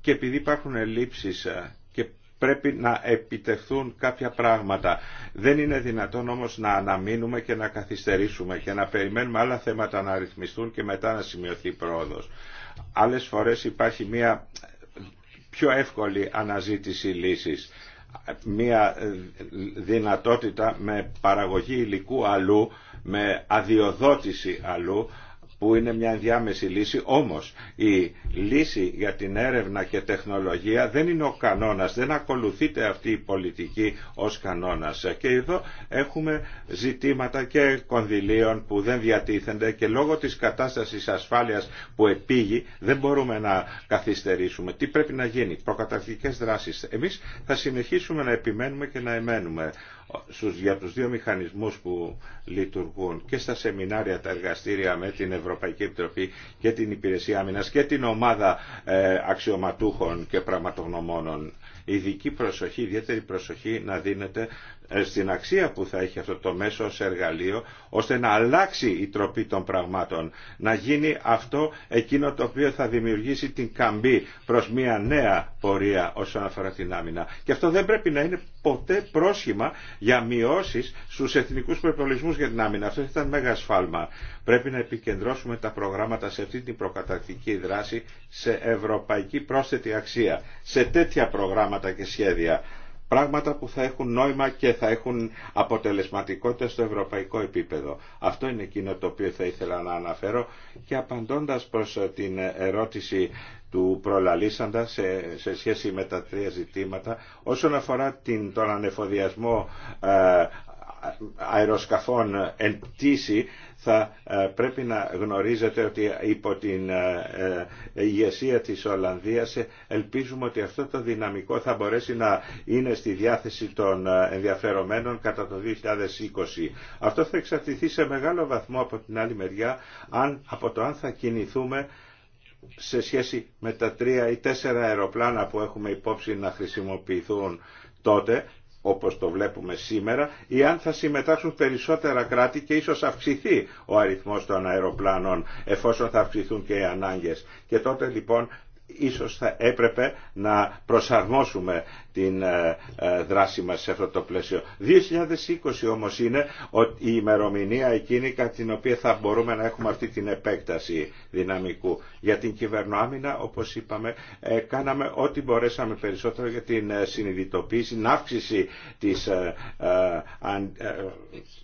Και επειδή υπάρχουν ελλείψεις ε, πρέπει να επιτευχθούν κάποια πράγματα. Δεν είναι δυνατόν όμως να αναμείνουμε και να καθυστερήσουμε και να περιμένουμε άλλα θέματα να ρυθμιστούν και μετά να σημειωθεί πρόοδος. Άλλες φορές υπάρχει μια πιο εύκολη αναζήτηση λύσης μια δυνατότητα με παραγωγή υλικού αλλού, με αδειοδότηση αλλού, που είναι μια διάμεση λύση, όμως η λύση για την έρευνα και τεχνολογία δεν είναι ο κανόνας, δεν ακολουθείται αυτή η πολιτική ως κανόνας. Και εδώ έχουμε ζητήματα και κονδυλίων που δεν διατίθενται και λόγω της κατάστασης ασφάλειας που επήγει δεν μπορούμε να καθυστερήσουμε. Τι πρέπει να γίνει, προκαταρκτικές δράσεις. Εμείς θα συνεχίσουμε να επιμένουμε και να εμένουμε για τους δύο μηχανισμούς που λειτουργούν και στα σεμινάρια, τα εργαστήρια με την Ευρωπαϊκή Επιτροπή και την Υπηρεσία Άμυνας και την ομάδα ε, αξιωματούχων και πραγματογνωμόνων. Ειδική προσοχή, ιδιαίτερη προσοχή να δίνεται ε, στην αξία που θα έχει αυτό το μέσο ως εργαλείο ώστε να αλλάξει η τροπή των πραγμάτων να γίνει αυτό εκείνο το οποίο θα δημιουργήσει την καμπή προς μια νέα πορεία όσον αφορά την άμυνα και αυτό δεν πρέπει να είναι ποτέ πρόσχημα για μειώσεις στους εθνικούς προϋπολογισμούς για την άμυνα αυτό ήταν μέγα σφάλμα πρέπει να επικεντρώσουμε τα προγράμματα σε αυτή την προκατακτική δράση σε ευρωπαϊκή πρόσθετη αξία σε τέτοια προγράμματα και σχέδια πράγματα που θα έχουν νόημα και θα έχουν αποτελεσματικότητα στο ευρωπαϊκό επίπεδο. Αυτό είναι εκείνο το οποίο θα ήθελα να αναφέρω και απαντώντας προς την ερώτηση του προλαλήσαντα σε, σχέση με τα τρία ζητήματα όσον αφορά την, τον ανεφοδιασμό ε, αεροσκαφών εν θα ε, πρέπει να γνωρίζετε ότι υπό την ε, ε, ηγεσία της Ολλανδίας ελπίζουμε ότι αυτό το δυναμικό θα μπορέσει να είναι στη διάθεση των ενδιαφερομένων κατά το 2020. Αυτό θα εξαρτηθεί σε μεγάλο βαθμό από την άλλη μεριά αν, από το αν θα κινηθούμε σε σχέση με τα τρία ή τέσσερα αεροπλάνα που έχουμε υπόψη να χρησιμοποιηθούν τότε όπως το βλέπουμε σήμερα ή αν θα συμμετάσχουν περισσότερα κράτη και ίσως αυξηθεί ο αριθμός των αεροπλάνων εφόσον θα αυξηθούν και οι ανάγκες. Και τότε λοιπόν ίσως θα έπρεπε να προσαρμόσουμε την ε, ε, δράση μας σε αυτό το πλαίσιο. 2020 όμως είναι η ημερομηνία εκείνη κατά την οποία θα μπορούμε να έχουμε αυτή την επέκταση δυναμικού. Για την κυβερνοάμυνα, όπως είπαμε, ε, κάναμε ό,τι μπορέσαμε περισσότερο για την συνειδητοποίηση, την αύξηση της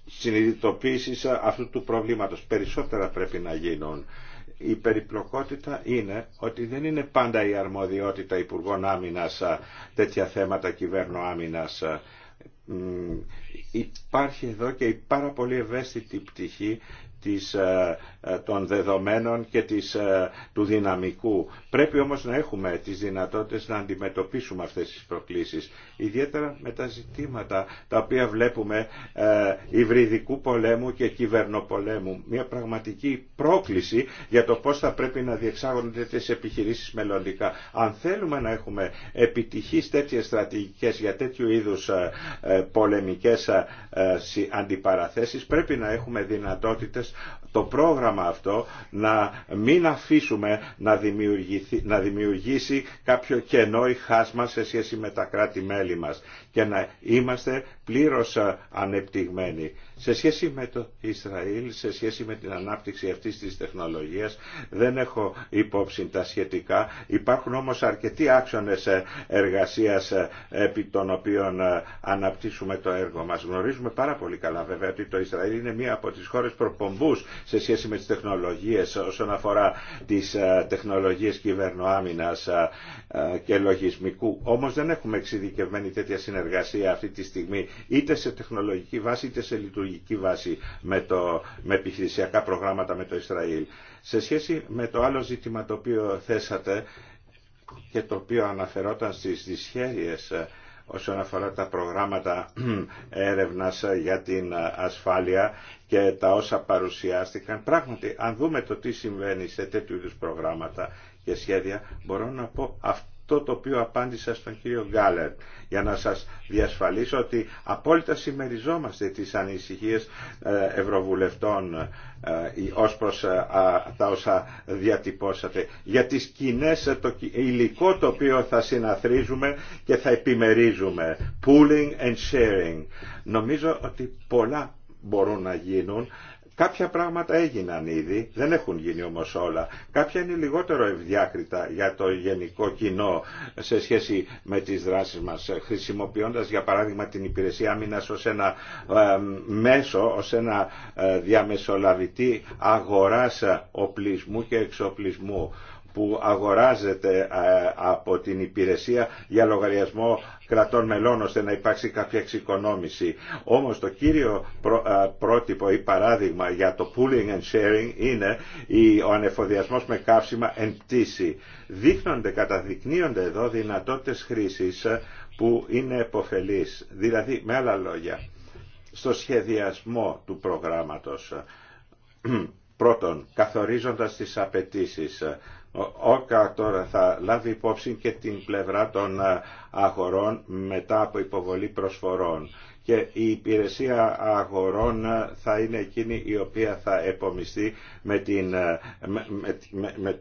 συνειδητοποίησης αυτού του προβλήματος. Περισσότερα πρέπει να γίνουν η περιπλοκότητα είναι ότι δεν είναι πάντα η αρμοδιότητα Υπουργών Άμυνας τέτοια θέματα κυβέρνου άμυνας. Υπάρχει εδώ και η πάρα πολύ ευαίσθητη πτυχή ε, ε, των δεδομένων και της, ε, του δυναμικού. Πρέπει όμως να έχουμε τις δυνατότητες να αντιμετωπίσουμε αυτές τις προκλήσεις. Ιδιαίτερα με τα ζητήματα τα οποία βλέπουμε ε, υβριδικού πολέμου και κυβερνοπολέμου. Μια πραγματική πρόκληση για το πώς θα πρέπει να διεξάγονται τέτοιες επιχειρήσεις μελλοντικά. Αν θέλουμε να έχουμε επιτυχείς τέτοιες στρατηγικές για τέτοιου είδους πολεμικές αντιπαραθέσεις πρέπει να έχουμε δυνατότητες Υπότιτλοι AUTHORWAVE το πρόγραμμα αυτό να μην αφήσουμε να, να δημιουργήσει κάποιο κενό ή χάσμα σε σχέση με τα κράτη-μέλη μας και να είμαστε πλήρως ανεπτυγμένοι. Σε σχέση με το Ισραήλ, σε σχέση με την ανάπτυξη αυτής της τεχνολογίας, δεν έχω υπόψη τα σχετικά. Υπάρχουν όμως αρκετοί άξονες ε, εργασίας ε, επί των οποίων ε, αναπτύσσουμε το έργο μας. Γνωρίζουμε πάρα πολύ καλά βέβαια ότι το Ισραήλ είναι μία από τις χώρες προπομπούς σε σχέση με τις τεχνολογίες όσον αφορά τις ε, τεχνολογίες κυβερνοάμυνας ε, ε, και λογισμικού. Όμως δεν έχουμε εξειδικευμένη τέτοια συνεργασία αυτή τη στιγμή είτε σε τεχνολογική βάση είτε σε λειτουργική βάση με, το, με επιχειρησιακά προγράμματα με το Ισραήλ. Σε σχέση με το άλλο ζήτημα το οποίο θέσατε και το οποίο αναφερόταν στις δυσχέρειες όσον αφορά τα προγράμματα έρευνας για την ασφάλεια και τα όσα παρουσιάστηκαν. Πράγματι, αν δούμε το τι συμβαίνει σε τέτοιου είδους προγράμματα και σχέδια, μπορώ να πω αυτό το οποίο απάντησα στον κύριο Γκάλερ για να σας διασφαλίσω ότι απόλυτα συμμεριζόμαστε τις ανησυχίες ε, ευρωβουλευτών ε, ως προς ε, τα όσα διατυπώσατε για τις κοινέ το υλικό το οποίο θα συναθρίζουμε και θα επιμερίζουμε pooling and sharing νομίζω ότι πολλά μπορούν να γίνουν. Κάποια πράγματα έγιναν ήδη, δεν έχουν γίνει όμως όλα. Κάποια είναι λιγότερο ευδιάκριτα για το γενικό κοινό σε σχέση με τις δράσεις μας, χρησιμοποιώντας για παράδειγμα την υπηρεσία άμυνας ως ένα μέσο, ως ένα ε, διαμεσολαβητή αγοράς οπλισμού και εξοπλισμού που αγοράζεται ε, από την υπηρεσία για λογαριασμό κρατών μελών ώστε να υπάρξει κάποια εξοικονόμηση. Όμως το κύριο πρότυπο ή παράδειγμα για το pooling and sharing είναι ο ανεφοδιασμός με καύσιμα εν πτήση. Δείχνονται, καταδεικνύονται εδώ δυνατότητες χρήσης που είναι εποφελείς. Δηλαδή, με άλλα λόγια, στο σχεδιασμό του προγράμματος, πρώτον, καθορίζοντας τις απαιτήσεις ΟΚΑ τώρα θα λάβει υπόψη και την πλευρά των ε, αγορών μετά από υποβολή προσφορών και η υπηρεσία αγορών ε, θα είναι εκείνη η οποία θα επομιστεί με την, ε, με,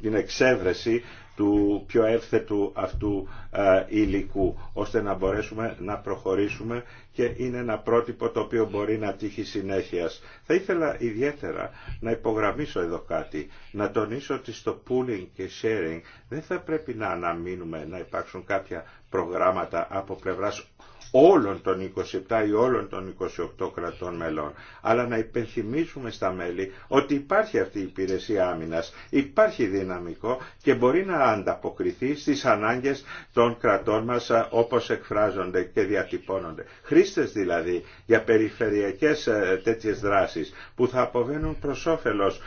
την εξέβρεση του πιο εύθετου αυτού ε, υλικού, ώστε να μπορέσουμε να προχωρήσουμε και είναι ένα πρότυπο το οποίο μπορεί να τύχει συνέχεια. Θα ήθελα ιδιαίτερα να υπογραμμίσω εδώ κάτι, να τονίσω ότι στο pooling και sharing δεν θα πρέπει να αναμείνουμε να υπάρξουν κάποια προγράμματα από πλευράς όλων των 27 ή όλων των 28 κρατών μελών. Αλλά να υπενθυμίσουμε στα μέλη ότι υπάρχει αυτή η υπηρεσία άμυνας, υπάρχει δυναμικό και μπορεί να ανταποκριθεί στις ανάγκες των κρατών μας όπως εκφράζονται και διατυπώνονται. Χρήστες δηλαδή για περιφερειακές ε, τέτοιες δράσεις που θα αποβαίνουν προς όφελος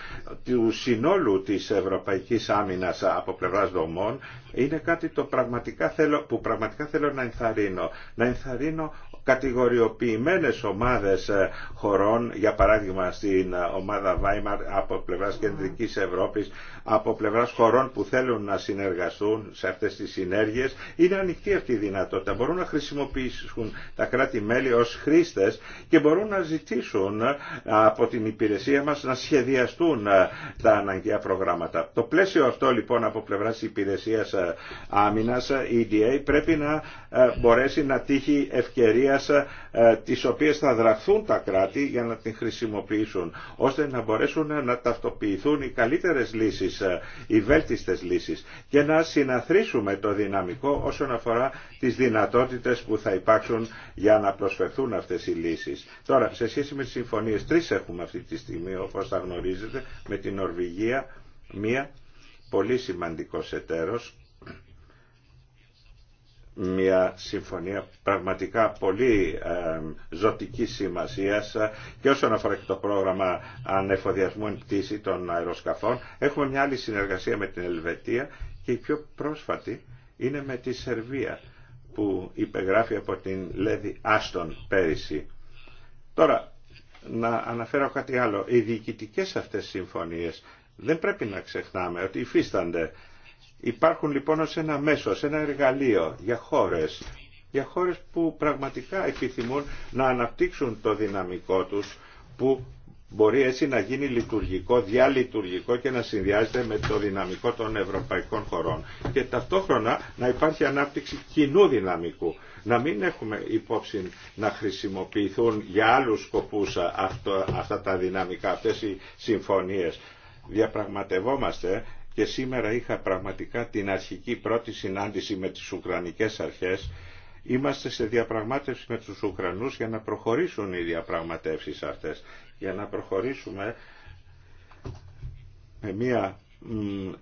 του συνόλου της Ευρωπαϊκής Άμυνας από πλευράς δομών είναι κάτι το πραγματικά θέλω, που πραγματικά θέλω να ενθαρρύνω. Να δίνω κατηγοριοποιημένες ομάδες ε, χωρών, για παράδειγμα στην ε, ομάδα Βάιμαρ από πλευράς Κεντρικής Ευρώπης, από πλευράς χωρών που θέλουν να συνεργαστούν σε αυτές τις συνέργειες, είναι ανοιχτή αυτή η δυνατότητα. Μπορούν να χρησιμοποιήσουν τα κράτη-μέλη ως χρήστες και μπορούν να ζητήσουν ε, από την υπηρεσία μας να σχεδιαστούν τα αναγκαία προγράμματα. Το πλαίσιο αυτό λοιπόν από πλευράς υπηρεσίας άμυνας, EDA, πρέπει να ε, μπορέσει να τύχει ευκαιρία ε, τις οποίες θα δραχθούν τα κράτη για να την χρησιμοποιήσουν ώστε να μπορέσουν να ταυτοποιηθούν οι καλύτερες λύσεις, ε, οι βέλτιστες λύσεις και να συναθρήσουμε το δυναμικό όσον αφορά τις δυνατότητες που θα υπάρξουν για να προσφερθούν αυτές οι λύσεις. Τώρα, σε σχέση με τις συμφωνίες, τρεις έχουμε αυτή τη στιγμή όπως θα γνωρίζετε με την Νορβηγία, μία πολύ σημαντικό εταίρος μια συμφωνία πραγματικά πολύ ζωτική ε, ζωτικής σημασίας και όσον αφορά και το πρόγραμμα ανεφοδιασμού εν πτήση των αεροσκαφών έχουμε μια άλλη συνεργασία με την Ελβετία και η πιο πρόσφατη είναι με τη Σερβία που υπεγράφει από την Λέδη Άστον πέρυσι. Τώρα, να αναφέρω κάτι άλλο. Οι διοικητικές αυτές συμφωνίες δεν πρέπει να ξεχνάμε ότι υφίστανται Υπάρχουν λοιπόν ως ένα μέσο, ως ένα εργαλείο για χώρες, για χώρες που πραγματικά επιθυμούν να αναπτύξουν το δυναμικό τους που μπορεί έτσι να γίνει λειτουργικό, διαλειτουργικό και να συνδυάζεται με το δυναμικό των ευρωπαϊκών χωρών. Και ταυτόχρονα να υπάρχει ανάπτυξη κοινού δυναμικού. Να μην έχουμε υπόψη να χρησιμοποιηθούν για άλλους σκοπούς αυτά τα δυναμικά, αυτές οι συμφωνίες διαπραγματευόμαστε και σήμερα είχα πραγματικά την αρχική πρώτη συνάντηση με τις Ουκρανικές αρχές. Είμαστε σε διαπραγμάτευση με τους Ουκρανούς για να προχωρήσουν οι διαπραγματεύσεις αυτές, για να προχωρήσουμε με μια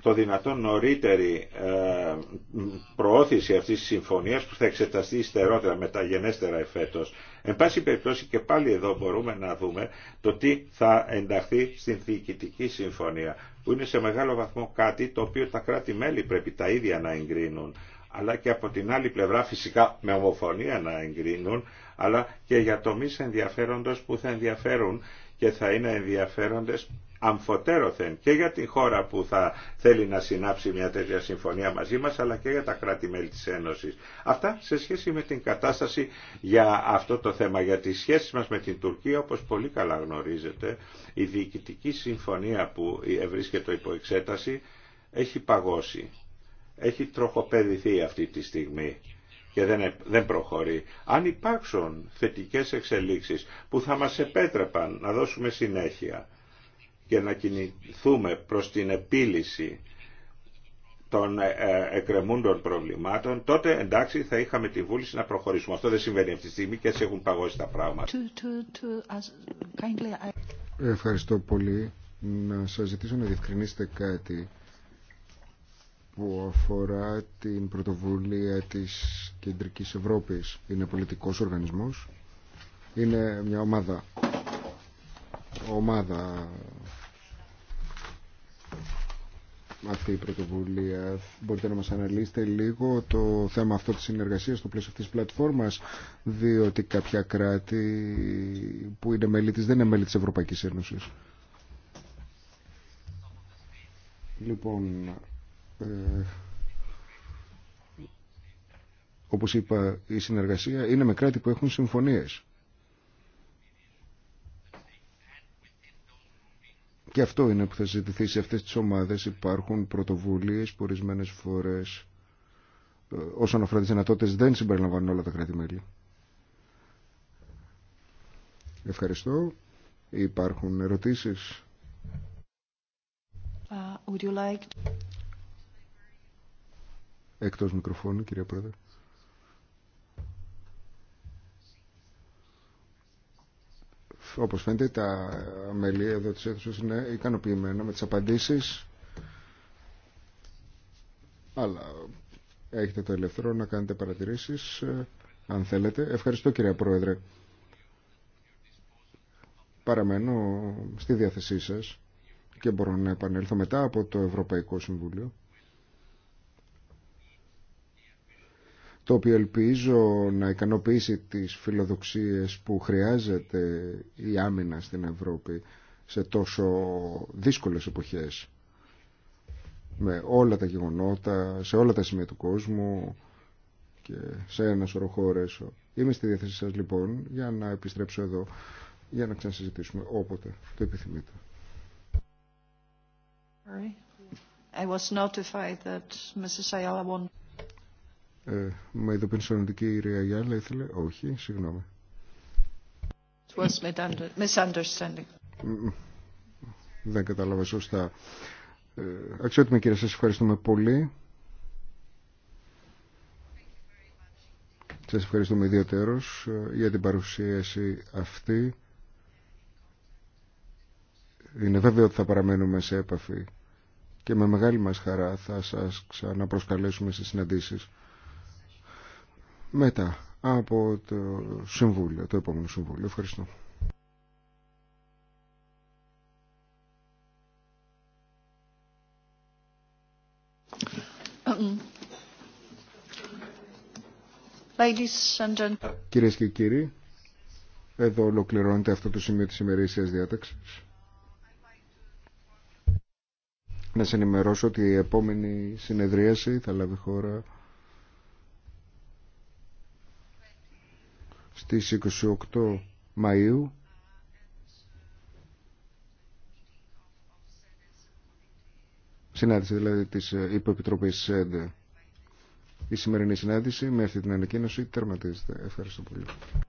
το δυνατόν νωρίτερη ε, προώθηση αυτής της συμφωνίας που θα εξεταστεί υστερότερα, μεταγενέστερα εφέτος. Εν πάση περιπτώσει και πάλι εδώ μπορούμε να δούμε το τι θα ενταχθεί στην διοικητική συμφωνία, που είναι σε μεγάλο βαθμό κάτι το οποίο τα κράτη-μέλη πρέπει τα ίδια να εγκρίνουν, αλλά και από την άλλη πλευρά φυσικά με ομοφωνία να εγκρίνουν, αλλά και για τομείς ενδιαφέροντος που θα ενδιαφέρουν και θα είναι ενδιαφέροντες αμφωτέρωθεν και για την χώρα που θα θέλει να συνάψει μια τέτοια συμφωνία μαζί μας αλλά και για τα κράτη-μέλη της Ένωσης. Αυτά σε σχέση με την κατάσταση για αυτό το θέμα, για τις σχέσεις μας με την Τουρκία όπως πολύ καλά γνωρίζετε η διοικητική συμφωνία που βρίσκεται υπό εξέταση έχει παγώσει, έχει τροχοπεδηθεί αυτή τη στιγμή και δεν, δεν προχωρεί. Αν υπάρξουν θετικές εξελίξεις που θα μας επέτρεπαν να δώσουμε συνέχεια και να κινηθούμε προς την επίλυση των ε, ε, εκκρεμούντων προβλημάτων, τότε εντάξει θα είχαμε τη βούληση να προχωρήσουμε. Αυτό δεν συμβαίνει αυτή τη στιγμή και έτσι έχουν παγώσει τα πράγματα. Ευχαριστώ πολύ. Να σας ζητήσω να διευκρινίσετε κάτι που αφορά την πρωτοβουλία της Κεντρικής Ευρώπης. Είναι πολιτικός οργανισμός. Είναι μια ομάδα ομάδα αυτή η πρωτοβουλία. Μπορείτε να μας αναλύσετε λίγο το θέμα αυτό της συνεργασίας στο πλαίσιο αυτής της πλατφόρμας, διότι κάποια κράτη που είναι μέλη της δεν είναι μέλη της Ευρωπαϊκής Ένωσης. Λοιπόν, ε, όπως είπα, η συνεργασία είναι με κράτη που έχουν συμφωνίες Και αυτό είναι που θα ζητηθεί σε αυτές τις ομάδες. Υπάρχουν πρωτοβουλίες που ορισμένε φορές ε, όσον αφορά τις δυνατότητες δεν συμπεριλαμβάνουν όλα τα κράτη-μέλη. Ευχαριστώ. Υπάρχουν ερωτήσεις. Uh, would you like... Εκτός μικροφώνου, κυρία Πρόεδρε. Όπως φαίνεται τα μέλη εδώ της αίθουσας είναι ικανοποιημένα με τις απαντήσεις. Αλλά έχετε το ελεύθερο να κάνετε παρατηρήσεις ε, αν θέλετε. Ευχαριστώ κυρία Πρόεδρε. Παραμένω στη διάθεσή σας και μπορώ να επανέλθω μετά από το Ευρωπαϊκό Συμβούλιο. το οποίο ελπίζω να ικανοποιήσει τις φιλοδοξίες που χρειάζεται η άμυνα στην Ευρώπη σε τόσο δύσκολες εποχές με όλα τα γεγονότα, σε όλα τα σημεία του κόσμου και σε ένα σωρό χώρες. Είμαι στη διάθεσή σας λοιπόν για να επιστρέψω εδώ για να ξανασυζητήσουμε όποτε το επιθυμείτε. I ε, με ειδοποιήσε η κυρία Γιάννη ήθελε. Όχι, συγγνώμη. Δεν κατάλαβα σωστά. Ε, αξιότιμη κύριε, σας ευχαριστούμε πολύ. Σας ευχαριστούμε ιδιαίτερος ε, για την παρουσίαση αυτή. Είναι βέβαιο ότι θα παραμένουμε σε έπαφη και με μεγάλη μας χαρά θα σας ξαναπροσκαλέσουμε σε συναντήσεις μετά από το Συμβούλιο, το επόμενο Συμβούλιο. Ευχαριστώ. Κυρίες και κύριοι, εδώ ολοκληρώνεται αυτό το σημείο της ημερήσιας διάταξης. Να σε ενημερώσω ότι η επόμενη συνεδρίαση θα λάβει χώρα στις 28 Μαΐου συνάντηση δηλαδή της ε, Υποεπιτροπής ΣΕΔ. Η σημερινή συνάντηση με αυτή την ανακοίνωση τερματίζεται. Ευχαριστώ πολύ.